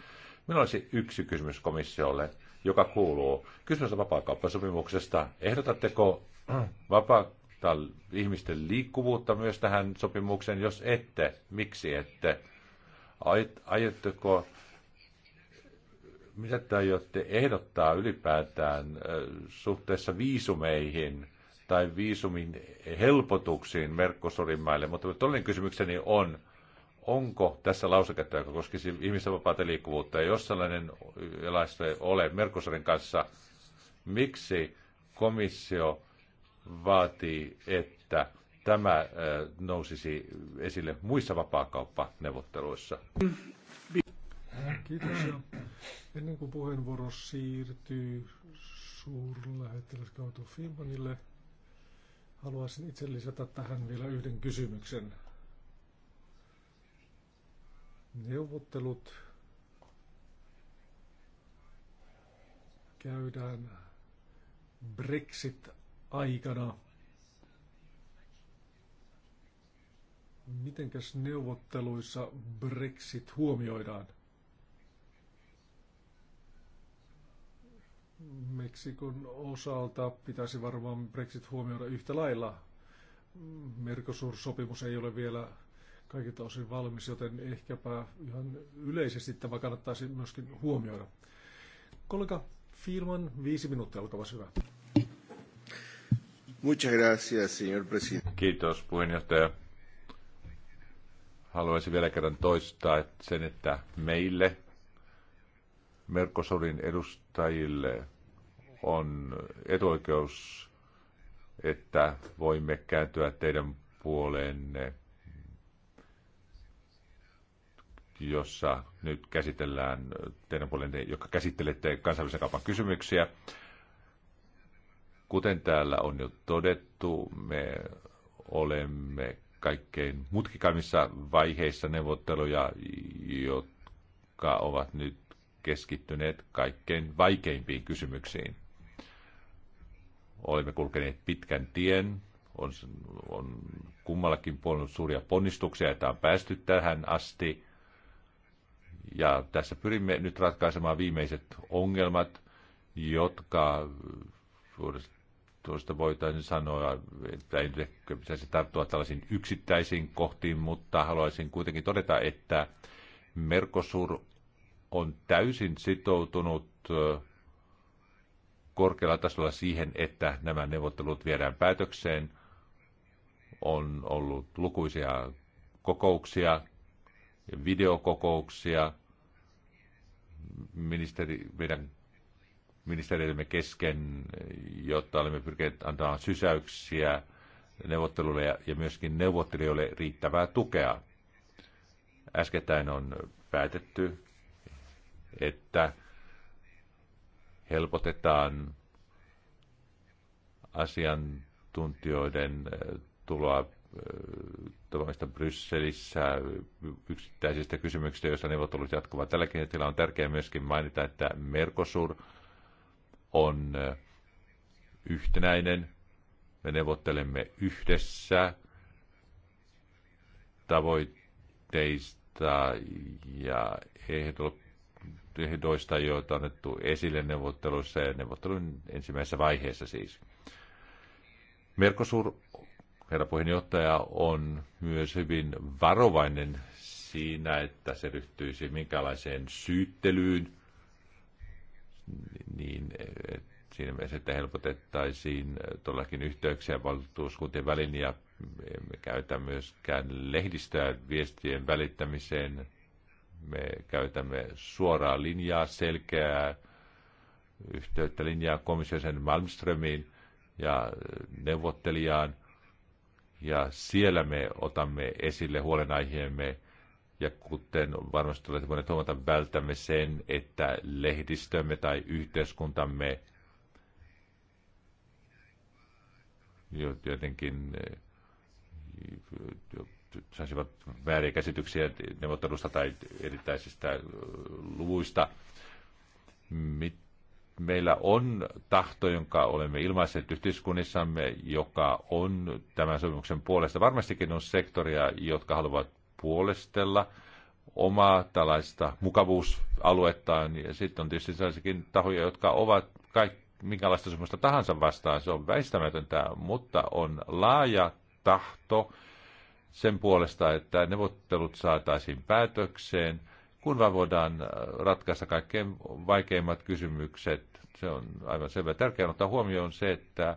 Minulla olisi yksi kysymys komissiolle, joka kuuluu. Kysymys on vapaakauppasopimuksesta. Ehdotatteko [clears throat] vapaa ihmisten liikkuvuutta myös tähän sopimukseen? Jos ette, miksi ette? Aiotteko mitä te aiotte ehdottaa ylipäätään suhteessa viisumeihin tai viisumin helpotuksiin Mercosurin maille? Mutta toinen kysymykseni on, onko tässä lausekettä, joka koskisi ihmisten vapaata liikkuvuutta, ja jos sellainen ei ole Merkosurin kanssa, miksi komissio vaatii, että tämä nousisi esille muissa vapaakauppaneuvotteluissa? Kiitos. Ennen kuin puheenvuoro siirtyy suurlähettiläs Kautu Fimanille, haluaisin itse lisätä tähän vielä yhden kysymyksen. Neuvottelut käydään Brexit-aikana. Mitenkäs neuvotteluissa Brexit huomioidaan? Meksikon osalta pitäisi varmaan Brexit huomioida yhtä lailla. Mercosur-sopimus ei ole vielä kaikilta osin valmis, joten ehkäpä ihan yleisesti tämä kannattaisi myöskin huomioida. Kollega Filman, viisi minuuttia, olkaa hyvä. Muchas gracias, señor presidente. Kiitos, puheenjohtaja. Haluaisin vielä kerran toistaa sen, että meille Mercosurin edustajille on etuoikeus, että voimme kääntyä teidän puoleenne, jossa nyt käsitellään teidän puolenne, joka käsittelette kansainvälisen kaupan kysymyksiä. Kuten täällä on jo todettu, me olemme kaikkein mutkikaimmissa vaiheissa neuvotteluja, jotka ovat nyt keskittyneet kaikkein vaikeimpiin kysymyksiin. Olemme kulkeneet pitkän tien, on, on kummallakin puolella suuria ponnistuksia, että on päästy tähän asti. Ja tässä pyrimme nyt ratkaisemaan viimeiset ongelmat, jotka tuosta voitaisiin sanoa, että ei ehkä pitäisi tarttua tällaisiin yksittäisiin kohtiin, mutta haluaisin kuitenkin todeta, että Mercosur on täysin sitoutunut korkealla tasolla siihen, että nämä neuvottelut viedään päätökseen. On ollut lukuisia kokouksia, videokokouksia ministeri, meidän ministeriöidemme kesken, jotta olemme pyrkineet antamaan sysäyksiä neuvotteluille ja, ja myöskin neuvottelijoille riittävää tukea. Äskettäin on päätetty että helpotetaan asiantuntijoiden äh, tuloa äh, tuomista Brysselissä yksittäisistä kysymyksistä, joissa neuvottelut jatkuvat. Tälläkin hetkellä on tärkeää myöskin mainita, että Mercosur on äh, yhtenäinen. Me neuvottelemme yhdessä tavoitteista ja ehdot, ehdoista, joita on annettu esille neuvotteluissa ja neuvottelun ensimmäisessä vaiheessa siis. merkosur herra puheenjohtaja, on myös hyvin varovainen siinä, että se ryhtyisi minkälaiseen syyttelyyn, niin siinä mielessä, että helpotettaisiin todellakin yhteyksiä valtuuskuntien välin ja emme käytä myöskään lehdistöä viestien välittämiseen me käytämme suoraa linjaa, selkeää yhteyttä linjaa komissiosen Malmströmiin ja neuvottelijaan. Ja siellä me otamme esille huolenaiheemme ja kuten varmasti olette voineet huomata, vältämme sen, että lehdistömme tai yhteiskuntamme jotenkin saisivat vääriä käsityksiä neuvottelusta tai erittäisistä luvuista. Meillä on tahto, jonka olemme ilmaisseet yhteiskunnissamme, joka on tämän sopimuksen puolesta. Varmastikin on sektoria, jotka haluavat puolestella omaa tällaista mukavuusaluettaan. Ja sitten on tietysti sellaisikin tahoja, jotka ovat kaikki, minkälaista sopimusta tahansa vastaan. Se on väistämätöntä, mutta on laaja tahto sen puolesta, että neuvottelut saataisiin päätökseen, kun vaan voidaan äh, ratkaista kaikkein vaikeimmat kysymykset. Se on aivan selvä. Tärkeää ottaa huomioon se, että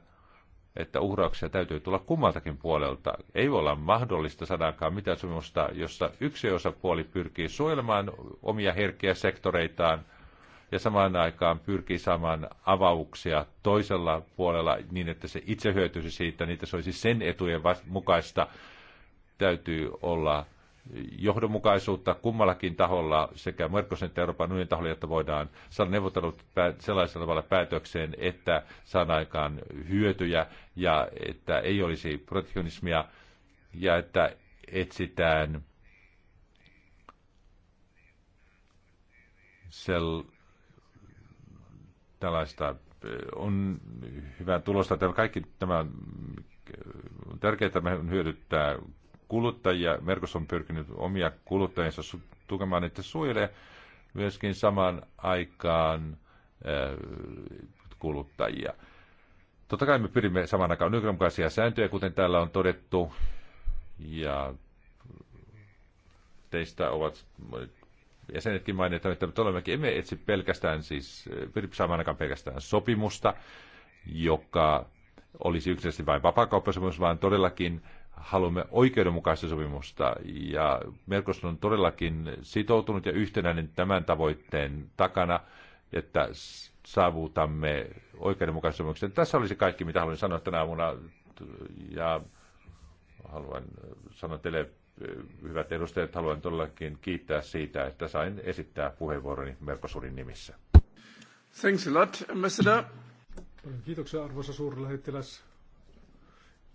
että uhrauksia täytyy tulla kummaltakin puolelta. Ei voi olla mahdollista sanakaan mitään sellaista, jossa yksi osapuoli pyrkii suojelemaan omia herkkiä sektoreitaan ja samaan aikaan pyrkii saamaan avauksia toisella puolella niin, että se itse hyötyisi siitä, niitä se olisi sen etujen mukaista, täytyy olla johdonmukaisuutta kummallakin taholla sekä Merkosen että Euroopan unionin taholla, jotta voidaan saada neuvottelut sellaisella tavalla päätökseen, että saadaan aikaan hyötyjä ja että ei olisi protektionismia ja että etsitään sel, tällaista on hyvää tulosta. Tämä kaikki tämä on tärkeää, että me hyödyttää kuluttajia. Merkos on pyrkinyt omia kuluttajansa tukemaan, että suojelee myöskin samaan aikaan äh, kuluttajia. Totta kai me pyrimme saman aikaan nykyaikaisia sääntöjä, kuten täällä on todettu, ja teistä ovat jäsenetkin mainittu, että me olemmekin, emme etsi pelkästään siis, äh, saman aikaan pelkästään sopimusta, joka olisi yksilöllisesti vain vapaakauppasopimus, vaan todellakin haluamme oikeudenmukaista sopimusta. Ja Mercosur on todellakin sitoutunut ja yhtenäinen tämän tavoitteen takana, että saavutamme oikeudenmukaisen sopimuksen. Tässä olisi kaikki, mitä haluan sanoa tänä aamuna. Ja haluan sanoa teille, hyvät edustajat, haluan todellakin kiittää siitä, että sain esittää puheenvuoroni Mercosurin nimissä. Thanks a lot, Ambassador. Kiitoksia arvoisa suurlähettiläs.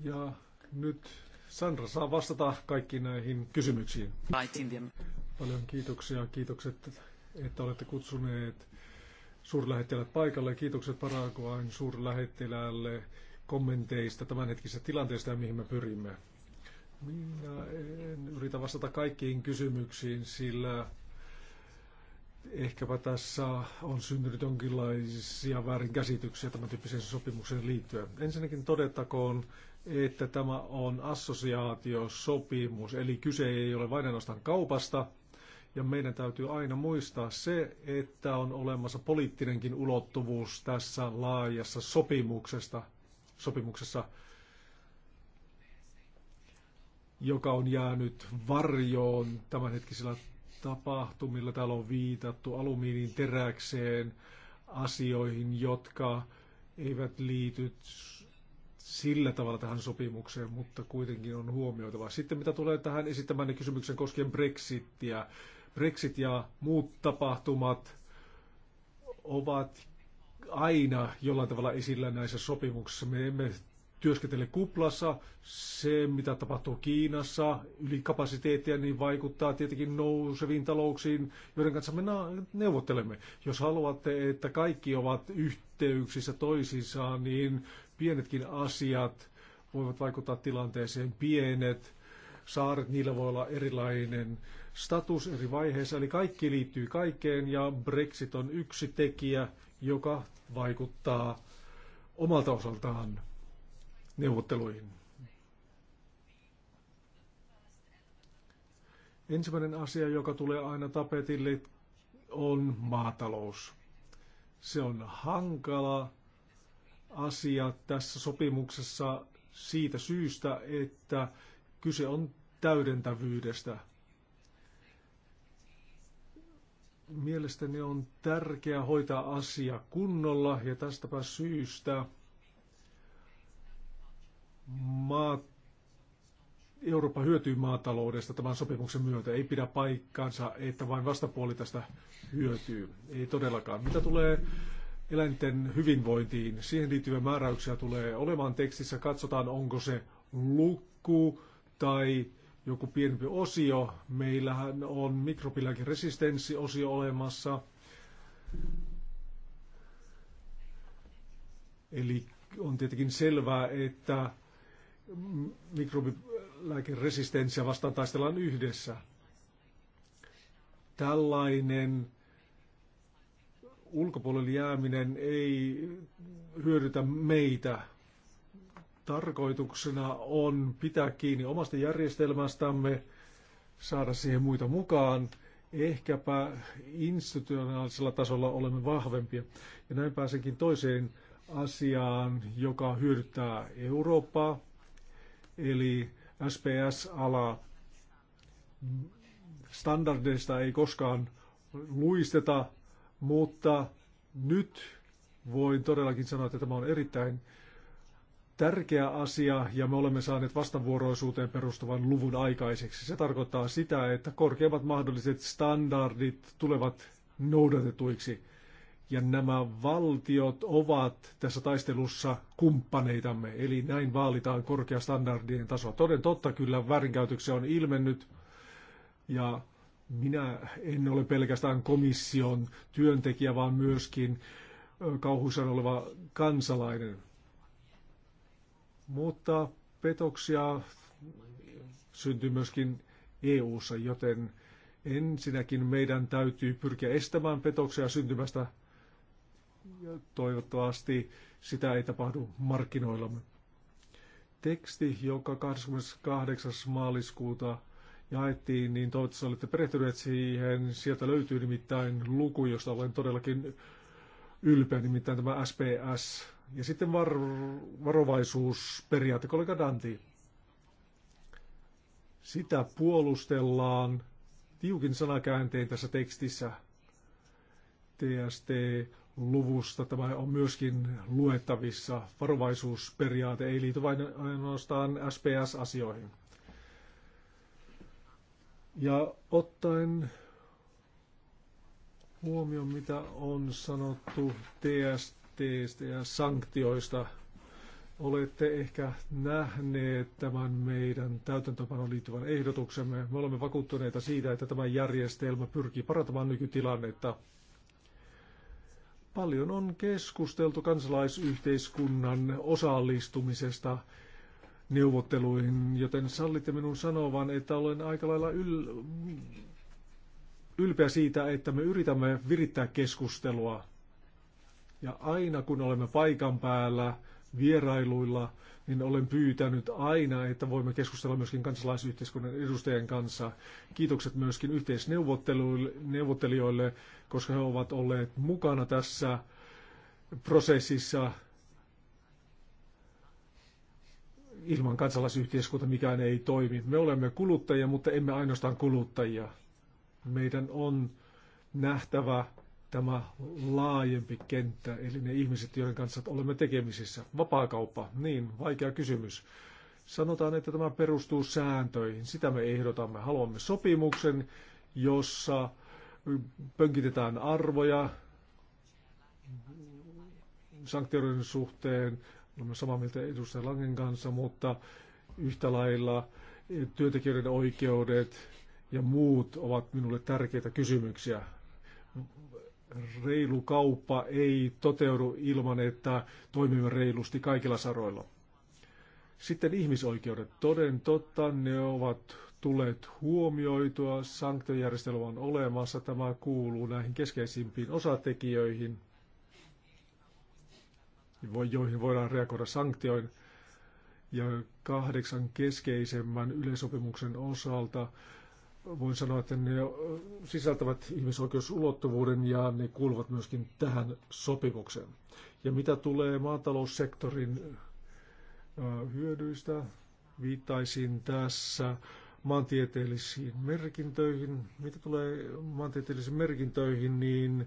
Ja nyt Sandra saa vastata kaikkiin näihin kysymyksiin. Paljon kiitoksia. Kiitokset, että olette kutsuneet suurlähettilät paikalle. Kiitokset Paraguayn suurlähettiläälle kommenteista tämänhetkisestä tilanteesta ja mihin me pyrimme. Minä en yritä vastata kaikkiin kysymyksiin, sillä ehkäpä tässä on syntynyt jonkinlaisia väärinkäsityksiä tämän tyyppiseen sopimukseen liittyen. Ensinnäkin todettakoon, että tämä on assosiaatiosopimus, eli kyse ei ole vain ainoastaan kaupasta, ja meidän täytyy aina muistaa se, että on olemassa poliittinenkin ulottuvuus tässä laajassa sopimuksesta, sopimuksessa, joka on jäänyt varjoon tämänhetkisillä tapahtumilla. Täällä on viitattu alumiinin teräkseen asioihin, jotka eivät liity sillä tavalla tähän sopimukseen, mutta kuitenkin on huomioitava. Sitten mitä tulee tähän esittämään kysymyksen koskien Brexitia. Brexit ja muut tapahtumat ovat aina jollain tavalla esillä näissä sopimuksissa. Me emme työskentele kuplassa. Se, mitä tapahtuu Kiinassa, ylikapasiteettia, niin vaikuttaa tietenkin nouseviin talouksiin, joiden kanssa me neuvottelemme. Jos haluatte, että kaikki ovat yhteyksissä toisiinsa, niin pienetkin asiat voivat vaikuttaa tilanteeseen. Pienet saaret, niillä voi olla erilainen status eri vaiheissa, eli kaikki liittyy kaikkeen ja Brexit on yksi tekijä, joka vaikuttaa omalta osaltaan neuvotteluihin. Ensimmäinen asia, joka tulee aina tapetille, on maatalous. Se on hankala asia tässä sopimuksessa siitä syystä, että kyse on täydentävyydestä. Mielestäni on tärkeää hoitaa asia kunnolla ja tästäpä syystä maat, Eurooppa hyötyy maataloudesta tämän sopimuksen myötä. Ei pidä paikkaansa, että vain vastapuoli tästä hyötyy. Ei todellakaan. Mitä tulee eläinten hyvinvointiin, siihen liittyviä määräyksiä tulee olemaan tekstissä. Katsotaan, onko se lukku tai joku pienempi osio. Meillähän on mikrobilääkeresistenssiosio olemassa. Eli on tietenkin selvää, että mikrobilääkeresistenssiä vastaan taistellaan yhdessä. Tällainen ulkopuolelle jääminen ei hyödytä meitä. Tarkoituksena on pitää kiinni omasta järjestelmästämme, saada siihen muita mukaan. Ehkäpä institutionaalisella tasolla olemme vahvempia. Ja näin pääsenkin toiseen asiaan, joka hyödyttää Eurooppaa, eli SPS-ala standardeista ei koskaan luisteta, mutta nyt voin todellakin sanoa, että tämä on erittäin tärkeä asia ja me olemme saaneet vastavuoroisuuteen perustuvan luvun aikaiseksi. Se tarkoittaa sitä, että korkeimmat mahdolliset standardit tulevat noudatetuiksi. Ja nämä valtiot ovat tässä taistelussa kumppaneitamme, eli näin vaalitaan korkea standardien tasoa. Toden totta kyllä väärinkäytöksiä on ilmennyt, ja minä en ole pelkästään komission työntekijä, vaan myöskin kauhuissaan oleva kansalainen. Mutta petoksia syntyy myöskin EU-ssa, joten ensinnäkin meidän täytyy pyrkiä estämään petoksia syntymästä ja toivottavasti sitä ei tapahdu markkinoillamme. Teksti, joka 28. maaliskuuta jaettiin, niin toivottavasti olette perehtyneet siihen. Sieltä löytyy nimittäin luku, josta olen todellakin ylpeä, nimittäin tämä SPS. Ja sitten var- varovaisuusperiaate, kollega Danti. Sitä puolustellaan tiukin sanakääntein tässä tekstissä. TST luvusta. Tämä on myöskin luettavissa. Varovaisuusperiaate ei liity vain ainoastaan SPS-asioihin. Ja ottaen huomioon, mitä on sanottu TST ja sanktioista, olette ehkä nähneet tämän meidän täytäntöpanon liittyvän ehdotuksemme. Me olemme vakuuttuneita siitä, että tämä järjestelmä pyrkii parantamaan nykytilannetta Paljon on keskusteltu kansalaisyhteiskunnan osallistumisesta neuvotteluihin, joten sallitte minun sanovan, että olen aika lailla yl- ylpeä siitä, että me yritämme virittää keskustelua. Ja aina kun olemme paikan päällä, vierailuilla, niin olen pyytänyt aina, että voimme keskustella myöskin kansalaisyhteiskunnan edustajien kanssa. Kiitokset myöskin yhteisneuvottelijoille, koska he ovat olleet mukana tässä prosessissa ilman kansalaisyhteiskunta mikään ei toimi. Me olemme kuluttajia, mutta emme ainoastaan kuluttajia. Meidän on nähtävä tämä laajempi kenttä, eli ne ihmiset, joiden kanssa olemme tekemisissä. Vapaakauppa, niin, vaikea kysymys. Sanotaan, että tämä perustuu sääntöihin. Sitä me ehdotamme. Haluamme sopimuksen, jossa pönkitetään arvoja sanktioiden suhteen. Olemme samaa mieltä edustaja Langen kanssa, mutta yhtä lailla työntekijöiden oikeudet ja muut ovat minulle tärkeitä kysymyksiä reilu kauppa ei toteudu ilman, että toimimme reilusti kaikilla saroilla. Sitten ihmisoikeudet. Toden totta, ne ovat tulleet huomioitua. Sanktiojärjestelmä on olemassa. Tämä kuuluu näihin keskeisimpiin osatekijöihin, joihin voidaan reagoida sanktioin. Ja kahdeksan keskeisemmän yleisopimuksen osalta voin sanoa, että ne sisältävät ihmisoikeusulottuvuuden ja ne kuuluvat myöskin tähän sopimukseen. Ja mitä tulee maataloussektorin hyödyistä, viittaisin tässä maantieteellisiin merkintöihin. Mitä tulee maantieteellisiin merkintöihin, niin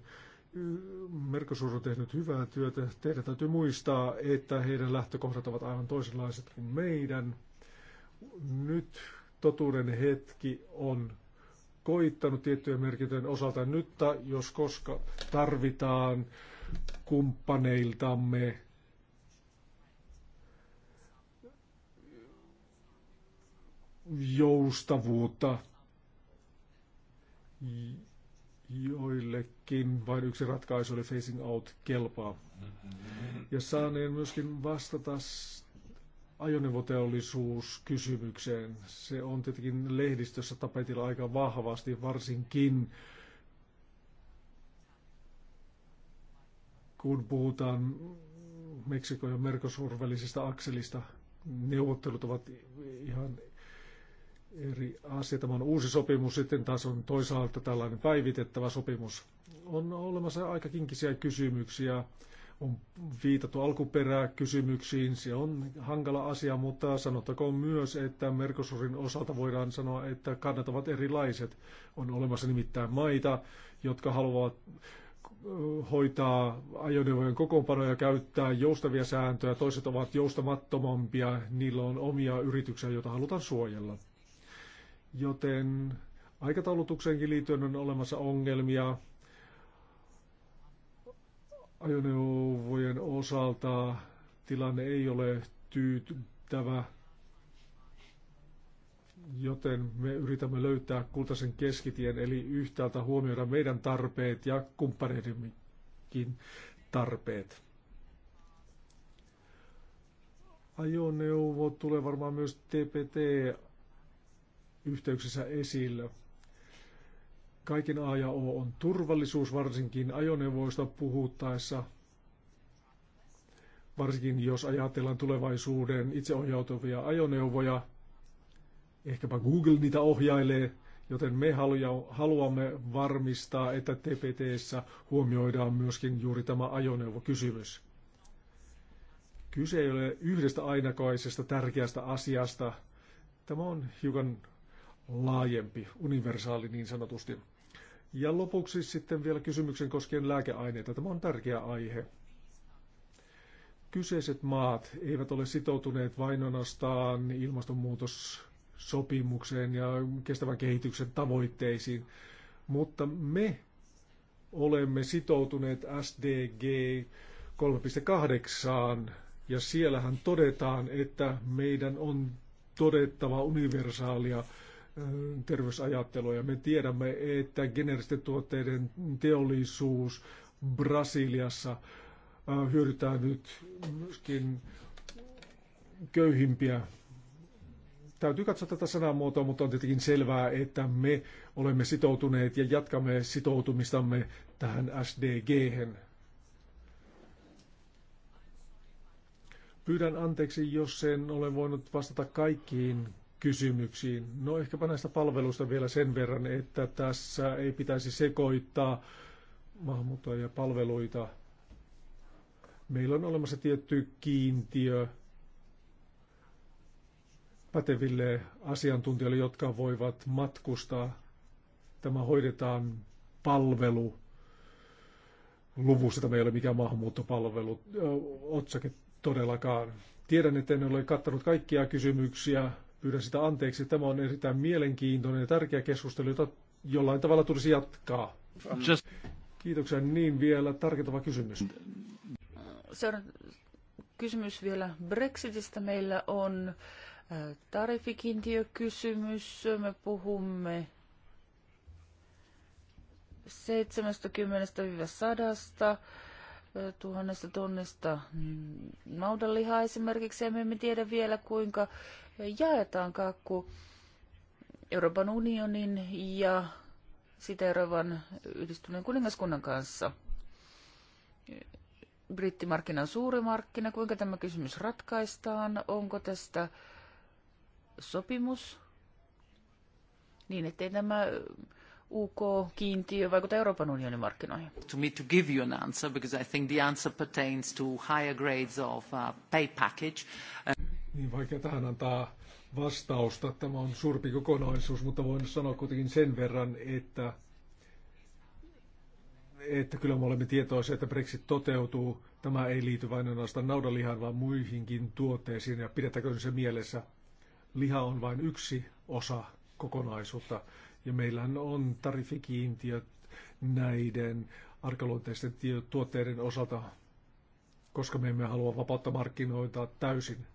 Merkosur on tehnyt hyvää työtä. Teidän täytyy muistaa, että heidän lähtökohdat ovat aivan toisenlaiset kuin meidän. Nyt totuuden hetki on koittanut tiettyjen merkintöjen osalta. Nyt jos koska tarvitaan kumppaneiltamme joustavuutta joillekin. Vain yksi ratkaisu oli facing out kelpaa. Ja saaneen myöskin vastata ajoneuvoteollisuuskysymykseen. Se on tietenkin lehdistössä tapetilla aika vahvasti, varsinkin kun puhutaan Meksikon ja Mercosur akselista. Neuvottelut ovat ihan eri asia. Tämä on uusi sopimus, sitten taas on toisaalta tällainen päivitettävä sopimus. On olemassa aika kinkisiä kysymyksiä on viitattu alkuperäkysymyksiin, se on hankala asia, mutta sanottakoon myös, että Mercosurin osalta voidaan sanoa, että kannat ovat erilaiset. On olemassa nimittäin maita, jotka haluavat hoitaa ajoneuvojen kokoonpanoja, käyttää joustavia sääntöjä, toiset ovat joustamattomampia, niillä on omia yrityksiä, joita halutaan suojella. Joten aikataulutukseenkin liittyen on olemassa ongelmia ajoneuvojen osalta tilanne ei ole tyytyvä, joten me yritämme löytää kultaisen keskitien, eli yhtäältä huomioida meidän tarpeet ja kumppaneidemmekin tarpeet. Ajoneuvo tulee varmaan myös TPT-yhteyksissä esille. Kaiken A ja O on turvallisuus, varsinkin ajoneuvoista puhuttaessa, varsinkin jos ajatellaan tulevaisuuden itseohjautuvia ajoneuvoja. Ehkäpä Google niitä ohjailee, joten me haluamme varmistaa, että TPTssä huomioidaan myöskin juuri tämä ajoneuvokysymys. Kyse ei ole yhdestä ainakaisesta tärkeästä asiasta. Tämä on hiukan laajempi, universaali niin sanotusti. Ja lopuksi sitten vielä kysymyksen koskien lääkeaineita. Tämä on tärkeä aihe. Kyseiset maat eivät ole sitoutuneet vain ainoastaan ilmastonmuutossopimukseen ja kestävän kehityksen tavoitteisiin, mutta me olemme sitoutuneet SDG 3.8 ja siellähän todetaan, että meidän on todettava universaalia terveysajattelua ja me tiedämme, että geneeristen tuotteiden teollisuus Brasiliassa hyödyttää nyt myöskin köyhimpiä. Täytyy katsoa tätä sanamuotoa, mutta on tietenkin selvää, että me olemme sitoutuneet ja jatkamme sitoutumistamme tähän SDG. -hän. Pyydän anteeksi, jos en ole voinut vastata kaikkiin kysymyksiin. No ehkäpä näistä palveluista vielä sen verran, että tässä ei pitäisi sekoittaa maahanmuuttajia ja palveluita. Meillä on olemassa tietty kiintiö päteville asiantuntijoille, jotka voivat matkustaa. Tämä hoidetaan palvelu luvussa. Tämä ei ole mikään maahanmuuttopalvelu otsake todellakaan. Tiedän, että en ole kattanut kaikkia kysymyksiä, Pyydän sitä anteeksi. Tämä on erittäin mielenkiintoinen ja tärkeä keskustelu, jota jollain tavalla tulisi jatkaa. Just... Kiitoksia. Niin vielä tarkentava kysymys. Seuraava kysymys vielä Brexitistä. Meillä on äh, tarifikintiökysymys. Me puhumme 70-100 äh, tuhannesta tonnista naudanlihaa esimerkiksi, me emme tiedä vielä kuinka jaetaan kakku Euroopan unionin ja siteeraavan yhdistyneen kuningaskunnan kanssa. Brittimarkkina on suuri markkina. Kuinka tämä kysymys ratkaistaan? Onko tästä sopimus niin, ettei tämä UK-kiintiö vaikuta Euroopan unionin markkinoihin? To me to give you an answer, because I think the answer pertains to higher grades of uh, pay package. Uh niin vaikea tähän antaa vastausta. Tämä on surpi kokonaisuus, mutta voin sanoa kuitenkin sen verran, että, että kyllä me olemme tietoisia, että Brexit toteutuu. Tämä ei liity vain ainoastaan naudanlihaan, vaan muihinkin tuotteisiin ja pidetäkö se mielessä. Liha on vain yksi osa kokonaisuutta ja meillähän on tarifikiintiöt näiden arkaluonteisten tuotteiden osalta, koska me emme halua vapautta markkinoita täysin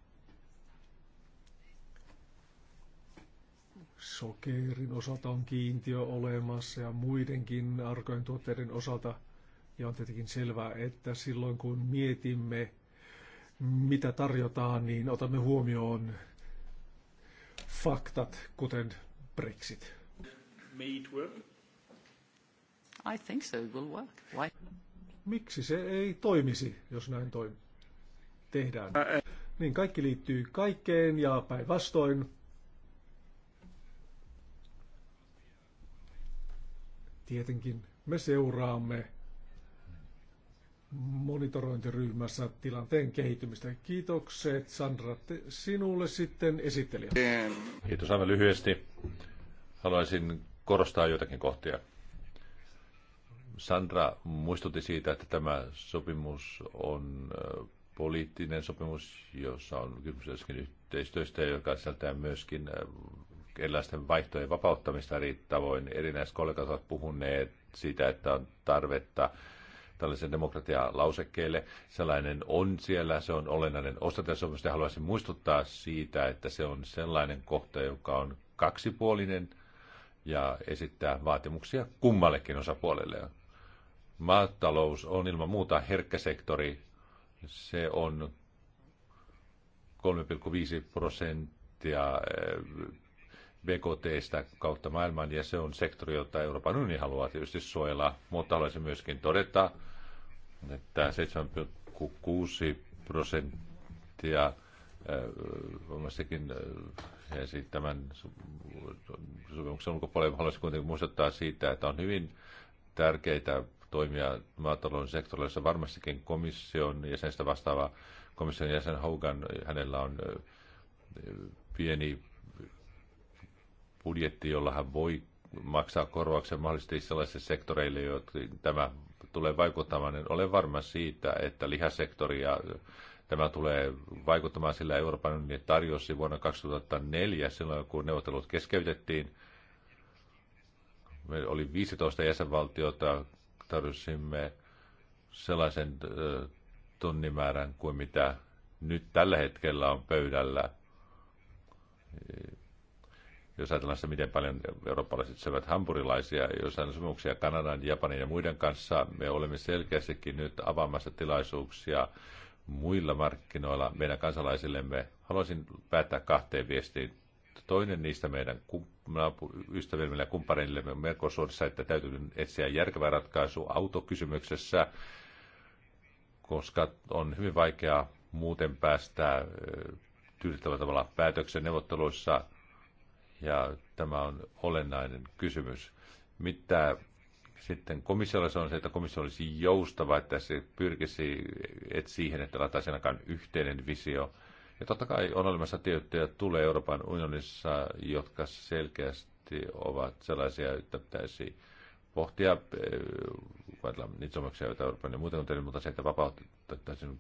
sokerin osalta on kiintiö olemassa ja muidenkin arkojen tuotteiden osalta. Ja on tietenkin selvää, että silloin kun mietimme, mitä tarjotaan, niin otamme huomioon faktat, kuten Brexit. May work? I think so, it will work. Why? Miksi se ei toimisi, jos näin toimi? tehdään? Niin kaikki liittyy kaikkeen ja päinvastoin Tietenkin me seuraamme monitorointiryhmässä tilanteen kehittymistä. Kiitokset Sandra sinulle sitten esittelijä. Kiitos aivan lyhyesti. Haluaisin korostaa jotakin kohtia. Sandra muistutti siitä, että tämä sopimus on poliittinen sopimus, jossa on kysymys myöskin yhteistyöstä, joka sisältää myöskin erilaisten vaihtojen vapauttamista eri tavoin. Erinäiset kollegat ovat puhuneet siitä, että on tarvetta tällaisen demokratialausekkeelle. Sellainen on siellä, se on olennainen osa tässä sopimusta. Haluaisin muistuttaa siitä, että se on sellainen kohta, joka on kaksipuolinen ja esittää vaatimuksia kummallekin osapuolelle. Maatalous on ilman muuta herkkä sektori. Se on 3,5 prosenttia eh, BKTstä kautta maailman, ja se on sektori, jota Euroopan unioni haluaa tietysti suojella, mutta haluaisin myöskin todeta, että 7,6 prosenttia äh, varmastikin äh, ja sitten tämän sopimuksen ulkopuolella haluaisin kuitenkin muistuttaa siitä, että on hyvin tärkeitä toimia maatalouden sektorilla, jossa varmastikin komission jäsenestä vastaava komission jäsen Hogan, hänellä on äh, pieni budjetti, jolla hän voi maksaa korvauksen mahdollisesti sellaisille sektoreille, joita tämä tulee vaikuttamaan, niin olen varma siitä, että lihasektori ja tämä tulee vaikuttamaan sillä Euroopan unionin tarjosi vuonna 2004, silloin kun neuvottelut keskeytettiin. me oli 15 jäsenvaltiota, tarjosimme sellaisen tunnimäärän kuin mitä nyt tällä hetkellä on pöydällä jos ajatellaan se, miten paljon eurooppalaiset syövät hampurilaisia, jos on sopimuksia Kanadan, Japanin ja muiden kanssa, me olemme selkeästikin nyt avaamassa tilaisuuksia muilla markkinoilla meidän kansalaisillemme. Haluaisin päättää kahteen viestiin. Toinen niistä meidän ystävillemme ja kumppaneillemme Mercosurissa, että täytyy etsiä järkevä ratkaisu autokysymyksessä, koska on hyvin vaikea muuten päästä tyydyttävällä tavalla päätöksen neuvotteluissa ja tämä on olennainen kysymys. Mitä sitten komissiolla on se, että komissio olisi joustava, että se pyrkisi et siihen, että laitaisi ainakaan yhteinen visio. Ja totta kai on olemassa tiettyjä tulee Euroopan unionissa, jotka selkeästi ovat sellaisia, että pitäisi pohtia eh, niitä sopimuksia, joita Euroopan ja muuten on tehnyt, mutta se, että vapautettaisiin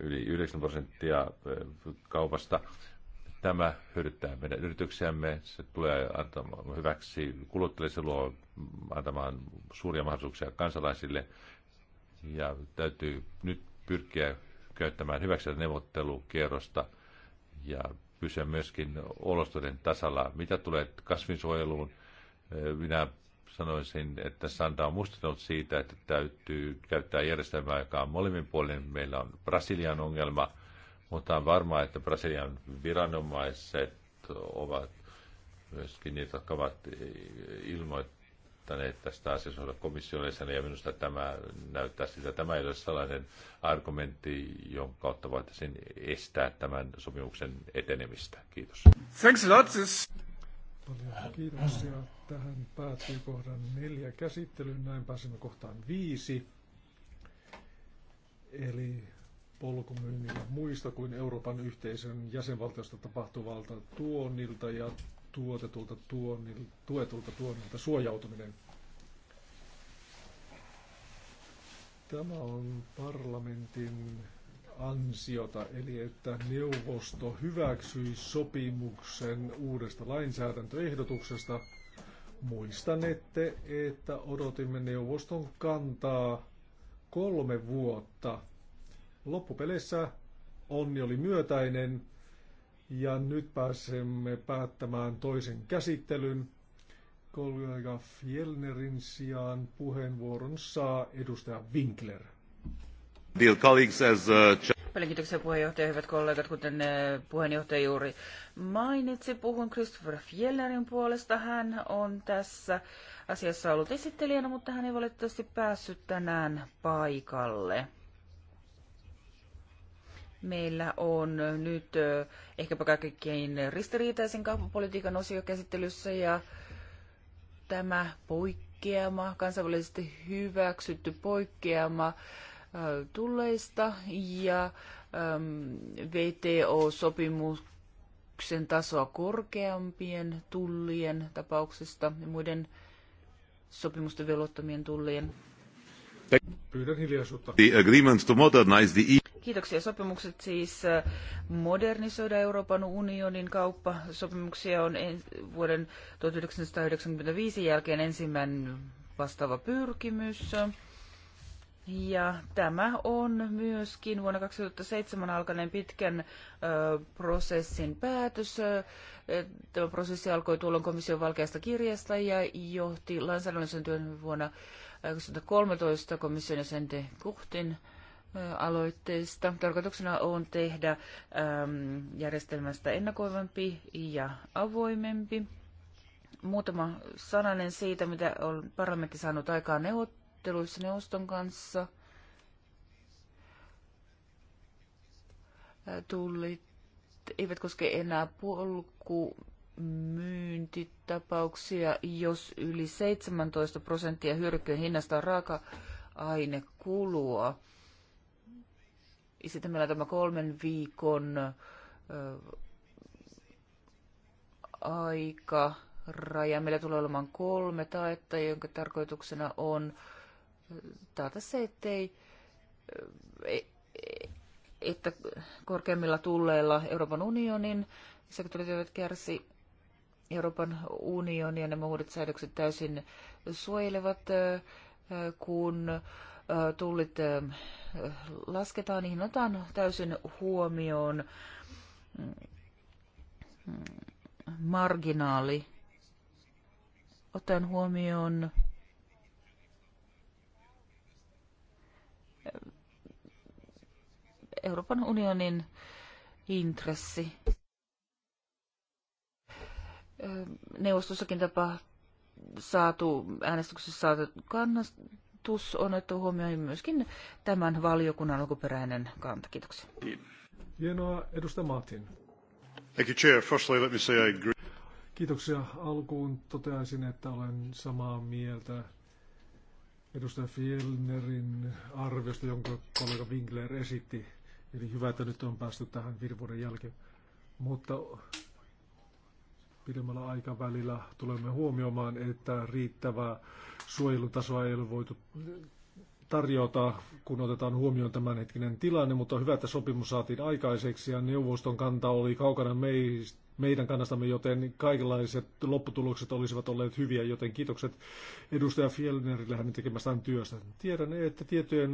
yli 9 prosenttia eh, kaupasta Tämä hyödyttää meidän yrityksiämme, se tulee antamaan hyväksi kuluttajille, se luo antamaan suuria mahdollisuuksia kansalaisille ja täytyy nyt pyrkiä käyttämään hyväksi neuvottelukierrosta ja pysyä myöskin olostojen tasalla. Mitä tulee kasvinsuojeluun, eh, minä sanoisin, että Santa on muistuttanut siitä, että täytyy käyttää järjestelmää, joka on puolin. Meillä on Brasilian ongelma – mutta on varmaa, että Brasilian viranomaiset ovat myöskin niitä, jotka ovat ilmoittaneet tästä asiasta komissiolle, ja minusta tämä näyttää siltä, tämä ei ole sellainen argumentti, jonka kautta voitaisiin estää tämän sopimuksen etenemistä. Kiitos. Thanks a lot. Paljon kiitoksia. Tähän päättyy kohdan neljä käsittelyyn. Näin pääsemme kohtaan viisi. Eli polkumyynnillä muista kuin Euroopan yhteisön jäsenvaltiosta tapahtuvalta tuonnilta ja tuotetulta tuonnilta, tuetulta tuonnilta suojautuminen. Tämä on parlamentin ansiota, eli että neuvosto hyväksyi sopimuksen uudesta lainsäädäntöehdotuksesta. Muistanette, että odotimme neuvoston kantaa kolme vuotta – Loppupeleissä onni oli myötäinen ja nyt pääsemme päättämään toisen käsittelyn. Kollega Fjellnerin sijaan puheenvuoron saa edustaja Winkler. Uh, Paljon kiitoksia puheenjohtaja, hyvät kollegat, kuten uh, puheenjohtaja juuri mainitsi. Puhun Christopher Fjellnerin puolesta. Hän on tässä asiassa ollut esittelijänä, mutta hän ei valitettavasti päässyt tänään paikalle. Meillä on nyt ehkäpä kaikkein ristiriitaisen kauppapolitiikan osio käsittelyssä ja tämä poikkeama, kansainvälisesti hyväksytty poikkeama tulleista ja VTO-sopimuksen tasoa korkeampien tullien tapauksista ja muiden sopimusten velottamien tullien Pyydän hiljaisuutta. The agreement to modernize the EU. Kiitoksia. Sopimukset siis äh, modernisoida Euroopan unionin kauppasopimuksia on vuoden 1995 jälkeen ensimmäinen vastaava pyrkimys. Ja tämä on myöskin vuonna 2007 alkaneen pitkän ö, äh, prosessin päätös. Äh, tämä prosessi alkoi tuolloin komission valkeasta kirjasta ja johti lainsäädännöllisen työn vuonna 2013 komission jäsen de Kuhtin aloitteesta. Tarkoituksena on tehdä järjestelmästä ennakoivampi ja avoimempi. Muutama sananen siitä, mitä on parlamentti saanut aikaa neuvotteluissa neuvoston kanssa. Tullit eivät koske enää polku myyntitapauksia, jos yli 17 prosenttia hyödykkeen hinnasta on raaka-ainekulua. Sitten meillä on tämä kolmen viikon aika raja. Meillä tulee olemaan kolme taetta, jonka tarkoituksena on taata se, ettei, e, e, että korkeimmilla tulleilla Euroopan unionin sektorit eivät kärsi Euroopan unioni ja nämä uudet säädökset täysin suojelevat, kun tullit lasketaan, niihin otetaan täysin huomioon mm, marginaali, otan huomioon Euroopan unionin intressi neuvostossakin tapa saatu, äänestyksessä saatu kannatus on otettu huomioon myöskin tämän valiokunnan alkuperäinen kanta. Kiitoksia. Hienoa, edustaja Martin. Thank you, Chair. Firstly, let me say I agree. Kiitoksia. Alkuun toteaisin, että olen samaa mieltä edustaja Fielnerin arviosta, jonka kollega Winkler esitti. Eli hyvä, että nyt on päästy tähän virvuuden jälkeen. Mutta pidemmällä aikavälillä tulemme huomioimaan, että riittävää suojelutasoa ei ole voitu tarjota, kun otetaan huomioon tämänhetkinen tilanne, mutta hyvä, että sopimus saatiin aikaiseksi ja neuvoston kanta oli kaukana meistä meidän kannastamme, joten kaikenlaiset lopputulokset olisivat olleet hyviä, joten kiitokset edustaja Fjellnerille hänen tekemästään työstä. Tiedän, että tietojen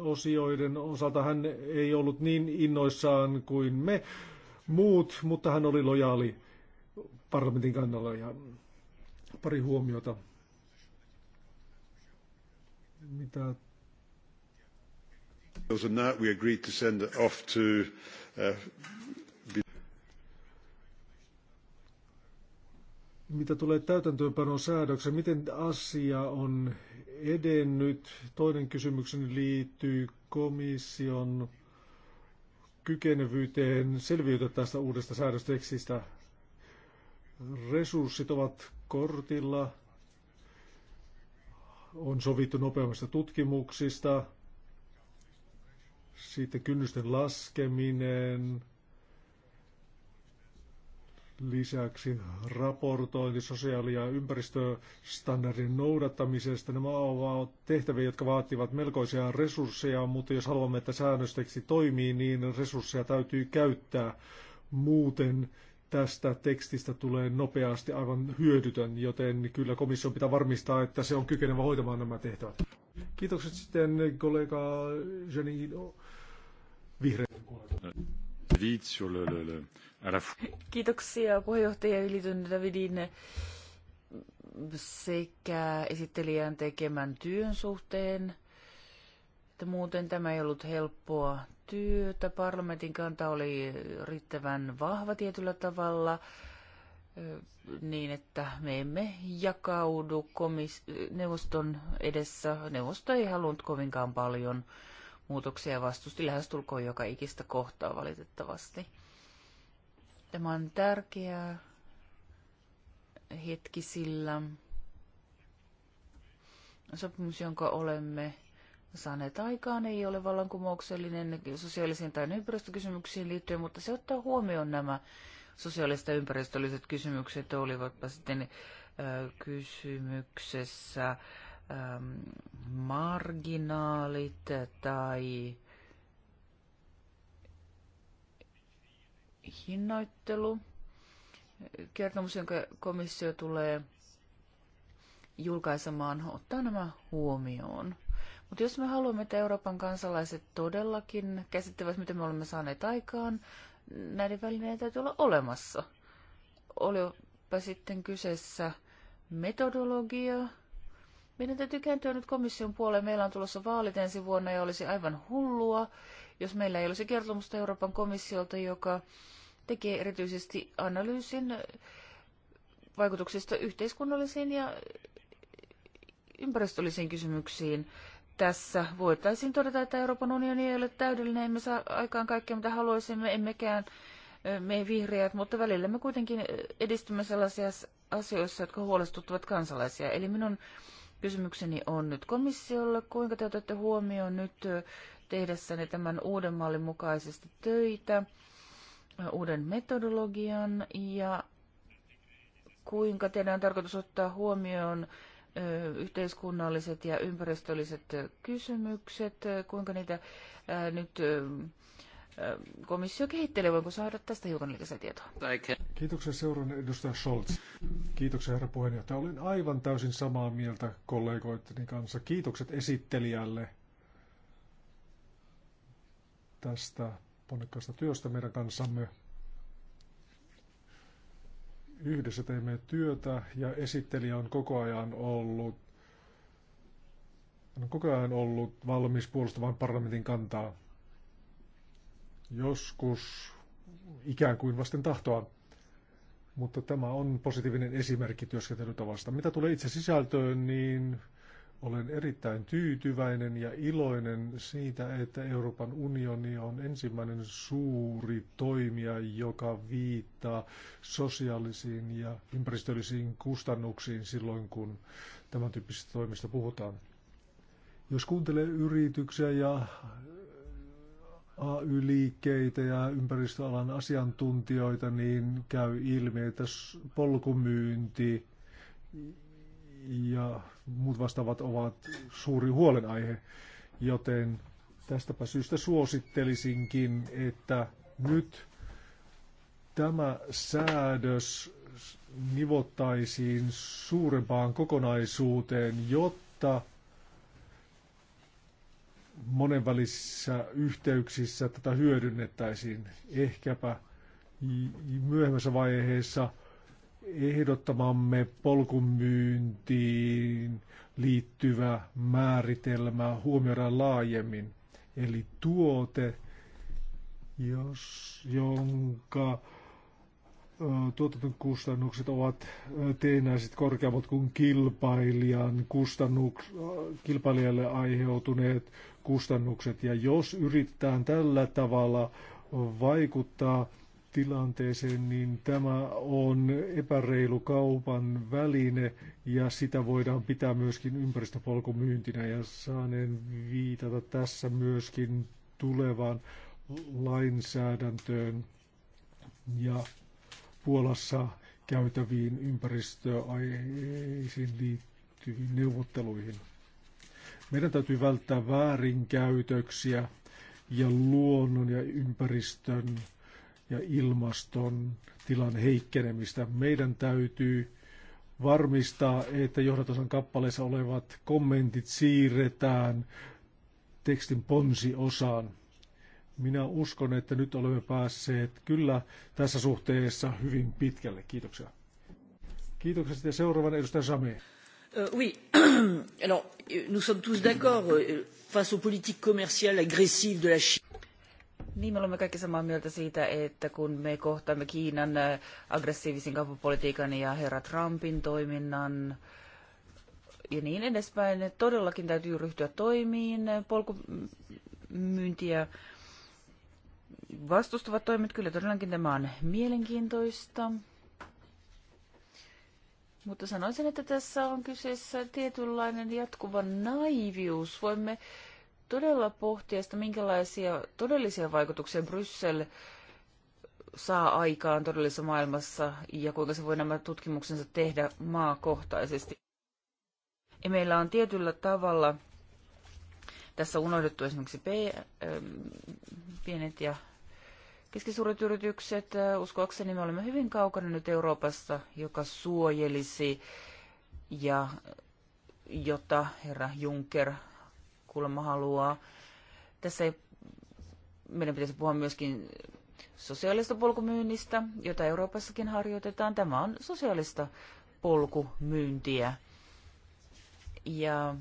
osioiden osalta hän ei ollut niin innoissaan kuin me muut, mutta hän oli lojaali parlamentin kannalla ja pari huomiota, mitä uh, mitä tulee täytäntöönpanon säädöksen, miten asia on edennyt? Toinen kysymykseni liittyy komission kykenevyyteen selviytyä tästä uudesta säädöstekstistä. Resurssit ovat kortilla. On sovittu nopeammista tutkimuksista. Sitten kynnysten laskeminen. Lisäksi raportointi sosiaali- ja ympäristöstandardin noudattamisesta. Nämä ovat tehtäviä, jotka vaativat melkoisia resursseja, mutta jos haluamme, että säännösteksi toimii, niin resursseja täytyy käyttää. Muuten tästä tekstistä tulee nopeasti aivan hyödytön, joten kyllä komission pitää varmistaa, että se on kykenevä hoitamaan nämä tehtävät. Kiitokset sitten kollega Janine Vihreän Kiitoksia puheenjohtaja Ylitön Davidin sekä esittelijän tekemän työn suhteen, että muuten tämä ei ollut helppoa työtä. Parlamentin kanta oli riittävän vahva tietyllä tavalla niin, että me emme jakaudu komis- neuvoston edessä. Neuvosto ei halunnut kovinkaan paljon muutoksia vastusti lähestulkoon joka ikistä kohtaa valitettavasti. Tämä on tärkeä hetki, sillä sopimus, jonka olemme saaneet aikaan, ei ole vallankumouksellinen sosiaalisiin tai ympäristökysymyksiin liittyen, mutta se ottaa huomioon nämä sosiaaliset ja ympäristölliset kysymykset, olivatpa sitten kysymyksessä marginaalit tai hinnoittelu. Kertomus, jonka komissio tulee julkaisemaan, ottaa nämä huomioon. Mutta jos me haluamme, että Euroopan kansalaiset todellakin käsittävät, mitä me olemme saaneet aikaan, näiden välineiden täytyy olla olemassa. Olipa sitten kyseessä metodologia. Meidän täytyy kääntyä nyt komission puoleen. Meillä on tulossa vaalit ensi vuonna ja olisi aivan hullua, jos meillä ei olisi kertomusta Euroopan komissiolta, joka tekee erityisesti analyysin vaikutuksista yhteiskunnallisiin ja ympäristöllisiin kysymyksiin tässä voitaisiin todeta, että Euroopan unioni ei ole täydellinen, emme saa aikaan kaikkea mitä haluaisimme, emmekään me vihreät, mutta välillä me kuitenkin edistymme sellaisissa asioissa, jotka huolestuttavat kansalaisia. Eli minun kysymykseni on nyt komissiolle, kuinka te otatte huomioon nyt tehdessänne tämän uuden mallin mukaisesti töitä, uuden metodologian ja kuinka teidän on tarkoitus ottaa huomioon yhteiskunnalliset ja ympäristölliset kysymykset, kuinka niitä nyt komissio kehittelee. Voinko saada tästä hiukan lisätietoa? Kiitoksia seuran edustaja Scholz. Kiitoksia herra puheenjohtaja. Olen aivan täysin samaa mieltä kollegoitteni kanssa. Kiitokset esittelijälle tästä ponnekkaasta työstä meidän kanssamme yhdessä teemme työtä ja esittelijä on koko ajan ollut on koko ajan ollut valmis puolustamaan parlamentin kantaa. Joskus ikään kuin vasten tahtoa. Mutta tämä on positiivinen esimerkki työskentelytavasta. Mitä tulee itse sisältöön, niin olen erittäin tyytyväinen ja iloinen siitä, että Euroopan unioni on ensimmäinen suuri toimija, joka viittaa sosiaalisiin ja ympäristöllisiin kustannuksiin silloin, kun tämän tyyppisistä toimista puhutaan. Jos kuuntelee yrityksiä ja AY-liikkeitä ja ympäristöalan asiantuntijoita, niin käy ilmi, että polkumyynti ja muut vastaavat ovat suuri huolenaihe, joten tästäpä syystä suosittelisinkin, että nyt tämä säädös nivottaisiin suurempaan kokonaisuuteen, jotta monenvälisissä yhteyksissä tätä hyödynnettäisiin. Ehkäpä myöhemmässä vaiheessa – ehdottamamme polkumyyntiin liittyvä määritelmä huomioidaan laajemmin. Eli tuote, jos, jonka tuotantokustannukset ovat teenäiset korkeammat kuin kilpailijan kustannuks, kilpailijalle aiheutuneet kustannukset. Ja jos yritetään tällä tavalla vaikuttaa tilanteeseen, niin tämä on epäreilu kaupan väline ja sitä voidaan pitää myöskin ympäristöpolkumyyntinä ja saaneen viitata tässä myöskin tulevaan lainsäädäntöön ja Puolassa käytäviin ympäristöaiheisiin liittyviin neuvotteluihin. Meidän täytyy välttää väärinkäytöksiä ja luonnon ja ympäristön ja ilmaston tilan heikkenemistä. Meidän täytyy varmistaa, että johdatosan kappaleessa olevat kommentit siirretään tekstin ponsiosaan. Minä uskon, että nyt olemme päässeet kyllä tässä suhteessa hyvin pitkälle. Kiitoksia. Kiitokset ja seuraavan edustaja Sami. Euh, oui, [coughs] alors nous sommes tous d'accord euh, face aux politiques commerciales agressives de la Chine niin, me olemme kaikki samaa mieltä siitä, että kun me kohtaamme Kiinan äh, aggressiivisen kauppapolitiikan ja herra Trumpin toiminnan ja niin edespäin, todellakin täytyy ryhtyä toimiin. Polkumyyntiä vastustavat toimet, kyllä todellakin tämä on mielenkiintoista. Mutta sanoisin, että tässä on kyseessä tietynlainen jatkuva naivius. Voimme todella pohtia sitä, minkälaisia todellisia vaikutuksia Bryssel saa aikaan todellisessa maailmassa ja kuinka se voi nämä tutkimuksensa tehdä maakohtaisesti. Ja meillä on tietyllä tavalla tässä unohdettu esimerkiksi P, ähm, pienet ja keskisuuret yritykset. Äh, uskoakseni me olemme hyvin kaukana nyt Euroopasta, joka suojelisi ja jota herra Juncker kuulemma haluaa. Tässä ei, meidän pitäisi puhua myöskin sosiaalista polkumyynnistä, jota Euroopassakin harjoitetaan. Tämä on sosiaalista polkumyyntiä. Ja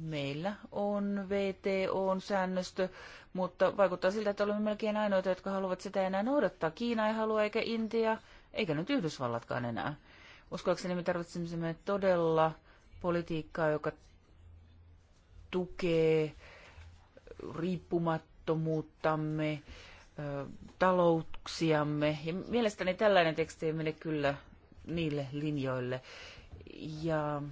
meillä on vto säännöstö, mutta vaikuttaa siltä, että olemme melkein ainoita, jotka haluavat sitä enää noudattaa. Kiina ei halua, eikä Intia, eikä nyt Yhdysvallatkaan enää. Uskoakseni me tarvitsemme todella politiikkaa, joka tukee riippumattomuuttamme, talouksiamme. Ja mielestäni tällainen teksti ei mene kyllä niille linjoille. Ja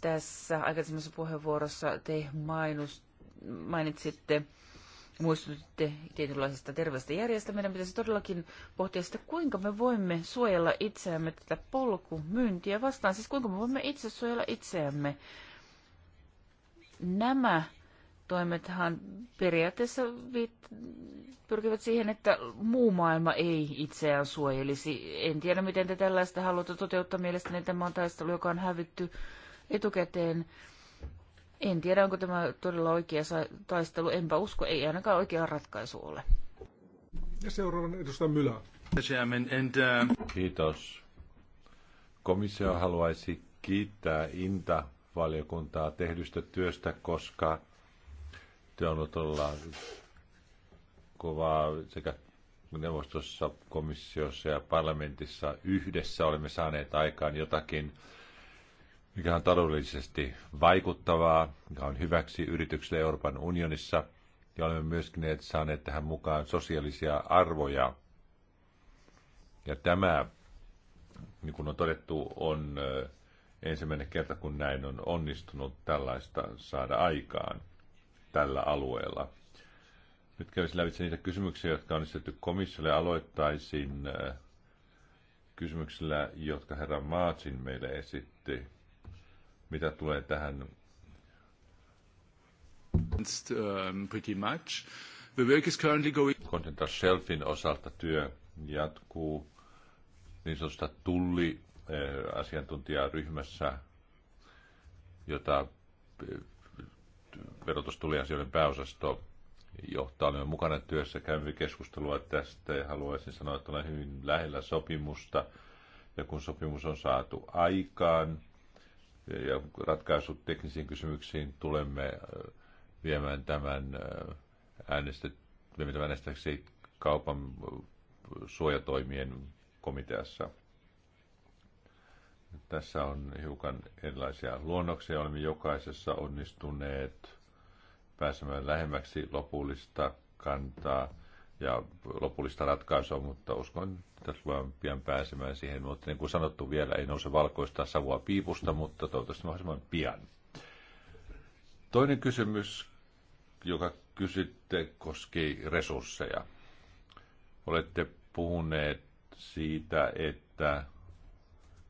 tässä aikaisemmassa puheenvuorossa te mainus, mainitsitte, muistutitte tietynlaisesta terveestä järjestä. Meidän pitäisi todellakin pohtia sitä, kuinka me voimme suojella itseämme tätä polkumyyntiä vastaan. Siis kuinka me voimme itse suojella itseämme nämä toimethan periaatteessa viit- pyrkivät siihen, että muu maailma ei itseään suojelisi. En tiedä, miten te tällaista haluatte toteuttaa. Mielestäni tämä on taistelu, joka on hävitty etukäteen. En tiedä, onko tämä todella oikea taistelu. Enpä usko, ei ainakaan oikea ratkaisu ole. Ja seuraavan edustaja Mylä. Uh, Kiitos. Komissio haluaisi kiittää Inta valiokuntaa tehdystä työstä, koska työ on ollut kovaa sekä neuvostossa, komissiossa ja parlamentissa yhdessä olemme saaneet aikaan jotakin, mikä on taloudellisesti vaikuttavaa, mikä on hyväksi yrityksille Euroopan unionissa, ja olemme myöskin saaneet tähän mukaan sosiaalisia arvoja. Ja tämä, niin kuin on todettu, on ensimmäinen kerta, kun näin on onnistunut tällaista saada aikaan tällä alueella. Nyt kävisin lävitse niitä kysymyksiä, jotka on esitetty komissiolle. Aloittaisin äh, kysymyksillä, jotka herra Maatsin meille esitti. Mitä tulee tähän? Um, pretty much. The work is currently going... Continental Shelfin osalta työ jatkuu niin sanotusta tulli Eh, asiantuntijaryhmässä, jota eh, verotustuliasioiden pääosasto johtaa. Olen mukana työssä, käymme keskustelua tästä ja haluaisin sanoa, että olen hyvin lähellä sopimusta. Ja kun sopimus on saatu aikaan ja ratkaisut teknisiin kysymyksiin, tulemme eh, viemään tämän äänestäksi kaupan suojatoimien komiteassa. Tässä on hiukan erilaisia luonnoksia. Olemme jokaisessa onnistuneet pääsemään lähemmäksi lopullista kantaa ja lopullista ratkaisua, mutta uskon, että tullaan pian pääsemään siihen. Mutta niin kuin sanottu, vielä ei nouse valkoista savua piipusta, mutta toivottavasti mahdollisimman pian. Toinen kysymys, joka kysytte, koski resursseja. Olette puhuneet siitä, että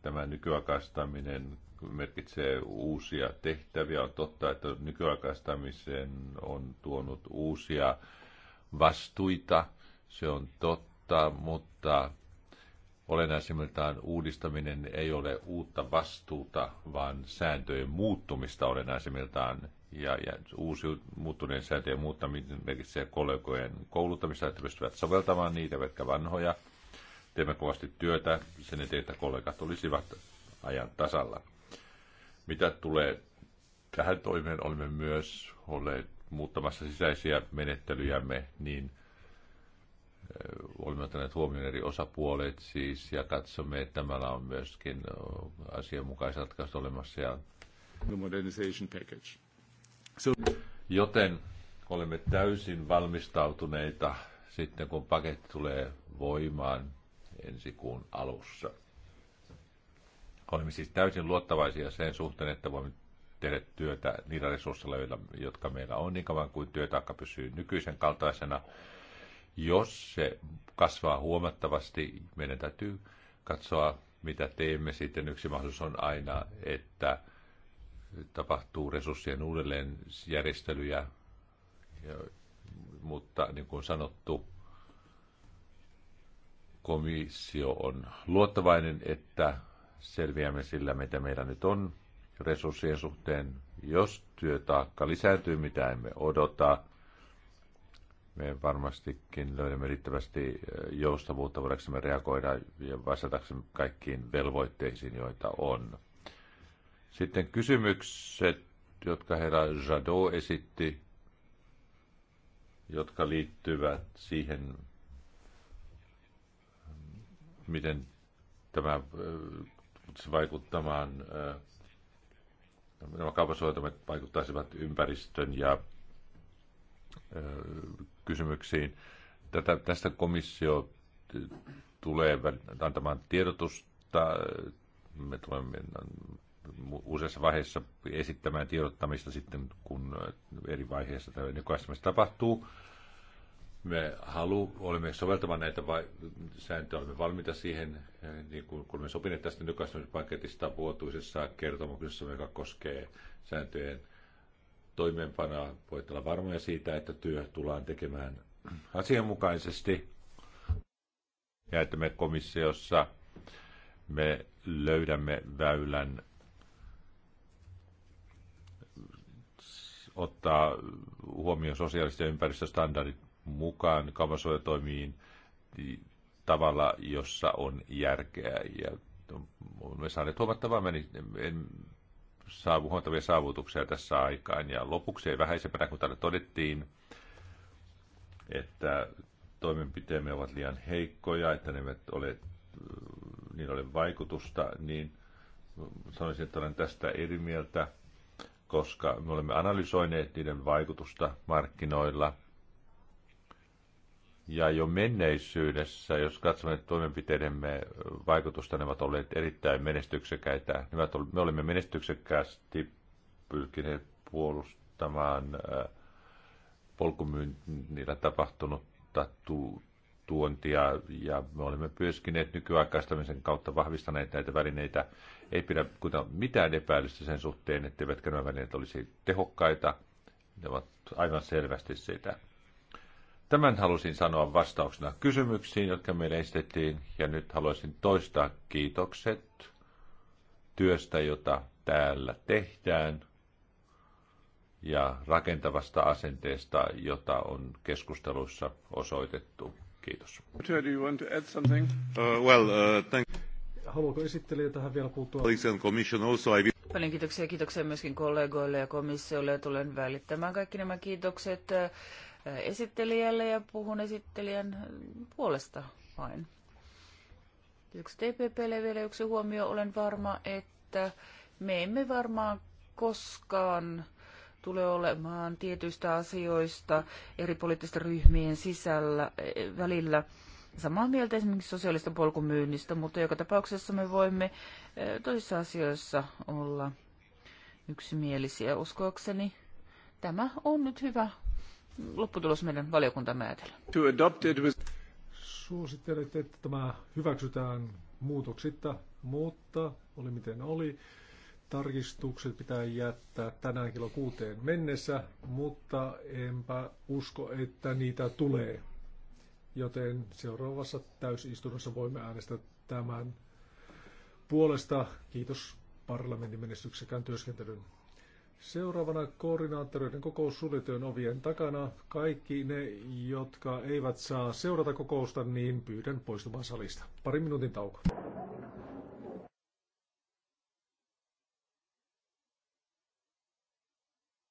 tämä nykyaikaistaminen merkitsee uusia tehtäviä. On totta, että nykyaikaistamisen on tuonut uusia vastuita, se on totta, mutta olennaisimmiltaan uudistaminen ei ole uutta vastuuta, vaan sääntöjen muuttumista olennaisimmiltaan. Ja, ja uusi muuttuneen sääntöjen muuttaminen merkitsee kollegojen kouluttamista, että pystyvät soveltamaan niitä, vaikka vanhoja – Teemme kovasti työtä sen eteen, että kollegat olisivat ajan tasalla. Mitä tulee tähän toimeen, olemme myös olleet muuttamassa sisäisiä menettelyjämme, niin eh, olemme ottaneet huomioon eri osapuolet siis, ja katsomme, että tämällä on myöskin eh, asianmukaiset ratkaisut olemassa. Ja The modernization package. So... Joten olemme täysin valmistautuneita sitten, kun paketti tulee voimaan ensi kuun alussa. Olemme siis täysin luottavaisia sen suhteen, että voimme tehdä työtä niillä resursseilla, jotka meillä on, niin kauan kuin työtaakka pysyy nykyisen kaltaisena. Jos se kasvaa huomattavasti, meidän täytyy katsoa, mitä teemme sitten. Yksi mahdollisuus on aina, että tapahtuu resurssien uudelleenjärjestelyjä, mutta niin kuin sanottu, komissio on luottavainen, että selviämme sillä, mitä meillä nyt on resurssien suhteen. Jos työtaakka lisääntyy, mitä emme odota, me varmastikin löydämme riittävästi joustavuutta, voidaanko me reagoida ja vastataksemme kaikkiin velvoitteisiin, joita on. Sitten kysymykset, jotka herra Jadot esitti, jotka liittyvät siihen, miten tämä äh, vaikuttamaan, äh, nämä kaupasuojelmat vaikuttaisivat ympäristön ja äh, kysymyksiin. Tätä, tästä komissio tulee antamaan tiedotusta. Me tulemme useassa vaiheessa esittämään tiedottamista sitten, kun eri vaiheissa tämä tapahtuu. Me halu, olemme soveltamaan näitä vai, sääntöjä, olemme valmiita siihen, eh, niin kuin olemme sopineet tästä nykyisestä vuotuisessa kertomuksessa, joka koskee sääntöjen toimeenpanoa. Voit olla varmoja siitä, että työ tullaan tekemään asianmukaisesti ja että me komissiossa me löydämme väylän ottaa huomioon sosiaaliset ja ympäristöstandardit mukaan kaupansuojatoimiin tavalla, jossa on järkeä. Ja me saaneet huomattavaa meni, en saavu, huomattavia saavutuksia tässä aikaan. Ja lopuksi ei vähäisempänä, kun täällä todettiin, että toimenpiteemme ovat liian heikkoja, että ne eivät ole, niin ole vaikutusta, niin sanoisin, että olen tästä eri mieltä, koska me olemme analysoineet niiden vaikutusta markkinoilla – ja jo menneisyydessä, jos katsomme toimenpiteidemme vaikutusta, ne ovat olleet erittäin menestyksekäitä. Me olemme menestyksekkäästi pyrkineet puolustamaan äh, polkumyynnillä tapahtunutta tuontia ja me olemme pyöskineet nykyaikaistamisen kautta vahvistaneet näitä välineitä. Ei pidä mitään epäilystä sen suhteen, etteivätkö nämä välineet olisi tehokkaita. Ne ovat aivan selvästi sitä. Tämän halusin sanoa vastauksena kysymyksiin, jotka meille esitettiin, ja nyt haluaisin toistaa kiitokset työstä, jota täällä tehdään, ja rakentavasta asenteesta, jota on keskustelussa osoitettu. Kiitos. Uh, uh, Haluatko esittelijä tähän vielä puuttua? Paljon kiitoksia. Kiitoksia myöskin kollegoille ja komissiolle. Tulen välittämään kaikki nämä kiitokset esittelijälle ja puhun esittelijän puolesta vain. Yksi TPPlle vielä yksi huomio. Olen varma, että me emme varmaan koskaan tule olemaan tietyistä asioista eri poliittisten ryhmien sisällä välillä samaa mieltä esimerkiksi sosiaalista polkumyynnistä, mutta joka tapauksessa me voimme eh, toisissa asioissa olla yksimielisiä uskoakseni. Tämä on nyt hyvä lopputulos meidän valiokuntamme ajatella. Suosittelet, että tämä hyväksytään muutoksitta, mutta oli miten oli. Tarkistukset pitää jättää tänään kello kuuteen mennessä, mutta enpä usko, että niitä tulee. Joten seuraavassa täysistunnossa voimme äänestää tämän puolesta. Kiitos parlamentin menestyksekään työskentelyn. Seuraavana koordinaattoreiden kokous suljetujen ovien takana. Kaikki ne, jotka eivät saa seurata kokousta, niin pyydän poistumaan salista. Pari minuutin tauko.